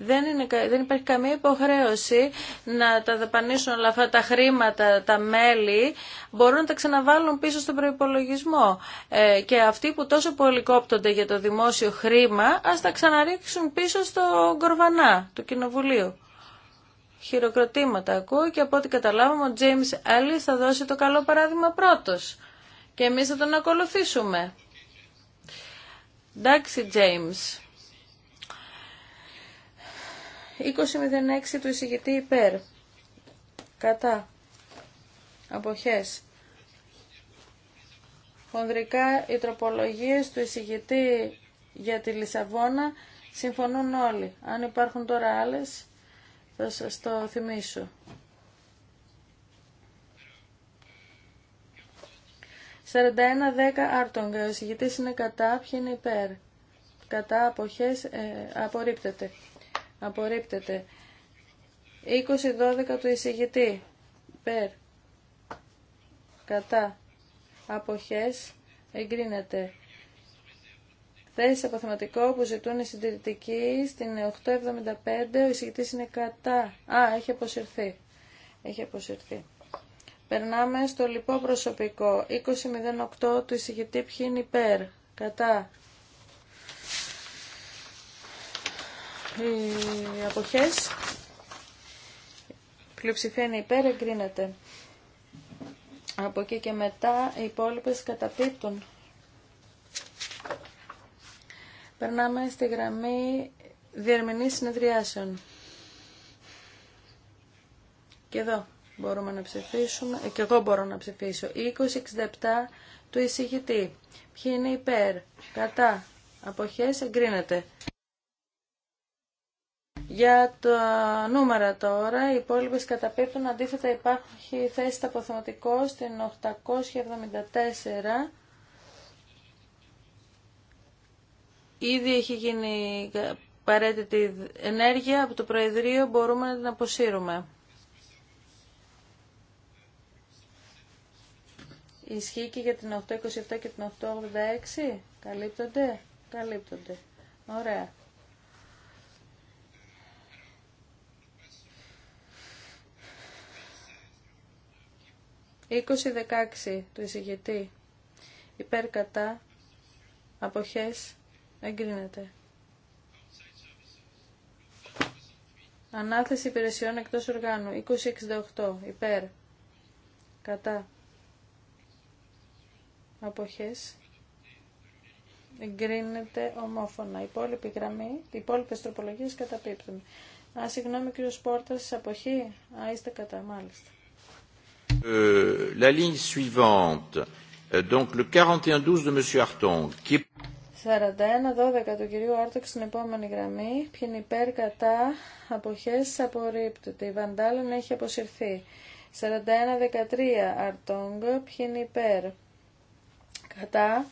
δεν, είναι, δεν υπάρχει καμία υποχρέωση να τα δαπανίσουν όλα αυτά τα χρήματα, τα μέλη, μπορούν να τα ξαναβάλουν πίσω στον προϋπολογισμό. Ε, και αυτοί που τόσο πολυκόπτονται για το δημόσιο χρήμα, ας τα ξαναρίξουν πίσω στο κορβανά του Κοινοβουλίου. Χειροκροτήματα ακούω και από ό,τι καταλάβαμε ο James Ellis θα δώσει το καλό παράδειγμα πρώτος. Και εμείς θα τον ακολουθήσουμε. Εντάξει, James. 20.06 του εισηγητή υπέρ. Κατά. Αποχές. Χονδρικά οι τροπολογίες του εισηγητή για τη Λισαβόνα συμφωνούν όλοι. Αν υπάρχουν τώρα άλλες θα σας το θυμισω 41.10 41-10 Ο εισηγητής είναι κατά, ποιοι είναι υπέρ. Κατά αποχές ε, απορρίπτεται. Απορρίπτεται. 20-12 του εισηγητή. Περ. Κατά. Αποχές. Εγκρίνεται. Θέση αποθεματικό που ζητούν οι συντηρητικοί στην 875. Ο εισηγητής είναι κατά. Α, έχει αποσυρθεί. Έχει αποσυρθεί. Περνάμε στο λοιπό προσωπικό. 2008 του εισηγητή ποιοι είναι υπέρ. Κατά. οι αποχές. πλειοψηφία είναι υπέρ, εγκρίνεται. Από εκεί και μετά οι υπόλοιπε καταπίπτουν. Περνάμε στη γραμμή διερμηνής συνεδριάσεων. Και εδώ μπορούμε να ψηφίσουμε, ε, και εγώ μπορώ να ψηφίσω. 2067 του εισηγητή. Ποιοι είναι υπέρ, κατά, αποχές, εγκρίνεται. Για τα νούμερα τώρα, οι υπόλοιπε καταπίπτουν. Αντίθετα υπάρχει θέση στα στην 874. Ήδη έχει γίνει παρέτητη ενέργεια από το Προεδρείο, μπορούμε να την αποσύρουμε. Ισχύει και για την 827 και την 886. Καλύπτονται. Καλύπτονται. Ωραία. 2016 του εισηγητή υπέρ κατά αποχές εγκρίνεται. Ανάθεση υπηρεσιών εκτός οργάνου 2068 υπέρ κατά αποχές εγκρίνεται ομόφωνα. Υπόλοιπη γραμμή, οι υπόλοιπες τροπολογίες καταπίπτουν. Α, συγγνώμη κύριο Πόρτας, αποχή. Α, είστε κατά, μάλιστα. La 41-12 euh, του κυρίου Άρτοξ στην επόμενη γραμμή. Ποιοι είναι υπέρ, κατά, αποχές, απορρίπτεται. Η Βαντάλεν έχει αποσυρθεί. 41-13 Αρτόγκ. Ποιοι είναι υπέρ, κατά,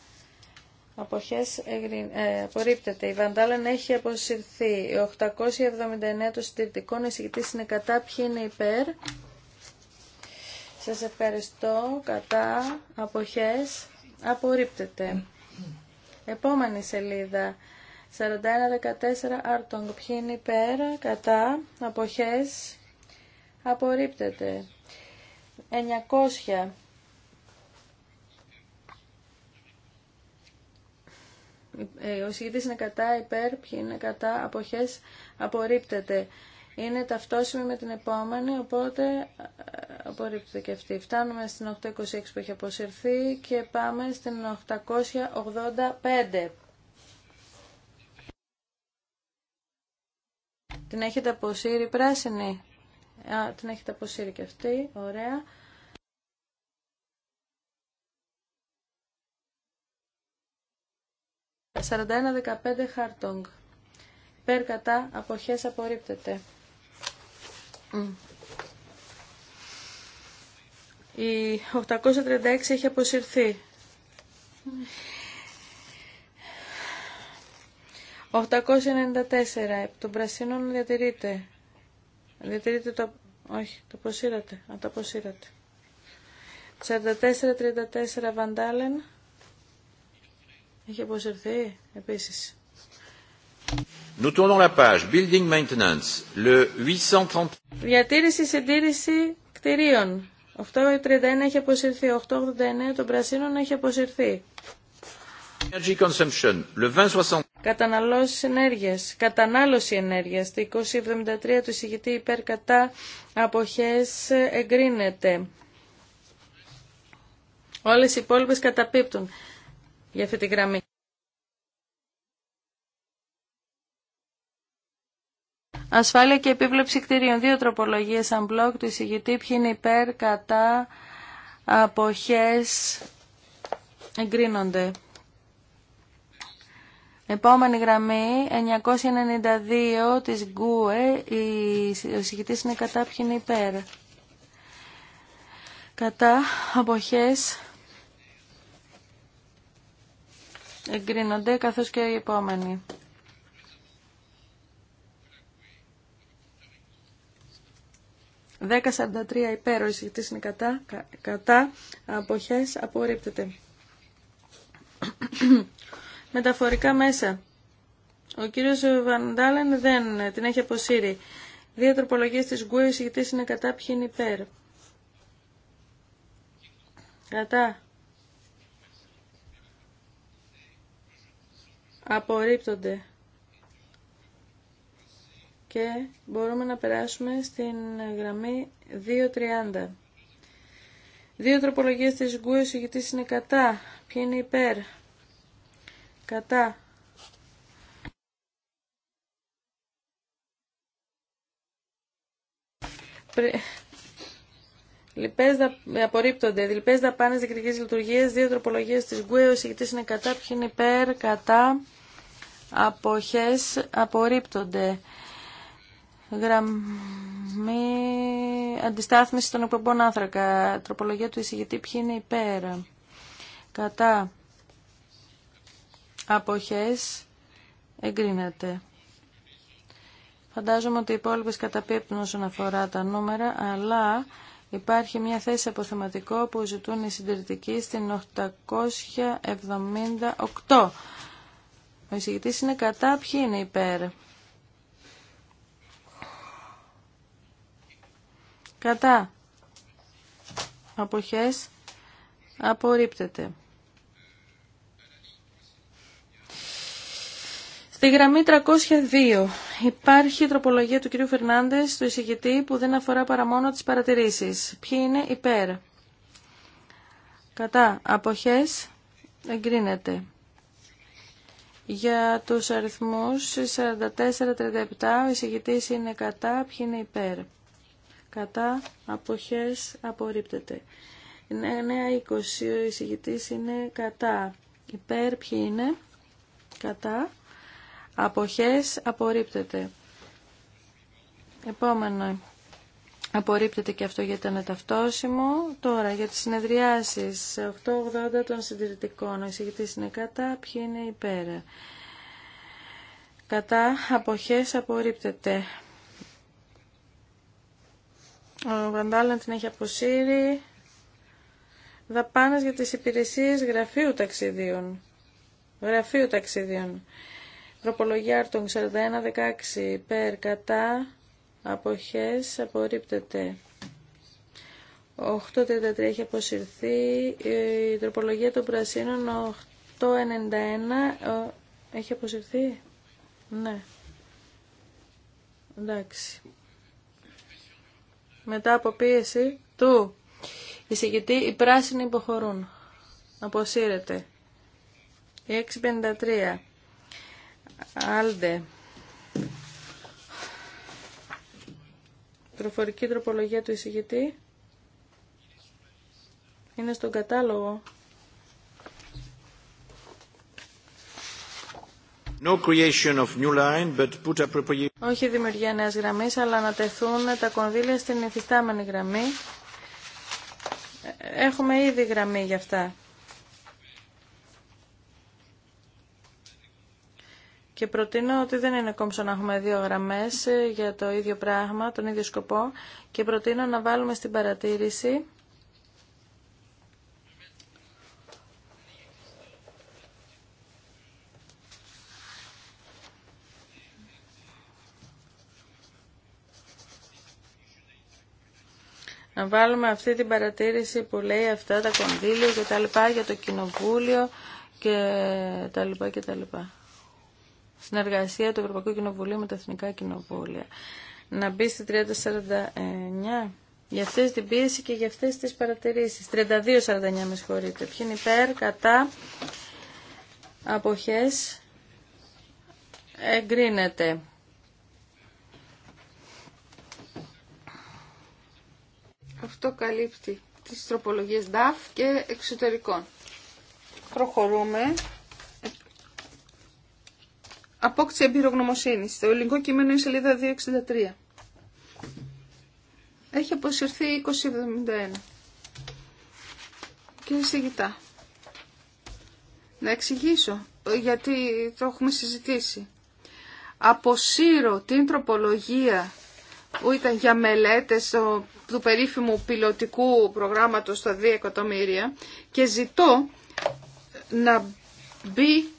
αποχές, ε, απορρίπτεται. Η Βαντάλεν έχει αποσυρθεί. 879 το συντηρητικών εισηγητής είναι κατά. Ποιοι είναι υπέρ, σας ευχαριστώ. Κατά αποχές απορρίπτεται. Επόμενη σελίδα. 41-14 άρτογκ. Ποιοι είναι υπέρ, κατά, αποχές, απορρίπτεται. 900. Ε, ο συγκεκριτής είναι κατά, υπέρ, ποιοι είναι κατά, αποχές, απορρίπτεται είναι ταυτόσιμη με την επόμενη, οπότε ε, απορρίπτεται και αυτή. Φτάνουμε στην 826 που έχει αποσυρθεί και πάμε στην 885. Την έχετε αποσύρει πράσινη. Α, την έχετε αποσύρει και αυτή. Ωραία. «41-15 Χάρτογκ». Πέρκατα, αποχές απορρίπτεται. Η 836 έχει αποσυρθεί. 894 των πρασίνων διατηρείται. Διατηρείται το... Όχι, το αποσύρατε. Α, το αποσύρατε. 44-34 Βαντάλεν. Έχει αποσυρθεί επίσης. Διατήρηση συντήρηση κτηρίων. 831 έχει αποσυρθεί. 889 των πρασίνων έχει αποσυρθεί. Energy consumption. ενέργειας. Κατανάλωση ενέργεια. Το 2073 του εισηγητή υπέρ κατά αποχέ εγκρίνεται. Όλε οι υπόλοιπε καταπίπτουν για αυτή τη γραμμή. Ασφάλεια και επίβλεψη κτίριων. Δύο τροπολογίες αν μπλοκ του εισηγητή. Ποιοι είναι υπέρ, κατά, αποχές, εγκρίνονται. Επόμενη γραμμή, 992 της ΓΚΟΕ, ο εισηγητής είναι κατά, ποιοι είναι υπέρ. Κατά, αποχές, εγκρίνονται, καθώς και οι επόμενοι. 10.43 υπέρ, ο εισηγητής είναι κατά, κατά, αποχές, απορρίπτεται. Μεταφορικά μέσα. Ο κύριος Βαντάλεν δεν την έχει αποσύρει. Δύο τροπολογίες της Γκου. ο εισηγητής είναι κατά, ποιοι είναι υπέρ. Κατά. Απορρίπτονται και μπορούμε να περάσουμε στην γραμμή 2.30. Δύο τροπολογίες της Γκουέ ο συγητής είναι κατά. Ποιοι είναι υπέρ. Κατά. Λοιπές δα... Απορρίπτονται. Λοιπές δαπάνες διοικητικές λειτουργίες. Δύο τροπολογίες της Γκουέ Ο εισηγητής είναι κατά. Ποιοι είναι υπέρ. Κατά. Αποχές. Απορρίπτονται γραμμή αντιστάθμιση των εκπομπών άνθρακα. Τροπολογία του εισηγητή ποιοι είναι υπέρ. Κατά αποχές εγκρίνεται. Φαντάζομαι ότι οι υπόλοιπε καταπίπτουν όσον αφορά τα νούμερα, αλλά υπάρχει μια θέση αποθεματικό που ζητούν οι συντηρητικοί στην 878. Ο εισηγητής είναι κατά, ποιοι είναι υπέρ. κατά αποχές απορρίπτεται. Στη γραμμή 302 υπάρχει η τροπολογία του κ. Φερνάντες, του εισηγητή, που δεν αφορά παρά μόνο τις παρατηρήσεις. Ποιοι είναι υπέρ. Κατά αποχές εγκρίνεται. Για τους αριθμούς 44-37 ο εισηγητής είναι κατά, ποιοι είναι υπέρ κατά αποχές νέα 9-20 ναι, ο εισηγητής είναι κατά. Υπέρ ποιοι είναι κατά. Αποχές απορρίπτεται. Επόμενο. Απορρίπτεται και αυτό γιατί το ταυτόσιμο. Τώρα για τις συνεδριάσεις 8-80 των συντηρητικών. Ο εισηγητής είναι κατά, ποιοι είναι υπέρ. Κατά αποχές απορρίπτεται. Ο Βαντάλλαν την έχει αποσύρει. Δαπάνες για τις υπηρεσίες γραφείου ταξιδίων. Γραφείου ταξιδίων. Τροπολογία άρτων 41-16 πέρ κατά αποχές απορρίπτεται. 8.33 έχει αποσυρθεί. Η τροπολογία των πρασίνων 8.91 έχει αποσυρθεί. Ναι. Εντάξει μετά από πίεση του εισηγητή οι πράσινοι υποχωρούν. Αποσύρεται. 653. Άλντε. Τροφορική τροπολογία του εισηγητή. Είναι στον κατάλογο. Όχι δημιουργία νέας γραμμής, αλλά να τεθούν τα κονδύλια στην υφιστάμενη γραμμή. Έχουμε ήδη γραμμή για αυτά. Και προτείνω ότι δεν είναι κόμψο να έχουμε δύο γραμμές ε, για το ίδιο πράγμα, τον ίδιο σκοπό. Και προτείνω να βάλουμε στην παρατήρηση να βάλουμε αυτή την παρατήρηση που λέει αυτά τα κονδύλια και τα λοιπά για το κοινοβούλιο και τα λοιπά και τα λοιπά. Συνεργασία του Ευρωπαϊκού Κοινοβουλίου με τα Εθνικά Κοινοβούλια. Να μπει στη 3049 για αυτές την πίεση και για αυτές τις παρατηρήσεις. 3249 με συγχωρείτε. Ποιοι είναι υπέρ, κατά, αποχές, εγκρίνεται. Αυτό καλύπτει τις τροπολογίες DAF και εξωτερικών. Προχωρούμε. Απόκτηση εμπειρογνωμοσύνης. Το ελληνικό κείμενο είναι σελίδα 263. Έχει αποσυρθεί 2071. Και Σιγητά, να εξηγήσω, ε, γιατί το έχουμε συζητήσει. Αποσύρω την τροπολογία που ήταν για μελέτες του περίφημου πιλωτικού προγράμματος στα 2 εκατομμύρια και ζητώ να μπει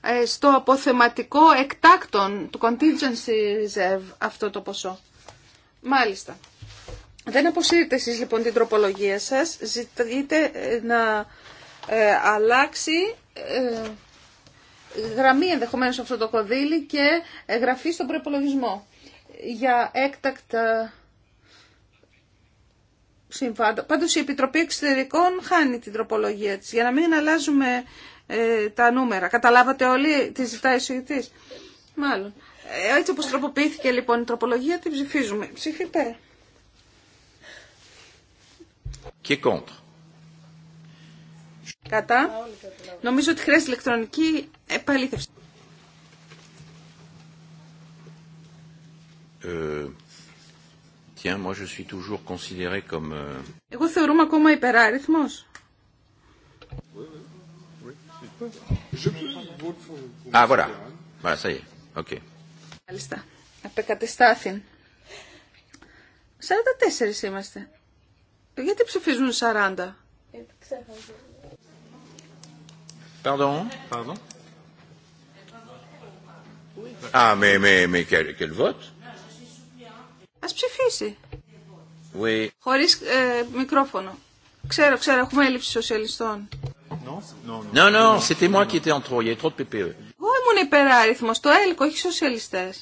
ε, στο αποθεματικό εκτάκτον του contingency reserve αυτό το ποσό. Μάλιστα. Δεν αποσύρετε εσείς λοιπόν την τροπολογία σας. Ζητείτε ε, να ε, αλλάξει ε, γραμμή ενδεχομένως αυτό το κονδύλι και γραφή στον προπολογισμό για έκτακτα συμβάντα. Πάντως η Επιτροπή Εξωτερικών χάνει την τροπολογία της για να μην αλλάζουμε ε, τα νούμερα. Καταλάβατε όλοι τι ζητάει ο Μάλλον. Ε, έτσι όπως τροποποιήθηκε λοιπόν η τροπολογία την ψηφίζουμε. Ψήφι Και contre. Κατά. Νομίζω ότι χρειάζεται ηλεκτρονική επαλήθευση. Tiens, moi je suis toujours considéré comme... Εγώ θεωρούμε ακόμα υπεράριθμο. Α, voilà. Voilà, ça y est. Okay. Μάλιστα. Απεκατεστάθην. 44 είμαστε. Γιατί ψηφίζουν 40. Pardon, pardon. Ah, mais, mais, mais quel, quel vote Ας ψηφίσει. Χωρί Χωρίς ε, μικρόφωνο. Ξέρω, ξέρω, έχουμε έλλειψη σοσιαλιστών. Ναι, ναι, c'était moi qui en trop, il y Εγώ ήμουν υπεράριθμο, το έλκο, έχει σοσιαλιστέ.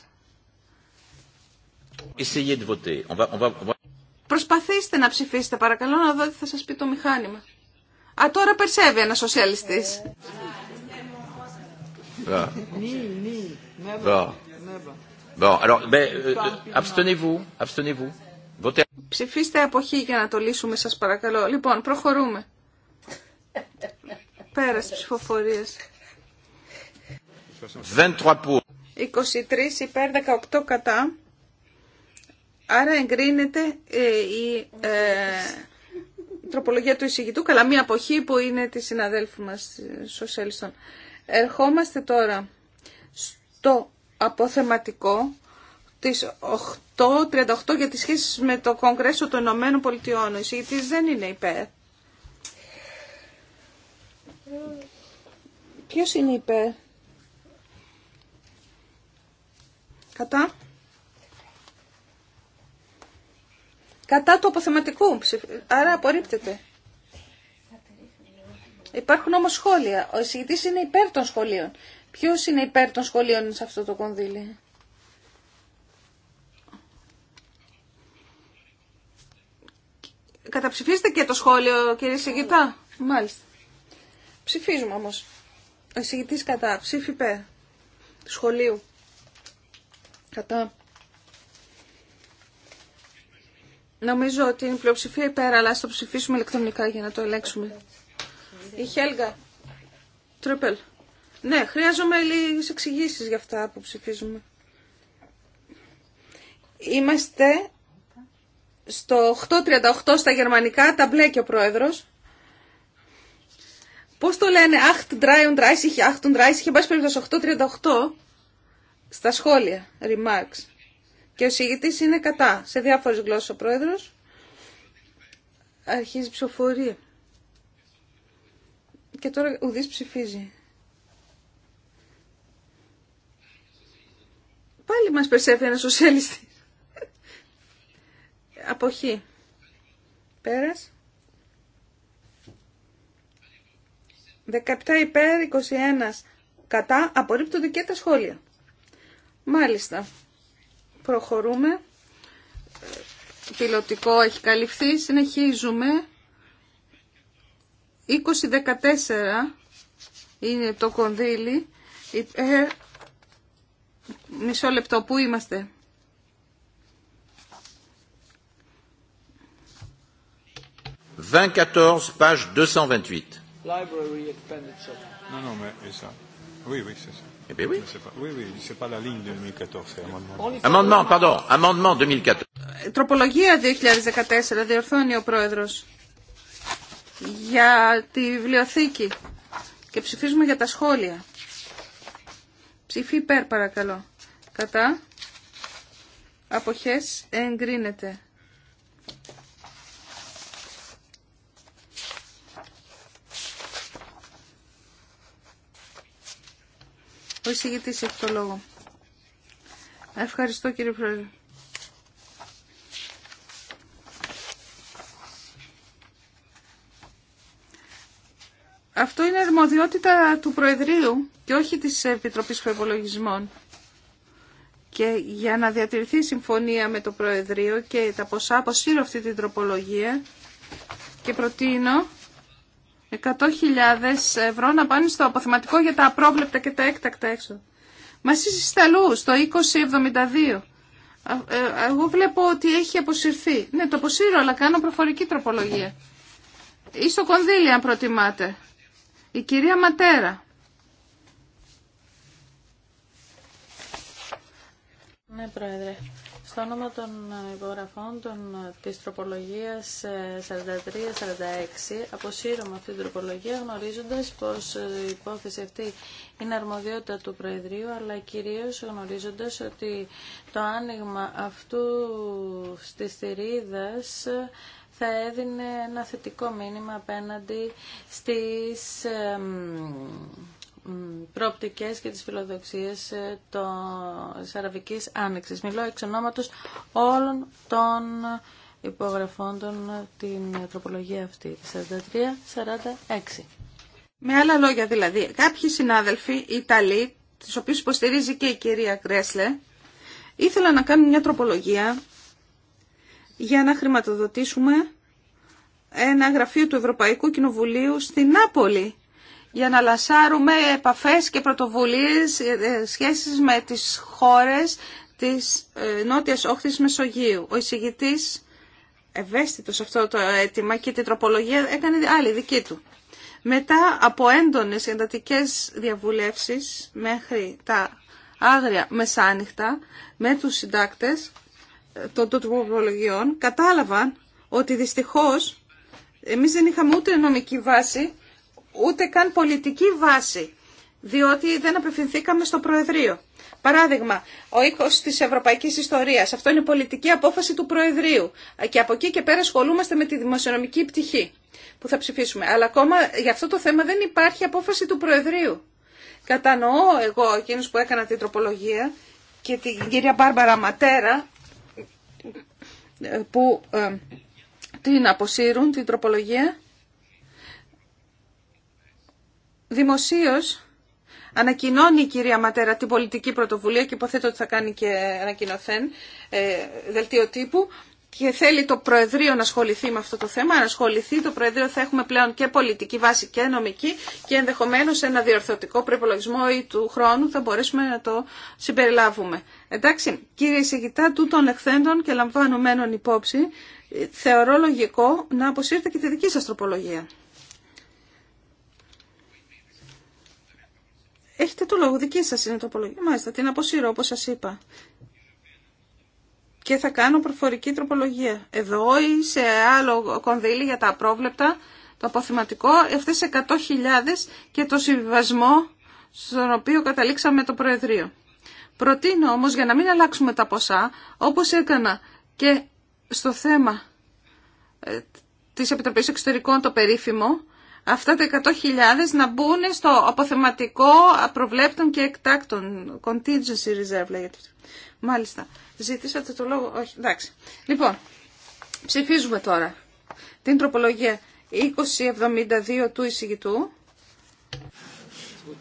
Essayez de voter. On va, on va, Προσπαθήστε να ψηφίσετε παρακαλώ να δω τι θα σα πει το μηχάνημα. Α, τώρα περσέβει ένας σοσιαλιστής. Bon, alors, euh, euh, abstenez-vous, abstenez-vous. Ψηφίστε αποχή για να το λύσουμε, σας παρακαλώ. Λοιπόν, προχωρούμε. Πέρας ψηφοφορίες. 23 23 υπέρ 18 κατά. Άρα εγκρίνεται ε, η ε, τροπολογία του εισηγητού, καλά μία αποχή που είναι τη συναδέλφου μας σοσιαλιστών. Ερχόμαστε τώρα στο αποθεματικό της 8.38 για τις σχέσεις με το Κογκρέσο των Ηνωμένων Πολιτειών. Ο εισηγητής δεν είναι υπέρ. Ποιος είναι υπέρ. Κατά. Κατά του αποθεματικού. Άρα απορρίπτεται. Υπάρχουν όμως σχόλια. Ο εισηγητής είναι υπέρ των σχολείων. Ποιο είναι υπέρ των σχολείων σε αυτό το κονδύλι. Καταψηφίστε και το σχόλιο κύριε Σιγητά. Μάλιστα. Ψηφίζουμε όμως. Ο εισηγητή κατά. Ψήφι υπέρ. Του σχολείου. Κατά. Νομίζω ότι είναι πλειοψηφία υπέρ, αλλά ας το ψηφίσουμε ηλεκτρονικά για να το ελέγξουμε. Η Χέλγα Τρίπελ. Ναι, χρειάζομαι λίγες εξηγήσεις για αυτά που ψηφίζουμε. Είμαστε στο 838 στα γερμανικά, τα και ο πρόεδρος. Πώς το λένε, 833, και εν πάση περιπτώσει 838 στα σχόλια, remarks. Και ο συγητής είναι κατά, σε διάφορες γλώσσες ο πρόεδρος. Αρχίζει ψηφοφορία. Και τώρα ουδής ψηφίζει. Πάλι μας περισσεύει ένα σοσιαλιστή. Αποχή. Πέρας. 17 υπέρ, 21 κατά, απορρίπτονται και τα σχόλια. Μάλιστα. Προχωρούμε. Πιλωτικό έχει καλυφθεί. Συνεχίζουμε. 20-14 είναι το κονδύλι. Μισό λεπτό, πού είμαστε. page 228. Library expenditure. Non, non, mais c'est ça. Oui, oui, c'est ça. Eh bien oui. Pas, oui, oui, c'est pas la ligne 2014, c'est amendement. Amendement, pardon, amendement 2014. Τροπολογία 2014, διορθώνει ο Πρόεδρος. Για τη βιβλιοθήκη. Και ψηφίζουμε για τα σχόλια. Ψηφί υπέρ παρακαλώ. Κατά. Αποχές εγκρίνεται. Ο εισηγητής έχει το λόγο. Ευχαριστώ κύριε Πρόεδρε. Αυτό είναι αρμοδιότητα του Προεδρείου και όχι της Επιτροπής Προπολογισμών. Και για να διατηρηθεί η συμφωνία με το Προεδρείο και τα ποσά αποσύρω αυτή την τροπολογία και προτείνω 100.000 ευρώ να πάνε στο αποθεματικό για τα απρόβλεπτα και τα έκτακτα έξω. Μα είσαι σταλού, στο 2072. Ε, εγώ βλέπω ότι έχει αποσυρθεί. Ναι, το αποσύρω, αλλά κάνω προφορική τροπολογία. Ή στο κονδύλι, αν προτιμάτε. Η κυρία Ματέρα. Ναι, Πρόεδρε. Στο όνομα των υπογραφών των, της τροπολογίας 43-46 ε, αποσύρουμε αυτή την τροπολογία γνωρίζοντας πως ε, η υπόθεση αυτή είναι αρμοδιότητα του Προεδρείου αλλά κυρίως γνωρίζοντας ότι το άνοιγμα αυτού στις θηρίδες θα έδινε ένα θετικό μήνυμα απέναντι στις προοπτικές και τις φιλοδοξίες ε, της Αραβικής Άνοιξης. Μιλώ εξ ονόματος όλων των υπογραφώντων την τροπολογία αυτή, 43-46. Με άλλα λόγια δηλαδή, κάποιοι συνάδελφοι Ιταλοί, τις οποίους υποστηρίζει και η κυρία Κρέσλε, ήθελαν να κάνουν μια τροπολογία για να χρηματοδοτήσουμε ένα γραφείο του Ευρωπαϊκού Κοινοβουλίου στην Νάπολη για να λασάρουμε επαφές και πρωτοβουλίες ε, ε, σχέσεις με τις χώρες της ε, νότιας όχθης Μεσογείου. Ο εισηγητής ευαίσθητος αυτό το αίτημα και την τροπολογία έκανε άλλη δική του. Μετά από έντονες εντατικές διαβουλεύσεις μέχρι τα άγρια μεσάνυχτα με τους συντάκτες των τροπολογιών κατάλαβαν ότι δυστυχώς εμείς δεν είχαμε ούτε νομική βάση, ούτε καν πολιτική βάση, διότι δεν απευθυνθήκαμε στο Προεδρείο. Παράδειγμα, ο οίκο τη Ευρωπαϊκή Ιστορία. Αυτό είναι πολιτική απόφαση του Προεδρείου. Και από εκεί και πέρα ασχολούμαστε με τη δημοσιονομική πτυχή που θα ψηφίσουμε. Αλλά ακόμα για αυτό το θέμα δεν υπάρχει απόφαση του Προεδρείου. Κατανοώ εγώ εκείνου που έκανα την τροπολογία και την κυρία Μπάρμπαρα Ματέρα που ε, την αποσύρουν, την τροπολογία. Δημοσίως ανακοινώνει η κυρία Ματέρα την πολιτική πρωτοβουλία και υποθέτω ότι θα κάνει και ανακοινωθέν ε, δελτίο τύπου και θέλει το Προεδρείο να ασχοληθεί με αυτό το θέμα, Αν ασχοληθεί το Προεδρείο θα έχουμε πλέον και πολιτική βάση και νομική και ενδεχομένως ένα διορθωτικό προπολογισμό ή του χρόνου θα μπορέσουμε να το συμπεριλάβουμε. Εντάξει, κύριε εισηγητά, τούτων εκθέντων και λαμβανωμένων υπόψη, θεωρώ λογικό να αποσύρετε και τη δική σας τροπολογία. Έχετε το λόγο, δική σας είναι η τροπολογία. Μάλιστα, την αποσύρω όπως σας είπα και θα κάνω προφορική τροπολογία. Εδώ ή σε άλλο κονδύλι για τα απρόβλεπτα, το αποθυματικό, αυτές 100.000 και το συμβιβασμό στον οποίο καταλήξαμε το Προεδρείο. Προτείνω όμως για να μην αλλάξουμε τα ποσά, όπως έκανα και στο θέμα ε, της Επιτροπής Εξωτερικών το περίφημο, αυτά τα 100.000 να μπουν στο αποθεματικό προβλέπτων και εκτάκτων. Contingency reserve λέγεται. Μάλιστα. Ζητήσατε το λόγο. Όχι, εντάξει. Λοιπόν, ψηφίζουμε τώρα την τροπολογία 2072 του εισηγητού.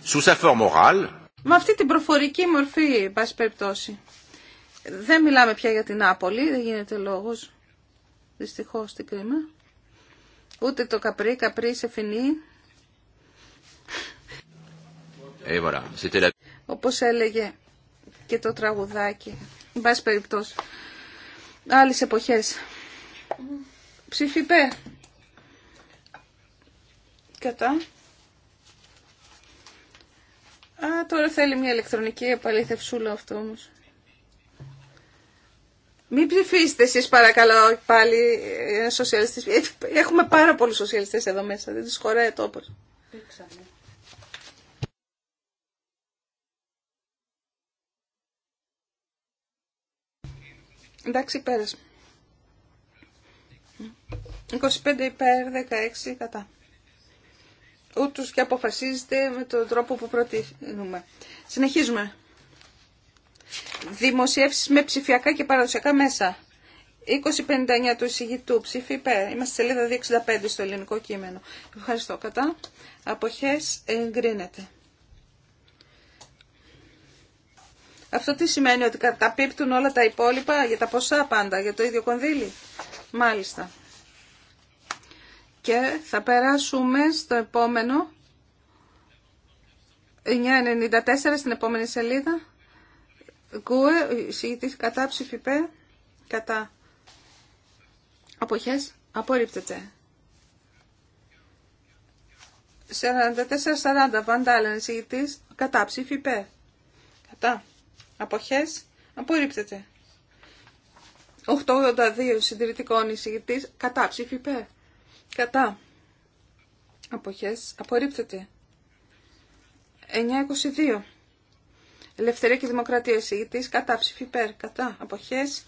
Sous sa forme orale. Με αυτή την προφορική μορφή, εν πάση περιπτώσει. Δεν μιλάμε πια για την Άπολη, δεν γίνεται λόγος. Δυστυχώς την κρίμα. Ούτε το καπρί, καπρί σε φινί. Ε, Όπως έλεγε και το τραγουδάκι. Εν πάση περιπτώσει. Άλλες εποχές. Ψηφιπέ. Κατά. Α, τώρα θέλει μια ηλεκτρονική επαλήθευσούλα αυτό όμως. Μην ψηφίσετε εσείς παρακαλώ πάλι ε, σοσιαλιστές. Ε, έχουμε πάρα πολλούς σοσιαλιστές εδώ μέσα. Δεν τις χωράει τόπος. Εντάξει, πέρασε. 25 υπέρ, 16 κατά. Ούτως και αποφασίζεται με τον τρόπο που προτείνουμε. Συνεχίζουμε. Δημοσιεύσει με ψηφιακά και παραδοσιακά μέσα. 2059 του εισηγητού ψήφι υπέρ. Είμαστε σελίδα 265 στο ελληνικό κείμενο. Ευχαριστώ. Κατά. Αποχές εγκρίνεται. Αυτό τι σημαίνει ότι καταπίπτουν όλα τα υπόλοιπα για τα ποσά πάντα, για το ίδιο κονδύλι. Μάλιστα. Και θα περάσουμε στο επόμενο. 994 στην επόμενη σελίδα. Γκουε, εισηγητής κατά ψηφιπέ, αποχε αποχές, απορρίπτεται. 44-40 Βαντάλεν, εισηγητής κατά ψηφιπέ, κατά Κατά. απορρίπτεται. 8-82 συντηρητικό εισηγητής κατά ψηφιπέ, κατά Κατά. απορρίπτεται. 922 Ελευθερία και Δημοκρατία εισηγητής, κατά ψηφι υπέρ, κατά αποχές,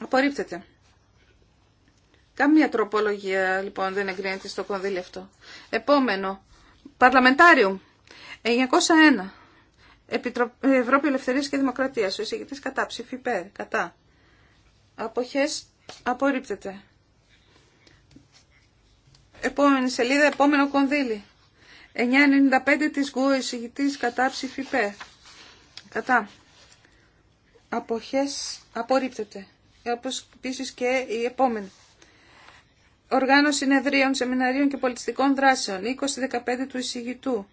απορρίπτεται. Καμία τροπολογία λοιπόν δεν εγκρίνεται στο κονδύλι αυτό. Επόμενο, Παρλαμεντάριουμ, 901, Ευρώπη Ελευθερίας και Δημοκρατίας, ο εισηγητής κατά ψηφι κατά αποχές, απορρίπτεται. Επόμενη σελίδα, επόμενο κονδύλι. 9.95 της Γού, εισηγητής κατά ψηφι Κατά. Αποχές απορρίπτεται. Όπως επίσης και η επόμενη. Οργάνωση συνεδρίων, σεμιναρίων και πολιτιστικών δράσεων. 20-15 του εισηγητού.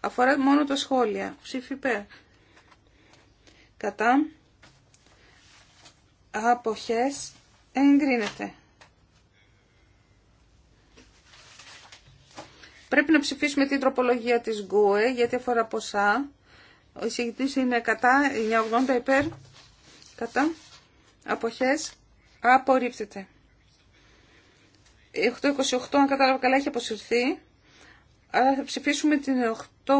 Αφορά μόνο τα σχόλια. Ψήφι Κατά. Αποχές εγκρίνεται. Πρέπει να ψηφίσουμε την τροπολογία της ΓΚΟΕ γιατί αφορά ποσά ο εισηγητή είναι κατά, 980 υπέρ, κατά, αποχές, απορρίπτεται. 828, αν κατάλαβα καλά, έχει αποσυρθεί. Άρα θα ψηφίσουμε την 884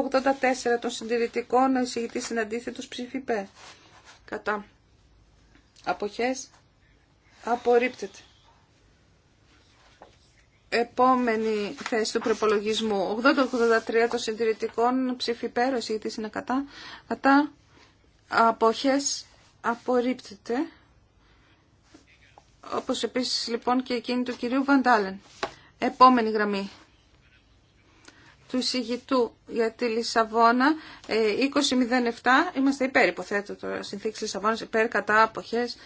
των συντηρητικών, ο εισηγητή είναι αντίθετο. ψήφι Κατά. Αποχές, απορρίπτεται. Επόμενη θέση του προπολογισμού. 80-83 των συντηρητικών ψήφι ο ή είναι κατά. Κατά αποχές απορρίπτεται. Όπως επίσης λοιπόν και εκείνη του κυρίου Βαντάλεν. Επόμενη γραμμή του εισηγητού για τη Λισαβόνα 20.07. Ε, Είμαστε υπέρ υποθέτω τώρα συνθήκης Λισαβόνας, υπέρ κατά αποχές.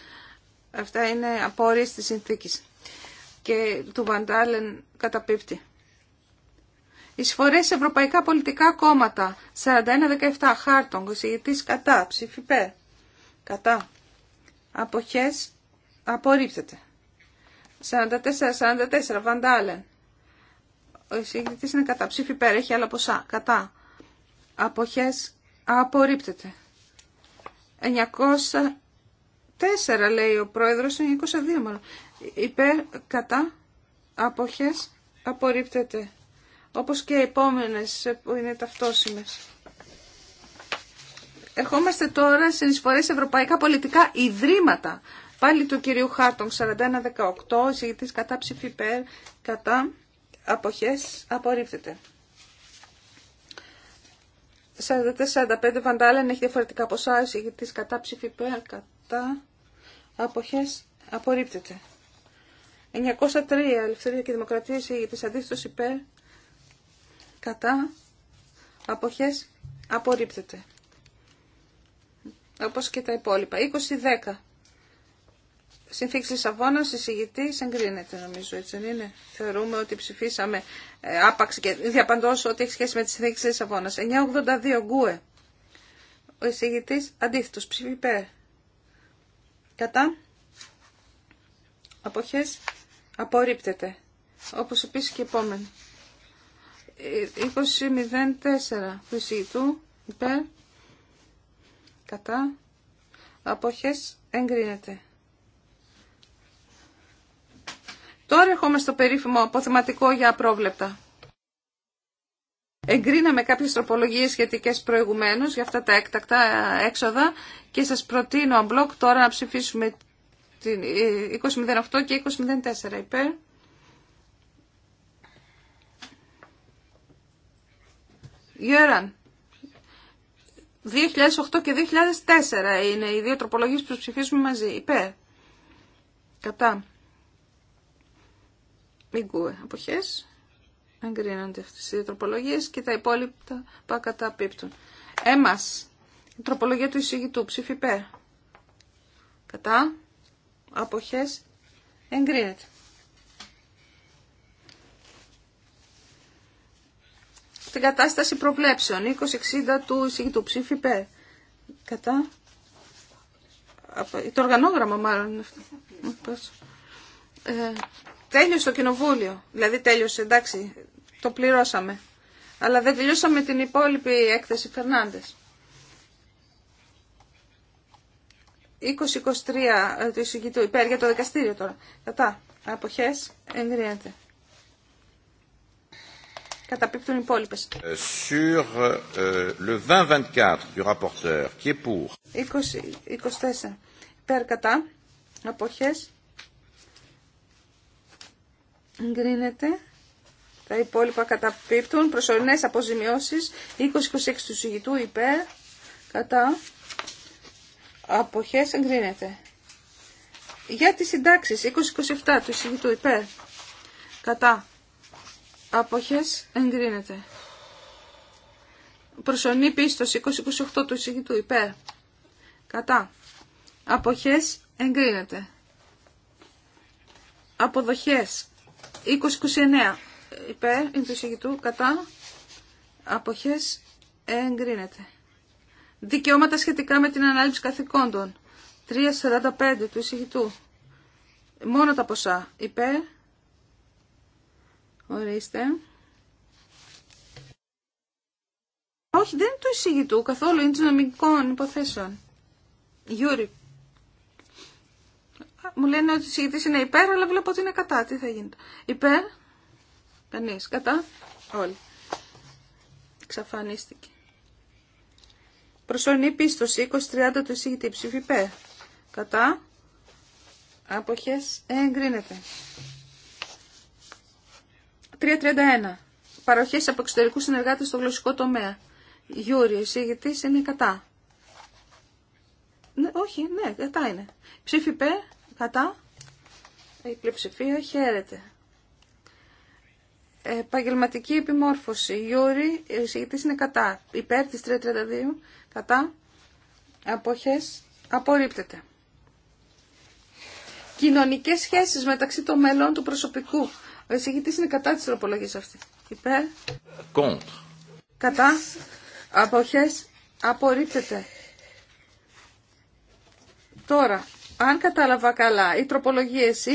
Αυτά είναι απόρριες της συνθήκης και του Βαντάλεν καταπίπτει. Εισφορές σε ευρωπαϊκά πολιτικά κόμματα. 41-17 Ο Εισηγητής κατά. ψηφι πέ. Κατά. Αποχές. Απορρίπτεται. 44-44 Βαντάλεν. Ο εισηγητής είναι κατά. Ψήφι Έχει άλλα ποσά. Κατά. Αποχές. Απορρίπτεται. 904 λέει ο πρόεδρος. 902 μάλλον υπέρ, κατά, αποχές, απορρίπτεται. Όπως και οι επόμενες που είναι ταυτόσιμες. Ερχόμαστε τώρα σε εισφορές ευρωπαϊκά πολιτικά ιδρύματα. Πάλι του κυρίου Χάρτον, 41-18, εισηγητής κατά ψηφί υπέρ, κατά, αποχές, απορρίπτεται. 44-45 Βαντάλεν έχει διαφορετικά ποσά, εισηγητής κατά ψηφί υπέρ, κατά, αποχές, απορρίπτεται. 903 Ελευθερία και Δημοκρατία εισηγητής αντίθετος υπέρ κατά αποχές απορρίπτεται. Όπως και τα υπολοιπα 2010. 20-10. Συνθήκη Λισαβόνα, εισηγητή, εγκρίνεται νομίζω, έτσι δεν είναι. Θεωρούμε ότι ψηφίσαμε ε, άπαξ και διαπαντό ό,τι έχει σχέση με τη συνθήκη Λισαβόνα. 982 γκουε. Ο εισηγητή αντίθετο, ψήφι υπέρ. Κατά. Αποχέ. Απορρίπτεται. Όπως επίσης και επόμενη. 20.04 Φυσίτου, υπέρ κατά αποχές εγκρίνεται. Τώρα ερχόμαστε στο περίφημο αποθεματικό για απρόβλεπτα. Εγκρίναμε κάποιες τροπολογίες σχετικές προηγουμένως για αυτά τα έκτακτα έξοδα και σας προτείνω αμπλοκ τώρα να ψηφίσουμε την 2008 ε, και 2004 υπέρ. Γιώραν, 2008 και 2004 είναι οι δύο τροπολογίες που ψηφίζουμε μαζί. Υπέρ. Κατά. Μιγκούε. Αποχές. Εγκρίνονται αυτές οι δύο τροπολογίες και τα υπόλοιπα πά κατά πίπτουν. Έμας. Η τροπολογία του εισηγητού. Ψήφι υπέρ. Κατά αποχές εγκρίνεται. Στην κατάσταση προβλέψεων, 2060 του εισηγητού ψήφι περ. Κατά. Το οργανόγραμμα μάλλον είναι αυτό. Ε, τέλειωσε το κοινοβούλιο. Δηλαδή τέλειωσε, εντάξει, το πληρώσαμε. Αλλά δεν τελειώσαμε την υπόλοιπη έκθεση Φερνάντες. 20-23 ε, του εισηγητού υπέρ για το δικαστήριο τώρα. Κατά. Αποχές εγκρίνεται. Καταπίπτουν οι υπόλοιπε. Ε, sur ε, le 20-24 του rapporteur, qui est pour. 24 Υπέρ κατά. Αποχές. Εγκρίνεται. Τα υπόλοιπα καταπίπτουν. Προσωρινές αποζημιώσεις. 20-26 του εισηγητού υπέρ. Κατά αποχές εγκρίνεται. Για τις συντάξει 2027 του εισηγητού υπέρ κατά αποχές εγκρίνεται. Προσωνή 2028 του εισηγητού υπέρ κατά αποχές εγκρίνεται. 2029 υπέρ του εισηγητού κατά αποχές εγκρίνεται δικαιώματα σχετικά με την ανάληψη καθηκόντων. 3.45 του εισηγητού. Μόνο τα ποσά. Υπέρ. Ορίστε. Όχι, δεν είναι του εισηγητού καθόλου, είναι των νομικών υποθέσεων. Γιούρι. Μου λένε ότι ο εισηγητή είναι υπέρ, αλλά βλέπω ότι είναι κατά. Τι θα γίνει. Υπέρ. Κανεί. Κατά. Όλοι. Εξαφανίστηκε. Προσωρινή πίστοση 20-30 του εισηγητή ψήφι Κατά. Αποχές εγκρίνεται. Εγκρίνεται. 3-31. Παροχές από εξωτερικού συνεργάτες στο γλωσσικό τομέα. Γιούρι, ο είναι κατά. Ναι, όχι, ναι, κατά είναι. Ψήφι πέ, κατά. Η πλειοψηφία χαίρεται. Επαγγελματική επιμόρφωση. Γιούρι, ο εισηγητή είναι κατά. Υπέρ της 332, κατά. Αποχές, απορρίπτεται. Κοινωνικές σχέσεις μεταξύ των μελών του προσωπικού. Ο εισηγητή είναι κατά τη τροπολογίας αυτή. Υπέρ. Contre. Κατά. Αποχές, απορρίπτεται. Τώρα, αν κατάλαβα καλά, οι τροπολογίες 2031,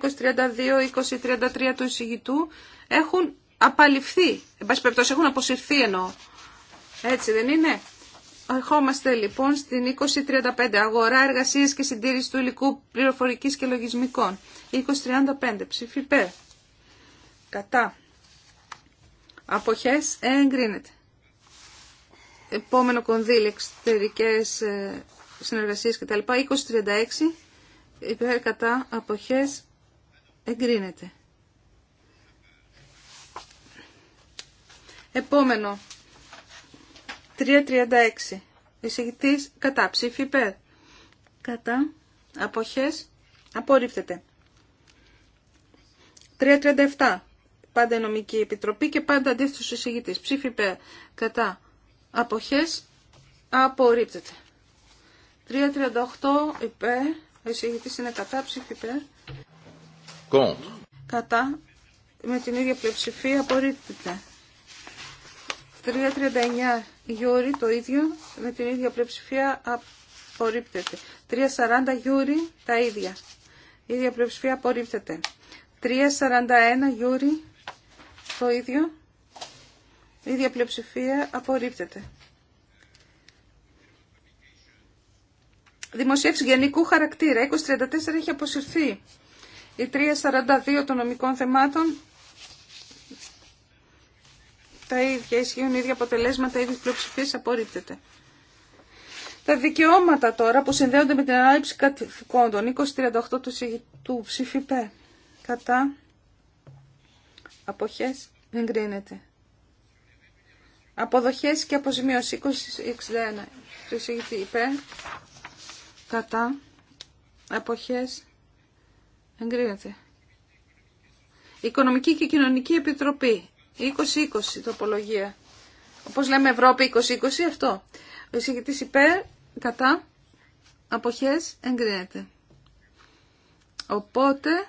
2032, 2033 του εισηγητού έχουν απαλληφθεί. Εν πάση έχουν αποσυρθεί εννοώ. Έτσι δεν είναι. Ερχόμαστε λοιπόν στην 2035, αγορά εργασίες και συντήρηση του υλικού πληροφορικής και λογισμικών. 2035, ψήφι Κατά. Αποχές εγκρίνεται. Επόμενο κονδύλι εξωτερικές ε, συνεργασίες κτλ. 2036 υπέρ κατά αποχές εγκρίνεται. Επόμενο. 3.36. Εισηγητής κατά ψήφι υπέρ. Κατά αποχές απορρίφτεται. 3.37. Πάντα νομική επιτροπή και πάντα αντίθετος εισηγητής. Ψήφι υπέρ. Κατά αποχές απορρίπτεται. 3.38 υπέρ. Ο εισηγητής είναι κατά ψήφι υπέρ. Κατά. Με την ίδια πλειοψηφία απορρίπτεται. 3.39 γιούρι το ίδιο. Με την ίδια πλειοψηφία απορρίπτεται. 3.40 γιούρι τα ίδια. Η ίδια πλειοψηφία απορρίπτεται. 3.41 γιούρι το ίδιο. Η ίδια πλειοψηφία απορρίπτεται. δημοσίευση γενικού χαρακτήρα. 2034 έχει αποσυρθεί. Η 342 των νομικών θεμάτων. Τα ίδια ισχύουν, ίδια αποτελέσματα, ίδιες πλειοψηφίες απορρίπτεται. Τα δικαιώματα τώρα που συνδέονται με την ανάληψη καθηκόντων. 2038 του ψήφι Π. Κατά. Αποχές. Εγκρίνεται. Αποδοχές και αποζημίωση. 2061 του ψήφι κατά αποχές εγκρίνεται. Οικονομική και Κοινωνική Επιτροπή 2020 τοπολογία. Όπως λέμε Ευρώπη 2020 αυτό. Ο εισηγητής υπέρ κατά αποχές εγκρίνεται. Οπότε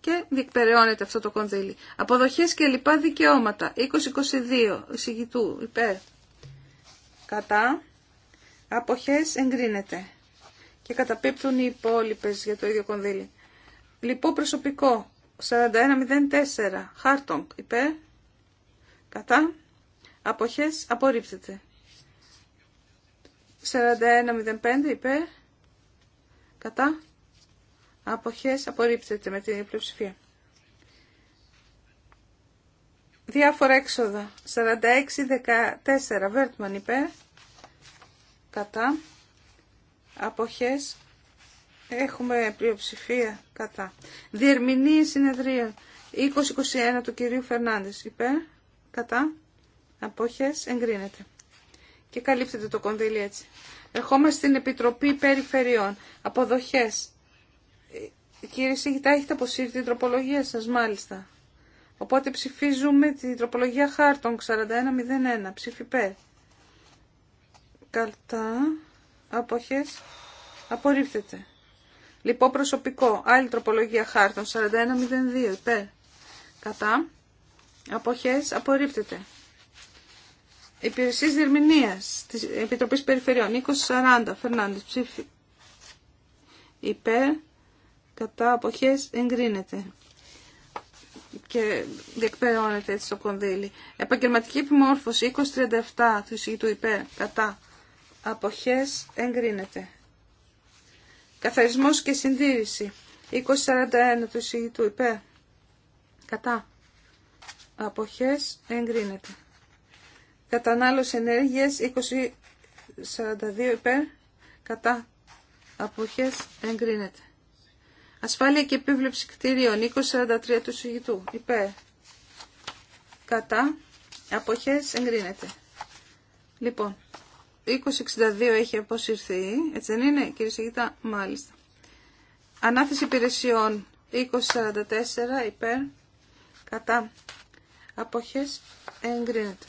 και διεκπεραιώνεται αυτό το κονδύλι. Αποδοχές και λοιπά δικαιώματα. 20-22 εισηγητού υπέρ. Κατά. Αποχές εγκρίνεται και καταπίπτουν οι υπόλοιπε για το ίδιο κονδύλι. Λοιπό προσωπικό 4104 Χάρτονγκ υπέρ κατά αποχές απορρίπτεται. 4105 υπέρ κατά αποχές απορρίπτεται με την πλειοψηφία. Διάφορα 4614 Βέρτμαν υπέρ. Κατά αποχές έχουμε πλειοψηφία κατά. Διερμηνή συνεδρία 2021 του κυρίου Φερνάνδης υπέρ, κατά, αποχές εγκρίνεται. Και καλύπτεται το κονδύλι έτσι. Ερχόμαστε στην Επιτροπή Περιφερειών. Αποδοχές. Κύριε Σιγητά, έχετε αποσύρει την τροπολογία σας, μάλιστα. Οπότε ψηφίζουμε την τροπολογία χάρτων 4101. Ψήφι Κατά αποχές απορρίπτεται. Λοιπόν προσωπικό, άλλη τροπολογία χάρτων, 4102, υπέρ, κατά, αποχές απορρίπτεται. Υπηρεσίες Διερμηνίας της Επιτροπής Περιφερειών, 2040, Φερνάντες, ψήφι, υπέρ, κατά, αποχές εγκρίνεται και διεκπαιρώνεται έτσι το κονδύλι. Επαγγελματική επιμόρφωση 2037 του υπέρ κατά αποχές εγκρίνεται. Καθαρισμός και συντήρηση. 2041 του εισηγητού είπε. Κατά. Αποχές εγκρίνεται. Κατανάλωση ενέργειας 2042 υπέρ. Κατά. Αποχές εγκρίνεται. Ασφάλεια και επίβλεψη κτίριων 2043 του εισηγητού υπέρ. Κατά. Αποχές εγκρίνεται. Λοιπόν, 2062 έχει αποσυρθεί, έτσι δεν είναι κύριε Σιγητά, μάλιστα. Ανάθεση υπηρεσιών 2044 υπέρ κατά αποχές εγκρίνεται.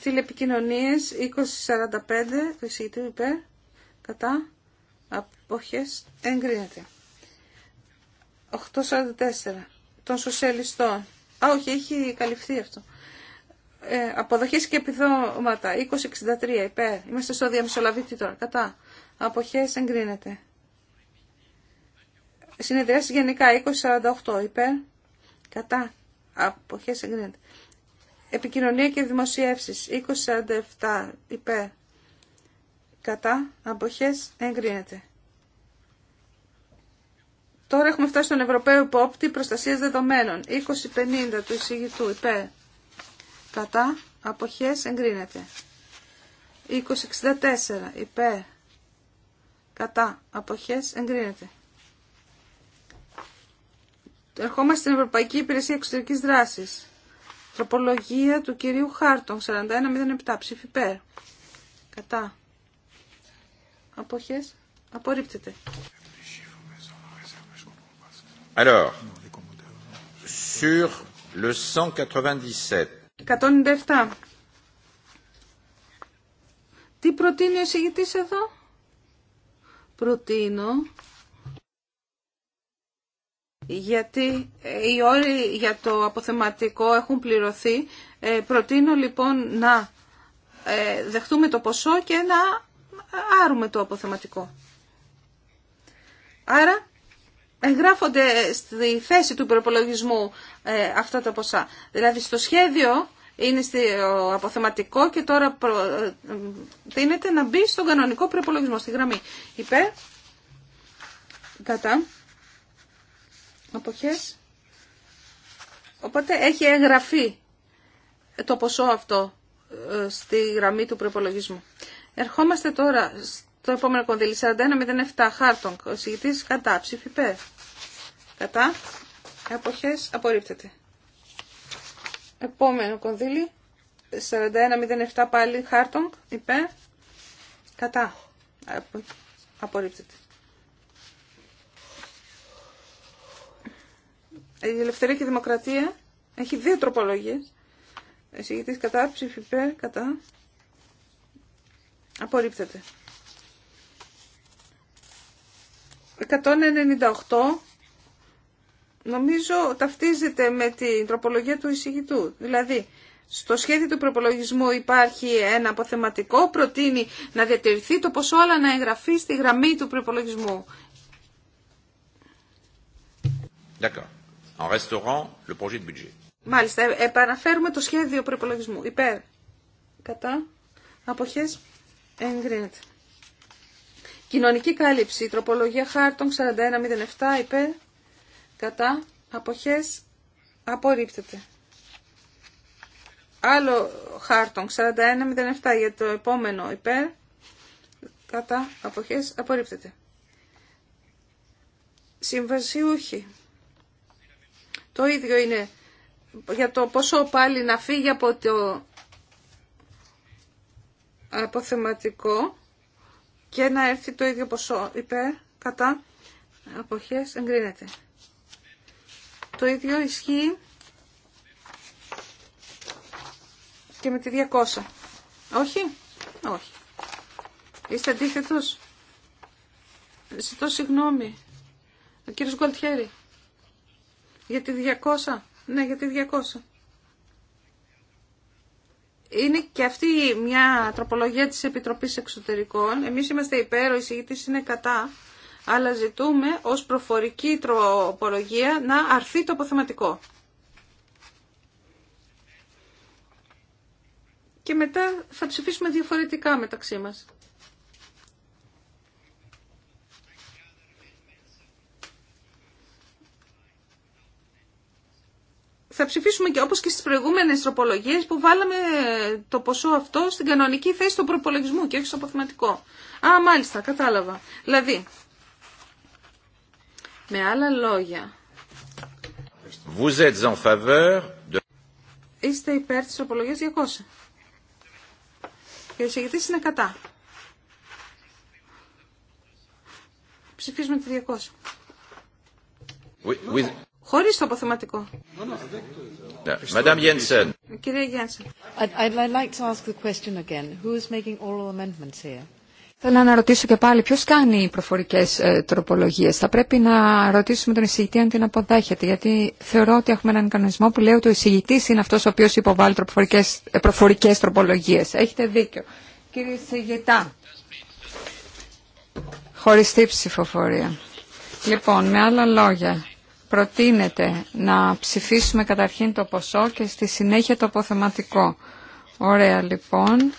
θηλεπικοινωνίες 2045 του υπέρ κατά αποχές εγκρίνεται. 844 των σοσιαλιστών. Α, όχι, έχει καλυφθεί αυτό. Ε, αποδοχές και επιδόματα. 2063 υπέρ. Είμαστε στο διαμεσολαβήτη τώρα. Κατά. Αποχές εγκρίνεται. Συνεδριάσεις γενικά. 2048 υπέρ. Κατά. Αποχές εγκρίνεται. Επικοινωνία και δημοσιεύσεις. 2047 υπέρ. Κατά. Αποχές εγκρίνεται. Τώρα έχουμε φτάσει στον Ευρωπαίο Υπόπτη Προστασίας Δεδομένων. 2050 του εισηγητού υπέρ κατά αποχές εγκρίνεται. 2064 υπέρ κατά αποχές εγκρίνεται. Ερχόμαστε στην Ευρωπαϊκή Υπηρεσία Εξωτερικής Δράσης. Τροπολογία του κυρίου Χάρτον 4107 ψήφι υπέρ. Κατά. Αποχές. Απορρίπτεται. Alors, sur le 197, 197. Τι προτείνει ο εισηγητής εδώ? Προτείνω γιατί ε, οι όροι για το αποθεματικό έχουν πληρωθεί. Ε, προτείνω λοιπόν να ε, δεχτούμε το ποσό και να άρουμε το αποθεματικό. Άρα εγγράφονται στη θέση του προπολογισμού αυτά τα ποσά. Δηλαδή στο σχέδιο είναι στο αποθεματικό και τώρα δίνεται να μπει στον κανονικό προπολογισμό, στη γραμμή. Υπέρ, κατά, αποχές. Οπότε έχει εγγραφεί το ποσό αυτό ε, στη γραμμή του προπολογισμού. Ερχόμαστε τώρα στο επόμενο κονδύλι 4107 χάρτον. Ο συγητής κατά ψήφι Κατά. Αποχές απορρίπτεται. Επόμενο κονδύλι. 4107 πάλι χάρτονγκ. Υπέρ. Κατά. Απορρίπτεται. Η Ελευθερία και η Δημοκρατία έχει δύο τροπολογίε. Εισηγητής κατά, ψήφι υπέρ, κατά. Απορρίπτεται. 198 νομίζω ταυτίζεται με την τροπολογία του εισηγητού. Δηλαδή, στο σχέδιο του προπολογισμού υπάρχει ένα αποθεματικό, προτείνει να διατηρηθεί το ποσό αλλά να εγγραφεί στη γραμμή του προπολογισμού. Μάλιστα, ε, επαναφέρουμε το σχέδιο προπολογισμού. Υπέρ. Κατά. Αποχές. Εγκρίνεται. Κοινωνική κάλυψη. Τροπολογία χάρτων 4107. Υπέρ κατά αποχές απορρίπτεται. Άλλο χάρτον 4107 για το επόμενο υπέρ κατά αποχές απορρίπτεται. Συμβασιούχοι. Το ίδιο είναι για το πόσο πάλι να φύγει από το αποθεματικό και να έρθει το ίδιο ποσό υπέρ κατά αποχές εγκρίνεται. Το ίδιο ισχύει και με τη 200. Όχι, όχι. Είστε αντίθετος. Ζητώ συγγνώμη. Ο κύριος Γκολτιέρη. Για τη 200. Ναι, για τη 200. Είναι και αυτή μια τροπολογία της Επιτροπής Εξωτερικών. Εμείς είμαστε υπέρ, ο εισηγητής είναι κατά αλλά ζητούμε ως προφορική τροπολογία να αρθεί το αποθεματικό. Και μετά θα ψηφίσουμε διαφορετικά μεταξύ μας. θα ψηφίσουμε και όπως και στις προηγούμενες τροπολογίες που βάλαμε το ποσό αυτό στην κανονική θέση του προπολογισμού και όχι στο αποθεματικό. Α, μάλιστα, κατάλαβα. Δηλαδή, με άλλα λόγια, Vous êtes en faveur de... είστε υπέρ της απολογίας 200. Και ο εισηγητής είναι κατά. Ψηφίζουμε τη 200. Oui, oui. Χωρίς το αποθεματικό. Madame Jensen. Κυρία Jensen. I'd, I'd like to ask the question again. Who is making oral amendments here? Θέλω να ρωτήσω και πάλι ποιος κάνει οι προφορικές ε, τροπολογίες. Θα πρέπει να ρωτήσουμε τον εισηγητή αν την αποδέχεται, γιατί θεωρώ ότι έχουμε έναν κανονισμό που λέει ότι ο εισηγητής είναι αυτός ο οποίος υποβάλλει προφορικέ τροπολογίε. προφορικές τροπολογίες. Έχετε δίκιο. Κύριε εισηγητά, χωριστή ψηφοφορία. Λοιπόν, με άλλα λόγια, προτείνεται να ψηφίσουμε καταρχήν το ποσό και στη συνέχεια το αποθεματικό. Ωραία λοιπόν.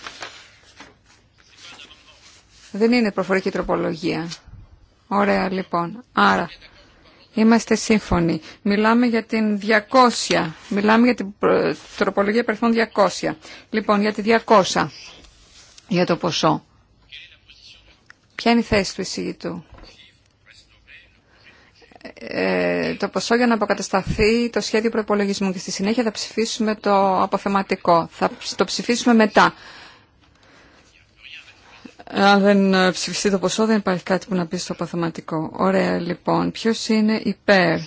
Δεν είναι προφορική τροπολογία. Ωραία λοιπόν. Άρα είμαστε σύμφωνοι. Μιλάμε για την 200. Μιλάμε για την τροπολογία περιθμών 200. Λοιπόν για τη 200. Για το ποσό. Ποια είναι η θέση του εισηγητού. Ε, το ποσό για να αποκατασταθεί το σχέδιο προπολογισμού και στη συνέχεια θα ψηφίσουμε το αποθεματικό. Θα το ψηφίσουμε μετά. Αν δεν ε, ψηφιστεί το ποσό δεν υπάρχει κάτι που να πει στο παθηματικό. Ωραία λοιπόν. Ποιο είναι υπέρ.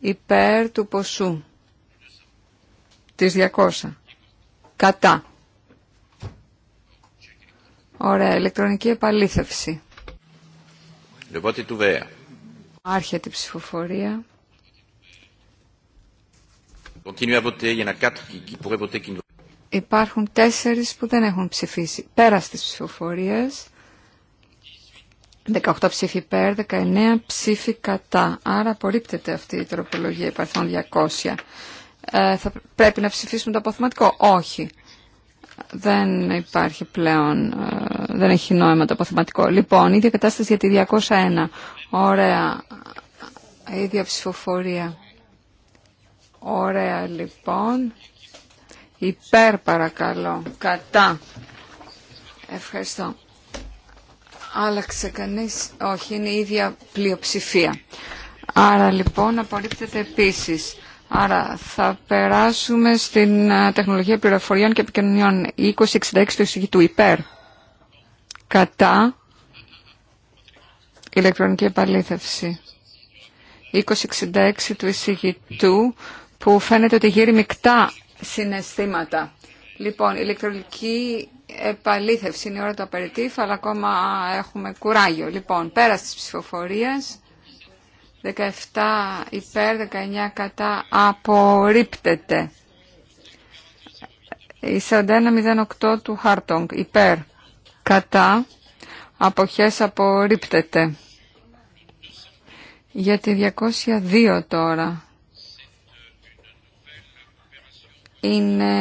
Υπέρ του ποσού. τη 200. Κατά. Ωραία. Ηλεκτρονική επαλήθευση. Λοιπόν, του ΒΕΑ. Άρχεται η ψηφοφορία. Υπάρχουν τέσσερις που δεν έχουν ψηφίσει. Πέρα στις ψηφοφορίες, 18 ψήφοι υπέρ, 19 ψήφοι κατά. Άρα απορρίπτεται αυτή η τροπολογία υπαρθών 200. Ε, θα πρέπει να ψηφίσουμε το αποθεματικό. Όχι. Δεν υπάρχει πλέον, ε, δεν έχει νόημα το αποθεματικό. Λοιπόν, ίδια κατάσταση για τη 201. Ωραία. Ίδια ψηφοφορία. Ωραία λοιπόν. Υπέρ παρακαλώ. Κατά. Ευχαριστώ. Άλλαξε κανείς. Όχι, είναι η ίδια πλειοψηφία. Άρα λοιπόν απορρίπτεται επίσης. Άρα θα περάσουμε στην ε, τεχνολογία πληροφοριών και επικοινωνιών 2066 του εισηγητού υπέρ. Κατά ηλεκτρονική επαλήθευση. 2066 του εισηγητού που φαίνεται ότι γύρει μεικτά συναισθήματα. Λοιπόν, ηλεκτρολογική επαλήθευση είναι η ώρα του απεριτήφ, αλλά ακόμα έχουμε κουράγιο. Λοιπόν, πέρα της ψηφοφορία. 17 υπέρ, 19 κατά, απορρίπτεται. Η 4108 του Χάρτονγκ, υπέρ, κατά, αποχές απορρίπτεται. Για τη 202 τώρα. είναι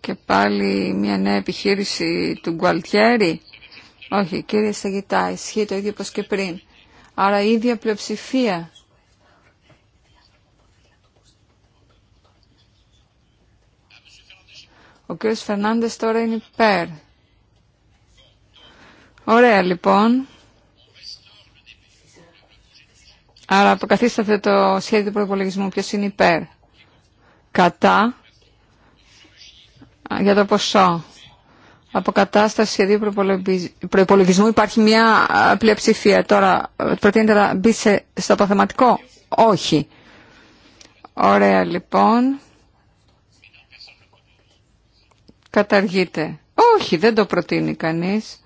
και πάλι μια νέα επιχείρηση του Γκουαλτιέρη. Όχι, κύριε Σταγητά, ισχύει το ίδιο όπως και πριν. Άρα η ίδια πλειοψηφία. Ο κύριος Φερνάντες τώρα είναι υπέρ. Ωραία λοιπόν. Άρα αποκαθίστατε το σχέδιο του προπολογισμού. Ποιος είναι υπέρ. Κατά για το ποσό. αποκατάσταση κατάσταση σχεδίου προπολογισμού υπάρχει μια πλειοψηφία. Τώρα, ε, προτείνεται να μπει στο αποθεματικό. Όχι. Ωραία, λοιπόν. Καταργείται. Όχι, δεν το προτείνει κανείς.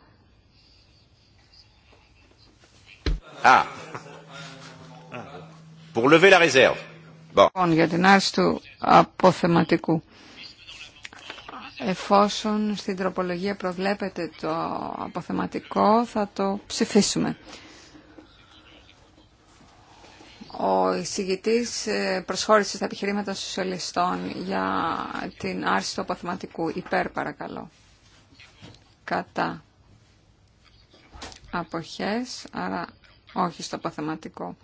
Λοιπόν, για την άρση του αποθεματικού εφόσον στην τροπολογία προβλέπετε το αποθεματικό θα το ψηφίσουμε. Ο εισηγητής ε, προσχώρησε στα επιχειρήματα σοσιαλιστών για την άρση του αποθεματικού. Υπέρ παρακαλώ. Κατά. Αποχές, άρα όχι στο αποθεματικό.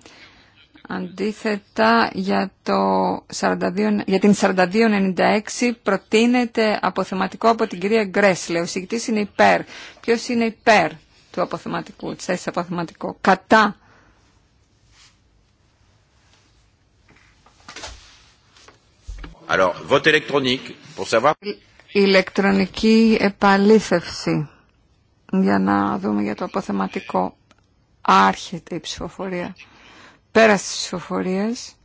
Αντίθετα, για, το 42, για την 4296 προτείνεται αποθεματικό από την κυρία Γκρέσλε. Ο συγκητής είναι υπέρ. Ποιος είναι υπέρ του αποθεματικού, της θέσης αποθεματικού. Κατά. Alors, vote électronique pour savoir... Ηλεκτρονική επαλήθευση για να δούμε για το αποθεματικό. Άρχεται η ψηφοφορία. Πέρα στις ψηφοφορίας.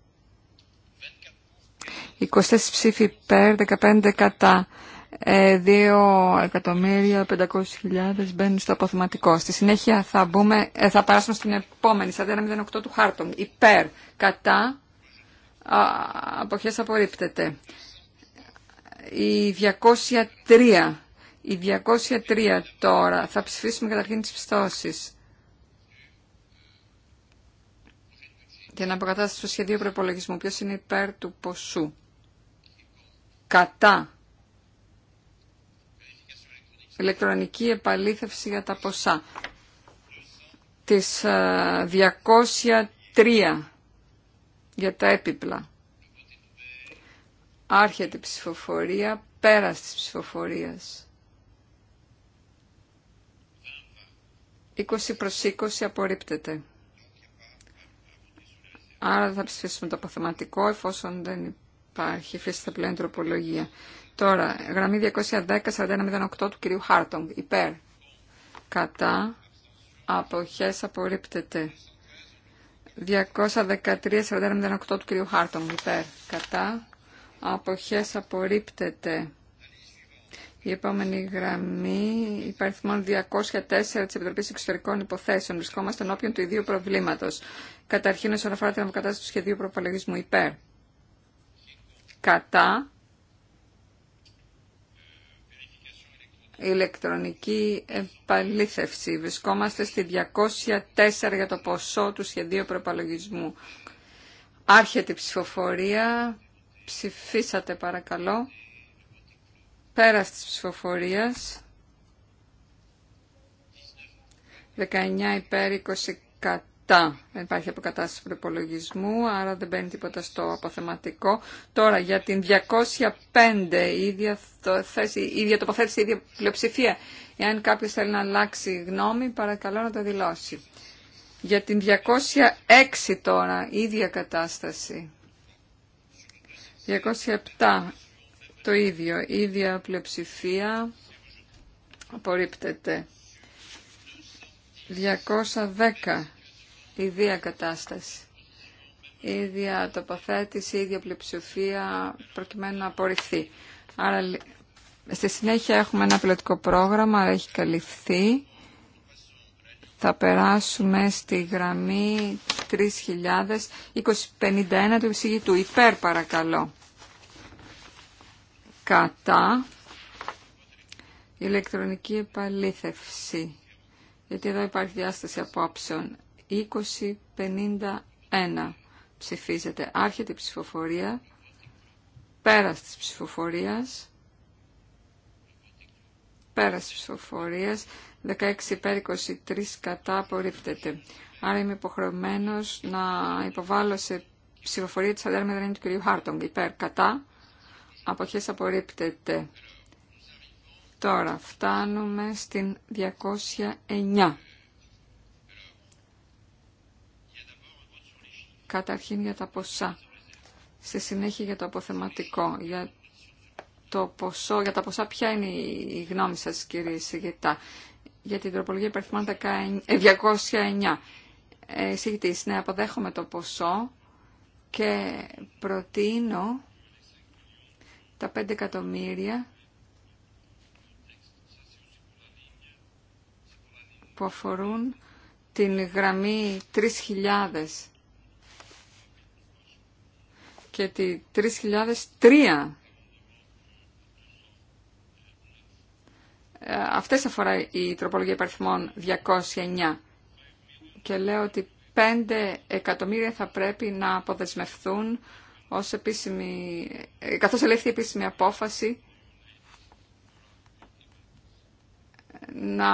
24 ψήφοι υπέρ, 15 κατά. 2.500.000 ε, μπαίνουν στο αποθυματικό. Στη συνέχεια θα, μπούμε, ε, θα περάσουμε στην επόμενη, σαν 1.08 του Χάρτον. Υπέρ, κατά, α, αποχές απορρίπτεται. Η 203, η 203 τώρα, θα ψηφίσουμε καταρχήν τις πιστώσεις. να αποκατάσταση του σχεδίο προπολογισμού. Ποιος είναι υπέρ του ποσού. Κατά. Ηλεκτρονική επαλήθευση για τα ποσά. Της 203 ε, για τα έπιπλα. Άρχεται η ψηφοφορία, πέρας της ψηφοφορίας. 20 προς 20 απορρίπτεται. Άρα θα ψηφίσουμε το αποθεματικό εφόσον δεν υπάρχει φύση πλέον τροπολογία. Τώρα, γραμμή 210-4108 του κυρίου Χάρτογκ. Υπέρ. Κατά. Αποχές απορρίπτεται. 213-4108 του κυρίου Χάρτογκ. Υπέρ. Κατά. Αποχές απορρίπτεται. Η επόμενη γραμμή μόνο 204 τη Επιτροπής Εξωτερικών Υποθέσεων. Βρισκόμαστε ενώπιον του ιδίου προβλήματος. Καταρχήν όσον αφορά την αποκατάσταση του σχεδίου προπολογισμού υπέρ. Κατά ηλεκτρονική επαλήθευση. Βρισκόμαστε στη 204 για το ποσό του σχεδίου προπολογισμού. Άρχεται η ψηφοφορία. Ψηφίσατε παρακαλώ. Πέρας της ψηφοφορίας. 19 υπέρ 20 κατά. Δεν υπάρχει αποκατάσταση προπολογισμού, άρα δεν μπαίνει τίποτα στο αποθεματικό. Τώρα για την 205 η ίδια, θέση, ίδια τοποθέτηση, η ίδια πλειοψηφία. Εάν κάποιος θέλει να αλλάξει γνώμη, παρακαλώ να το δηλώσει. Για την 206 τώρα, ίδια κατάσταση. 207 το ίδιο, η ίδια πλειοψηφία απορρίπτεται. 210 ιδία κατάσταση. Η ίδια τοποθέτηση, η ίδια πλειοψηφία προκειμένου να απορριφθεί. Άρα στη συνέχεια έχουμε ένα πιλωτικό πρόγραμμα, έχει καλυφθεί. Θα περάσουμε στη γραμμή 3051 του εισηγητού. Υπέρ παρακαλώ κατά ηλεκτρονική επαλήθευση. Γιατί εδώ υπάρχει διάσταση απόψεων. 2051 ψηφίζεται. Άρχεται η ψηφοφορία. Πέρας της ψηφοφορίας. Πέρας της ψηφοφορίας. 16 23 κατά απορρίπτεται. Άρα είμαι υποχρεωμένος να υποβάλω σε ψηφοφορία της αδέρμεδρανή του κ. Χάρτογκ. Υπέρ κατά αποχές απορρίπτεται. Τώρα φτάνουμε στην 209. Καταρχήν για τα ποσά. Στη συνέχεια για το αποθεματικό. Για το ποσό, για τα ποσά ποια είναι η γνώμη σας κύριε Σιγητά. Για την τροπολογία υπαριθμών 209. Ε, συγητής, ε, ναι, αποδέχομαι το ποσό και προτείνω τα 5 εκατομμύρια που αφορούν την γραμμή 3.000 και τη 3.003. Ε, αυτές αφορά η τροπολογία υπαριθμών 209 και λέω ότι 5 εκατομμύρια θα πρέπει να αποδεσμευθούν ως επίσημη, ε, καθώς ελέγχθη επίσημη απόφαση να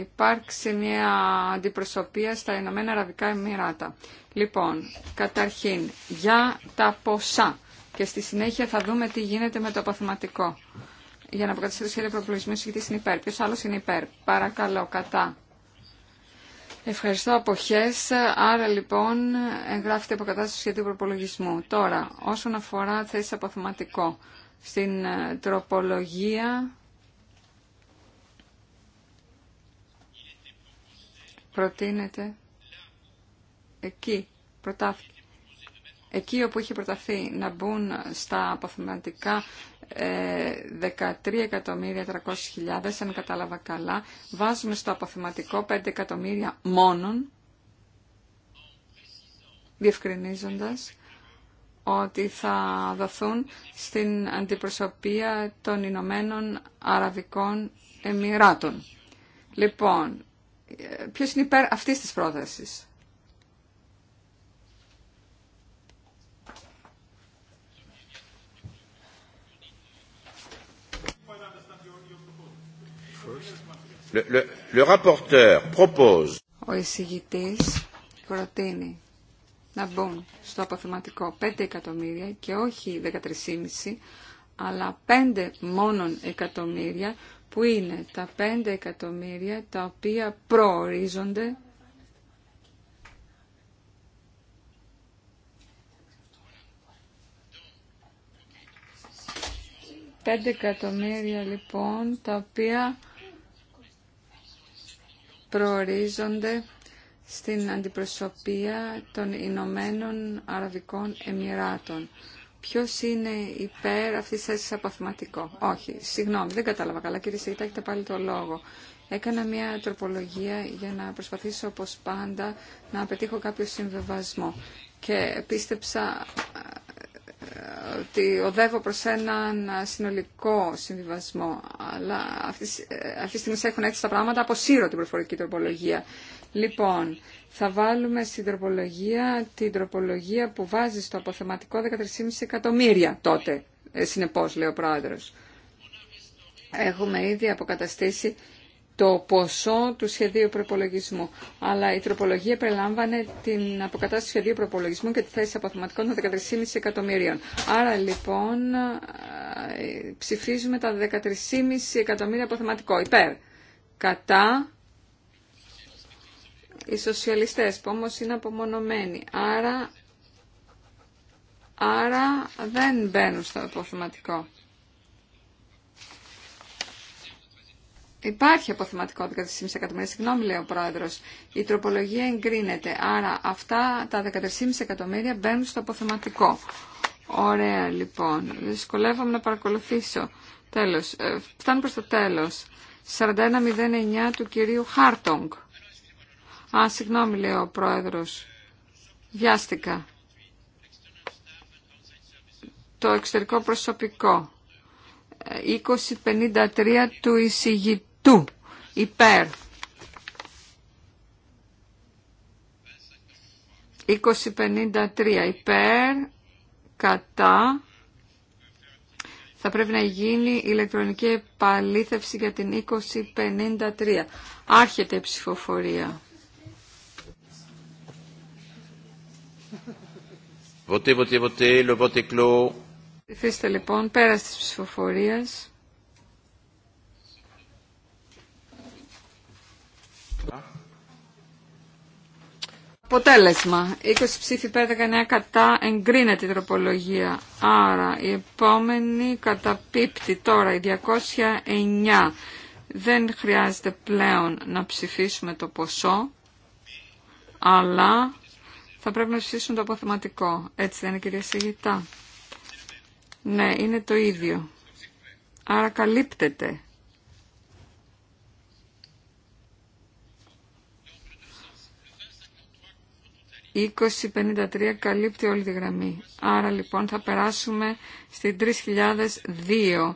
υπάρξει μια αντιπροσωπεία στα Ηνωμένα Αραβικά Εμμυράτα. Λοιπόν, καταρχήν, για τα ποσά και στη συνέχεια θα δούμε τι γίνεται με το αποθεματικό. Για να αποκαταστήσω το σχέδιο προπολογισμού, η είναι υπέρ. Ποιο άλλο είναι υπέρ. Παρακαλώ, κατά. Ευχαριστώ. Αποχές. Άρα λοιπόν εγγράφεται αποκατάσταση του σχεδίου προπολογισμού. Τώρα, όσον αφορά θέσεις αποθεματικό, στην ε, τροπολογία προτείνεται εκεί, προτάθηκε. Εκεί όπου είχε προταθεί να μπουν στα αποθεματικά 13.300.000, αν κατάλαβα καλά, βάζουμε στο αποθεματικό 5 εκατομμύρια μόνον, διευκρινίζοντας ότι θα δοθούν στην αντιπροσωπεία των Ηνωμένων Αραβικών Εμμυράτων. Λοιπόν, ε, ποιος είναι υπέρ αυτής της πρότασης. Le, Ο εισηγητής προτείνει να μπουν στο αποθεματικό 5 εκατομμύρια και όχι 13,5 αλλά 5 μόνον εκατομμύρια που είναι τα 5 εκατομμύρια τα οποία προορίζονται Πέντε εκατομμύρια λοιπόν τα οποία προορίζονται στην αντιπροσωπεία των Ηνωμένων Αραβικών Εμμυράτων. Ποιος είναι υπέρ αυτής της θέσης απαθηματικό. Όχι, συγγνώμη, δεν κατάλαβα καλά. Κύριε Σεϊτά, έχετε πάλι το λόγο. Έκανα μια τροπολογία για να προσπαθήσω όπως πάντα να πετύχω κάποιο συμβεβασμό. Και πίστεψα ότι οδεύω προς έναν συνολικό συμβιβασμό, αλλά αυτή, τη στιγμή έχουν έτσι τα πράγματα, αποσύρω την προφορική τροπολογία. Λοιπόν, θα βάλουμε στην τροπολογία την τροπολογία που βάζει στο αποθεματικό 13,5 εκατομμύρια τότε, ε, συνεπώς λέει ο πρόεδρος. Έχουμε ήδη αποκαταστήσει το ποσό του σχεδίου προπολογισμού. Αλλά η τροπολογία περιλάμβανε την αποκατάσταση του σχεδίου προπολογισμού και τη θέση αποθεματικών των 13,5 εκατομμυρίων. Άρα λοιπόν ψηφίζουμε τα 13,5 εκατομμύρια αποθεματικό. Υπέρ. Κατά οι σοσιαλιστές που όμως είναι απομονωμένοι. Άρα, άρα δεν μπαίνουν στο αποθεματικό. Υπάρχει αποθεματικότητα τη εκατομμύρια. Συγγνώμη, λέει ο πρόεδρο. Η τροπολογία εγκρίνεται. Άρα αυτά τα 13,5 εκατομμύρια μπαίνουν στο αποθεματικό. Ωραία, λοιπόν. Δυσκολεύομαι να παρακολουθήσω. Τέλο. Ε, Φτάνω προ το τέλο. 4109 του κυρίου Χάρτογκ. Α, συγγνώμη, λέει ο πρόεδρο. Βιάστηκα. Το εξωτερικό προσωπικό. 2053 ε, του εισηγητή του υπέρ 2053 υπέρ κατά θα πρέπει να γίνει ηλεκτρονική επαλήθευση για την 2053. Άρχεται η ψηφοφορία. Votez, votez, votez. Le vote est λοιπόν πέρα τη ψηφοφορία. Αποτέλεσμα. 20 ψήφοι πέρα 19 κατά εγκρίνεται η τροπολογία. Άρα η επόμενη καταπίπτει τώρα η 209. Δεν χρειάζεται πλέον να ψηφίσουμε το ποσό, αλλά θα πρέπει να ψηφίσουν το αποθεματικό. Έτσι δεν είναι κυρία Σιγητά. Ναι, είναι το ίδιο. Άρα καλύπτεται. 2053 καλύπτει όλη τη γραμμή. Άρα λοιπόν θα περάσουμε στην 3002.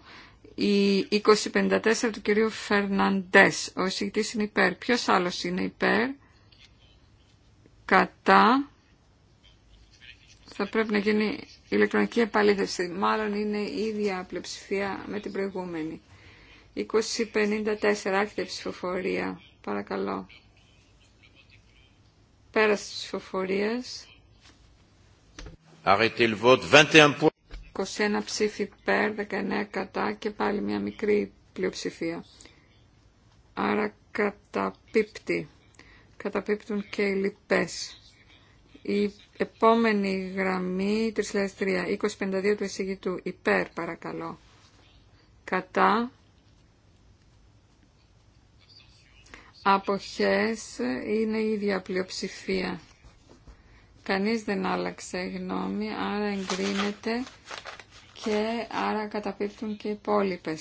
Η 2054 του κυρίου Φερναντές. Ο εισηγητής είναι υπέρ. Ποιος άλλος είναι υπέρ. Κατά. Θα πρέπει να γίνει ηλεκτρονική επαλήθευση. Μάλλον είναι η ίδια πλειοψηφία με την προηγούμενη. 2054. Άρχεται ψηφοφορία. Παρακαλώ. Πέρασε τη ψηφοφορίας. 21 points. 21 ψήφοι υπέρ, 19 κατά και πάλι μια μικρή πλειοψηφία. Άρα καταπίπτει. Καταπίπτουν και οι λοιπές. Η επόμενη γραμμή 3.03, 2052 του εισηγητού. Υπέρ παρακαλώ. Κατά αποχές είναι η ίδια πλειοψηφία. Κανείς δεν άλλαξε γνώμη, άρα εγκρίνεται και άρα καταπίπτουν και οι υπόλοιπε.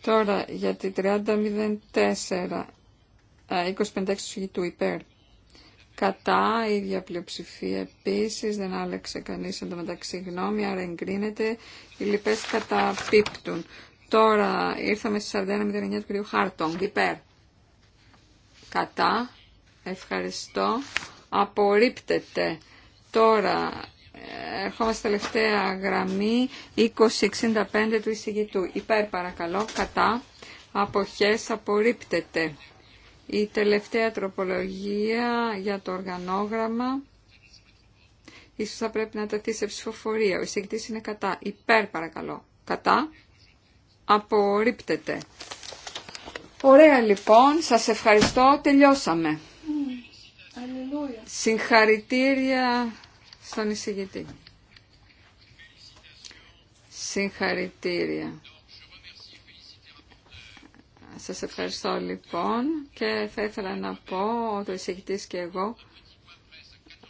Τώρα για τη 30.04, 25 ε, του υπέρ. Κατά, η ίδια πλειοψηφία επίση, δεν άλλαξε κανεί εντωμεταξύ γνώμη, άρα εγκρίνεται. Οι λοιπέ καταπίπτουν. Τώρα ήρθαμε στη 41.09 του κυρίου Χάρτονγκ, υπέρ κατά, ευχαριστώ, απορρίπτεται. Τώρα ερχόμαστε τελευταία γραμμή 2065 του εισηγητού. Υπέρ παρακαλώ, κατά, αποχές απορρίπτεται. Η τελευταία τροπολογία για το οργανόγραμμα ίσως θα πρέπει να τεθεί σε ψηφοφορία. Ο εισηγητής είναι κατά. Υπέρ παρακαλώ. Κατά. Απορρίπτεται. Ωραία λοιπόν, σας ευχαριστώ, τελειώσαμε. Αλληλούια. Συγχαρητήρια στον εισηγητή. Συγχαρητήρια. Σας ευχαριστώ λοιπόν και θα ήθελα να πω ότι ο εισηγητής και εγώ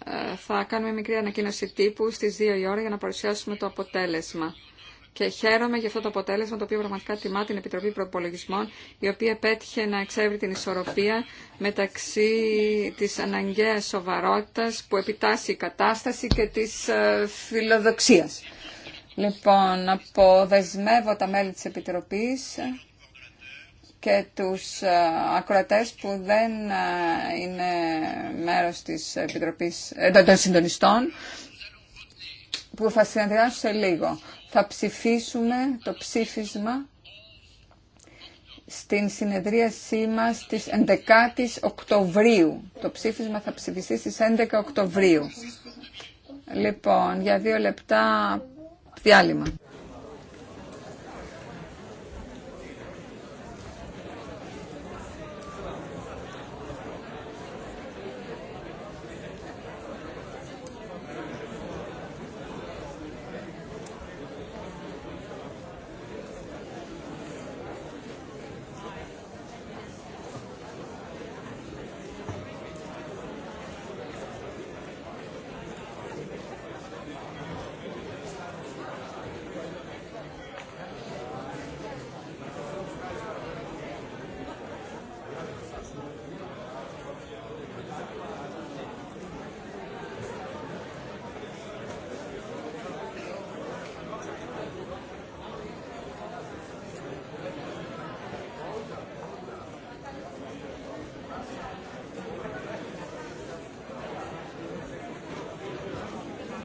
ε, θα κάνουμε μικρή ανακοίνωση τύπου στις 2 η ώρα για να παρουσιάσουμε το αποτέλεσμα και χαίρομαι για αυτό το αποτέλεσμα το οποίο πραγματικά τιμά την Επιτροπή Προπολογισμών η οποία πέτυχε να εξεύρει την ισορροπία μεταξύ της αναγκαίας σοβαρότητας που επιτάσσει η κατάσταση και της ε, φιλοδοξίας. Λοιπόν, αποδεσμεύω τα μέλη της Επιτροπής και τους ε, ακροατές που δεν ε, είναι μέρος της Επιτροπής των Συντονιστών που θα συνεδριάσουν σε λίγο θα ψηφίσουμε το ψήφισμα στην συνεδρίασή μας στις 11 Οκτωβρίου. Το ψήφισμα θα ψηφιστεί στις 11 Οκτωβρίου. Λοιπόν, για δύο λεπτά διάλειμμα.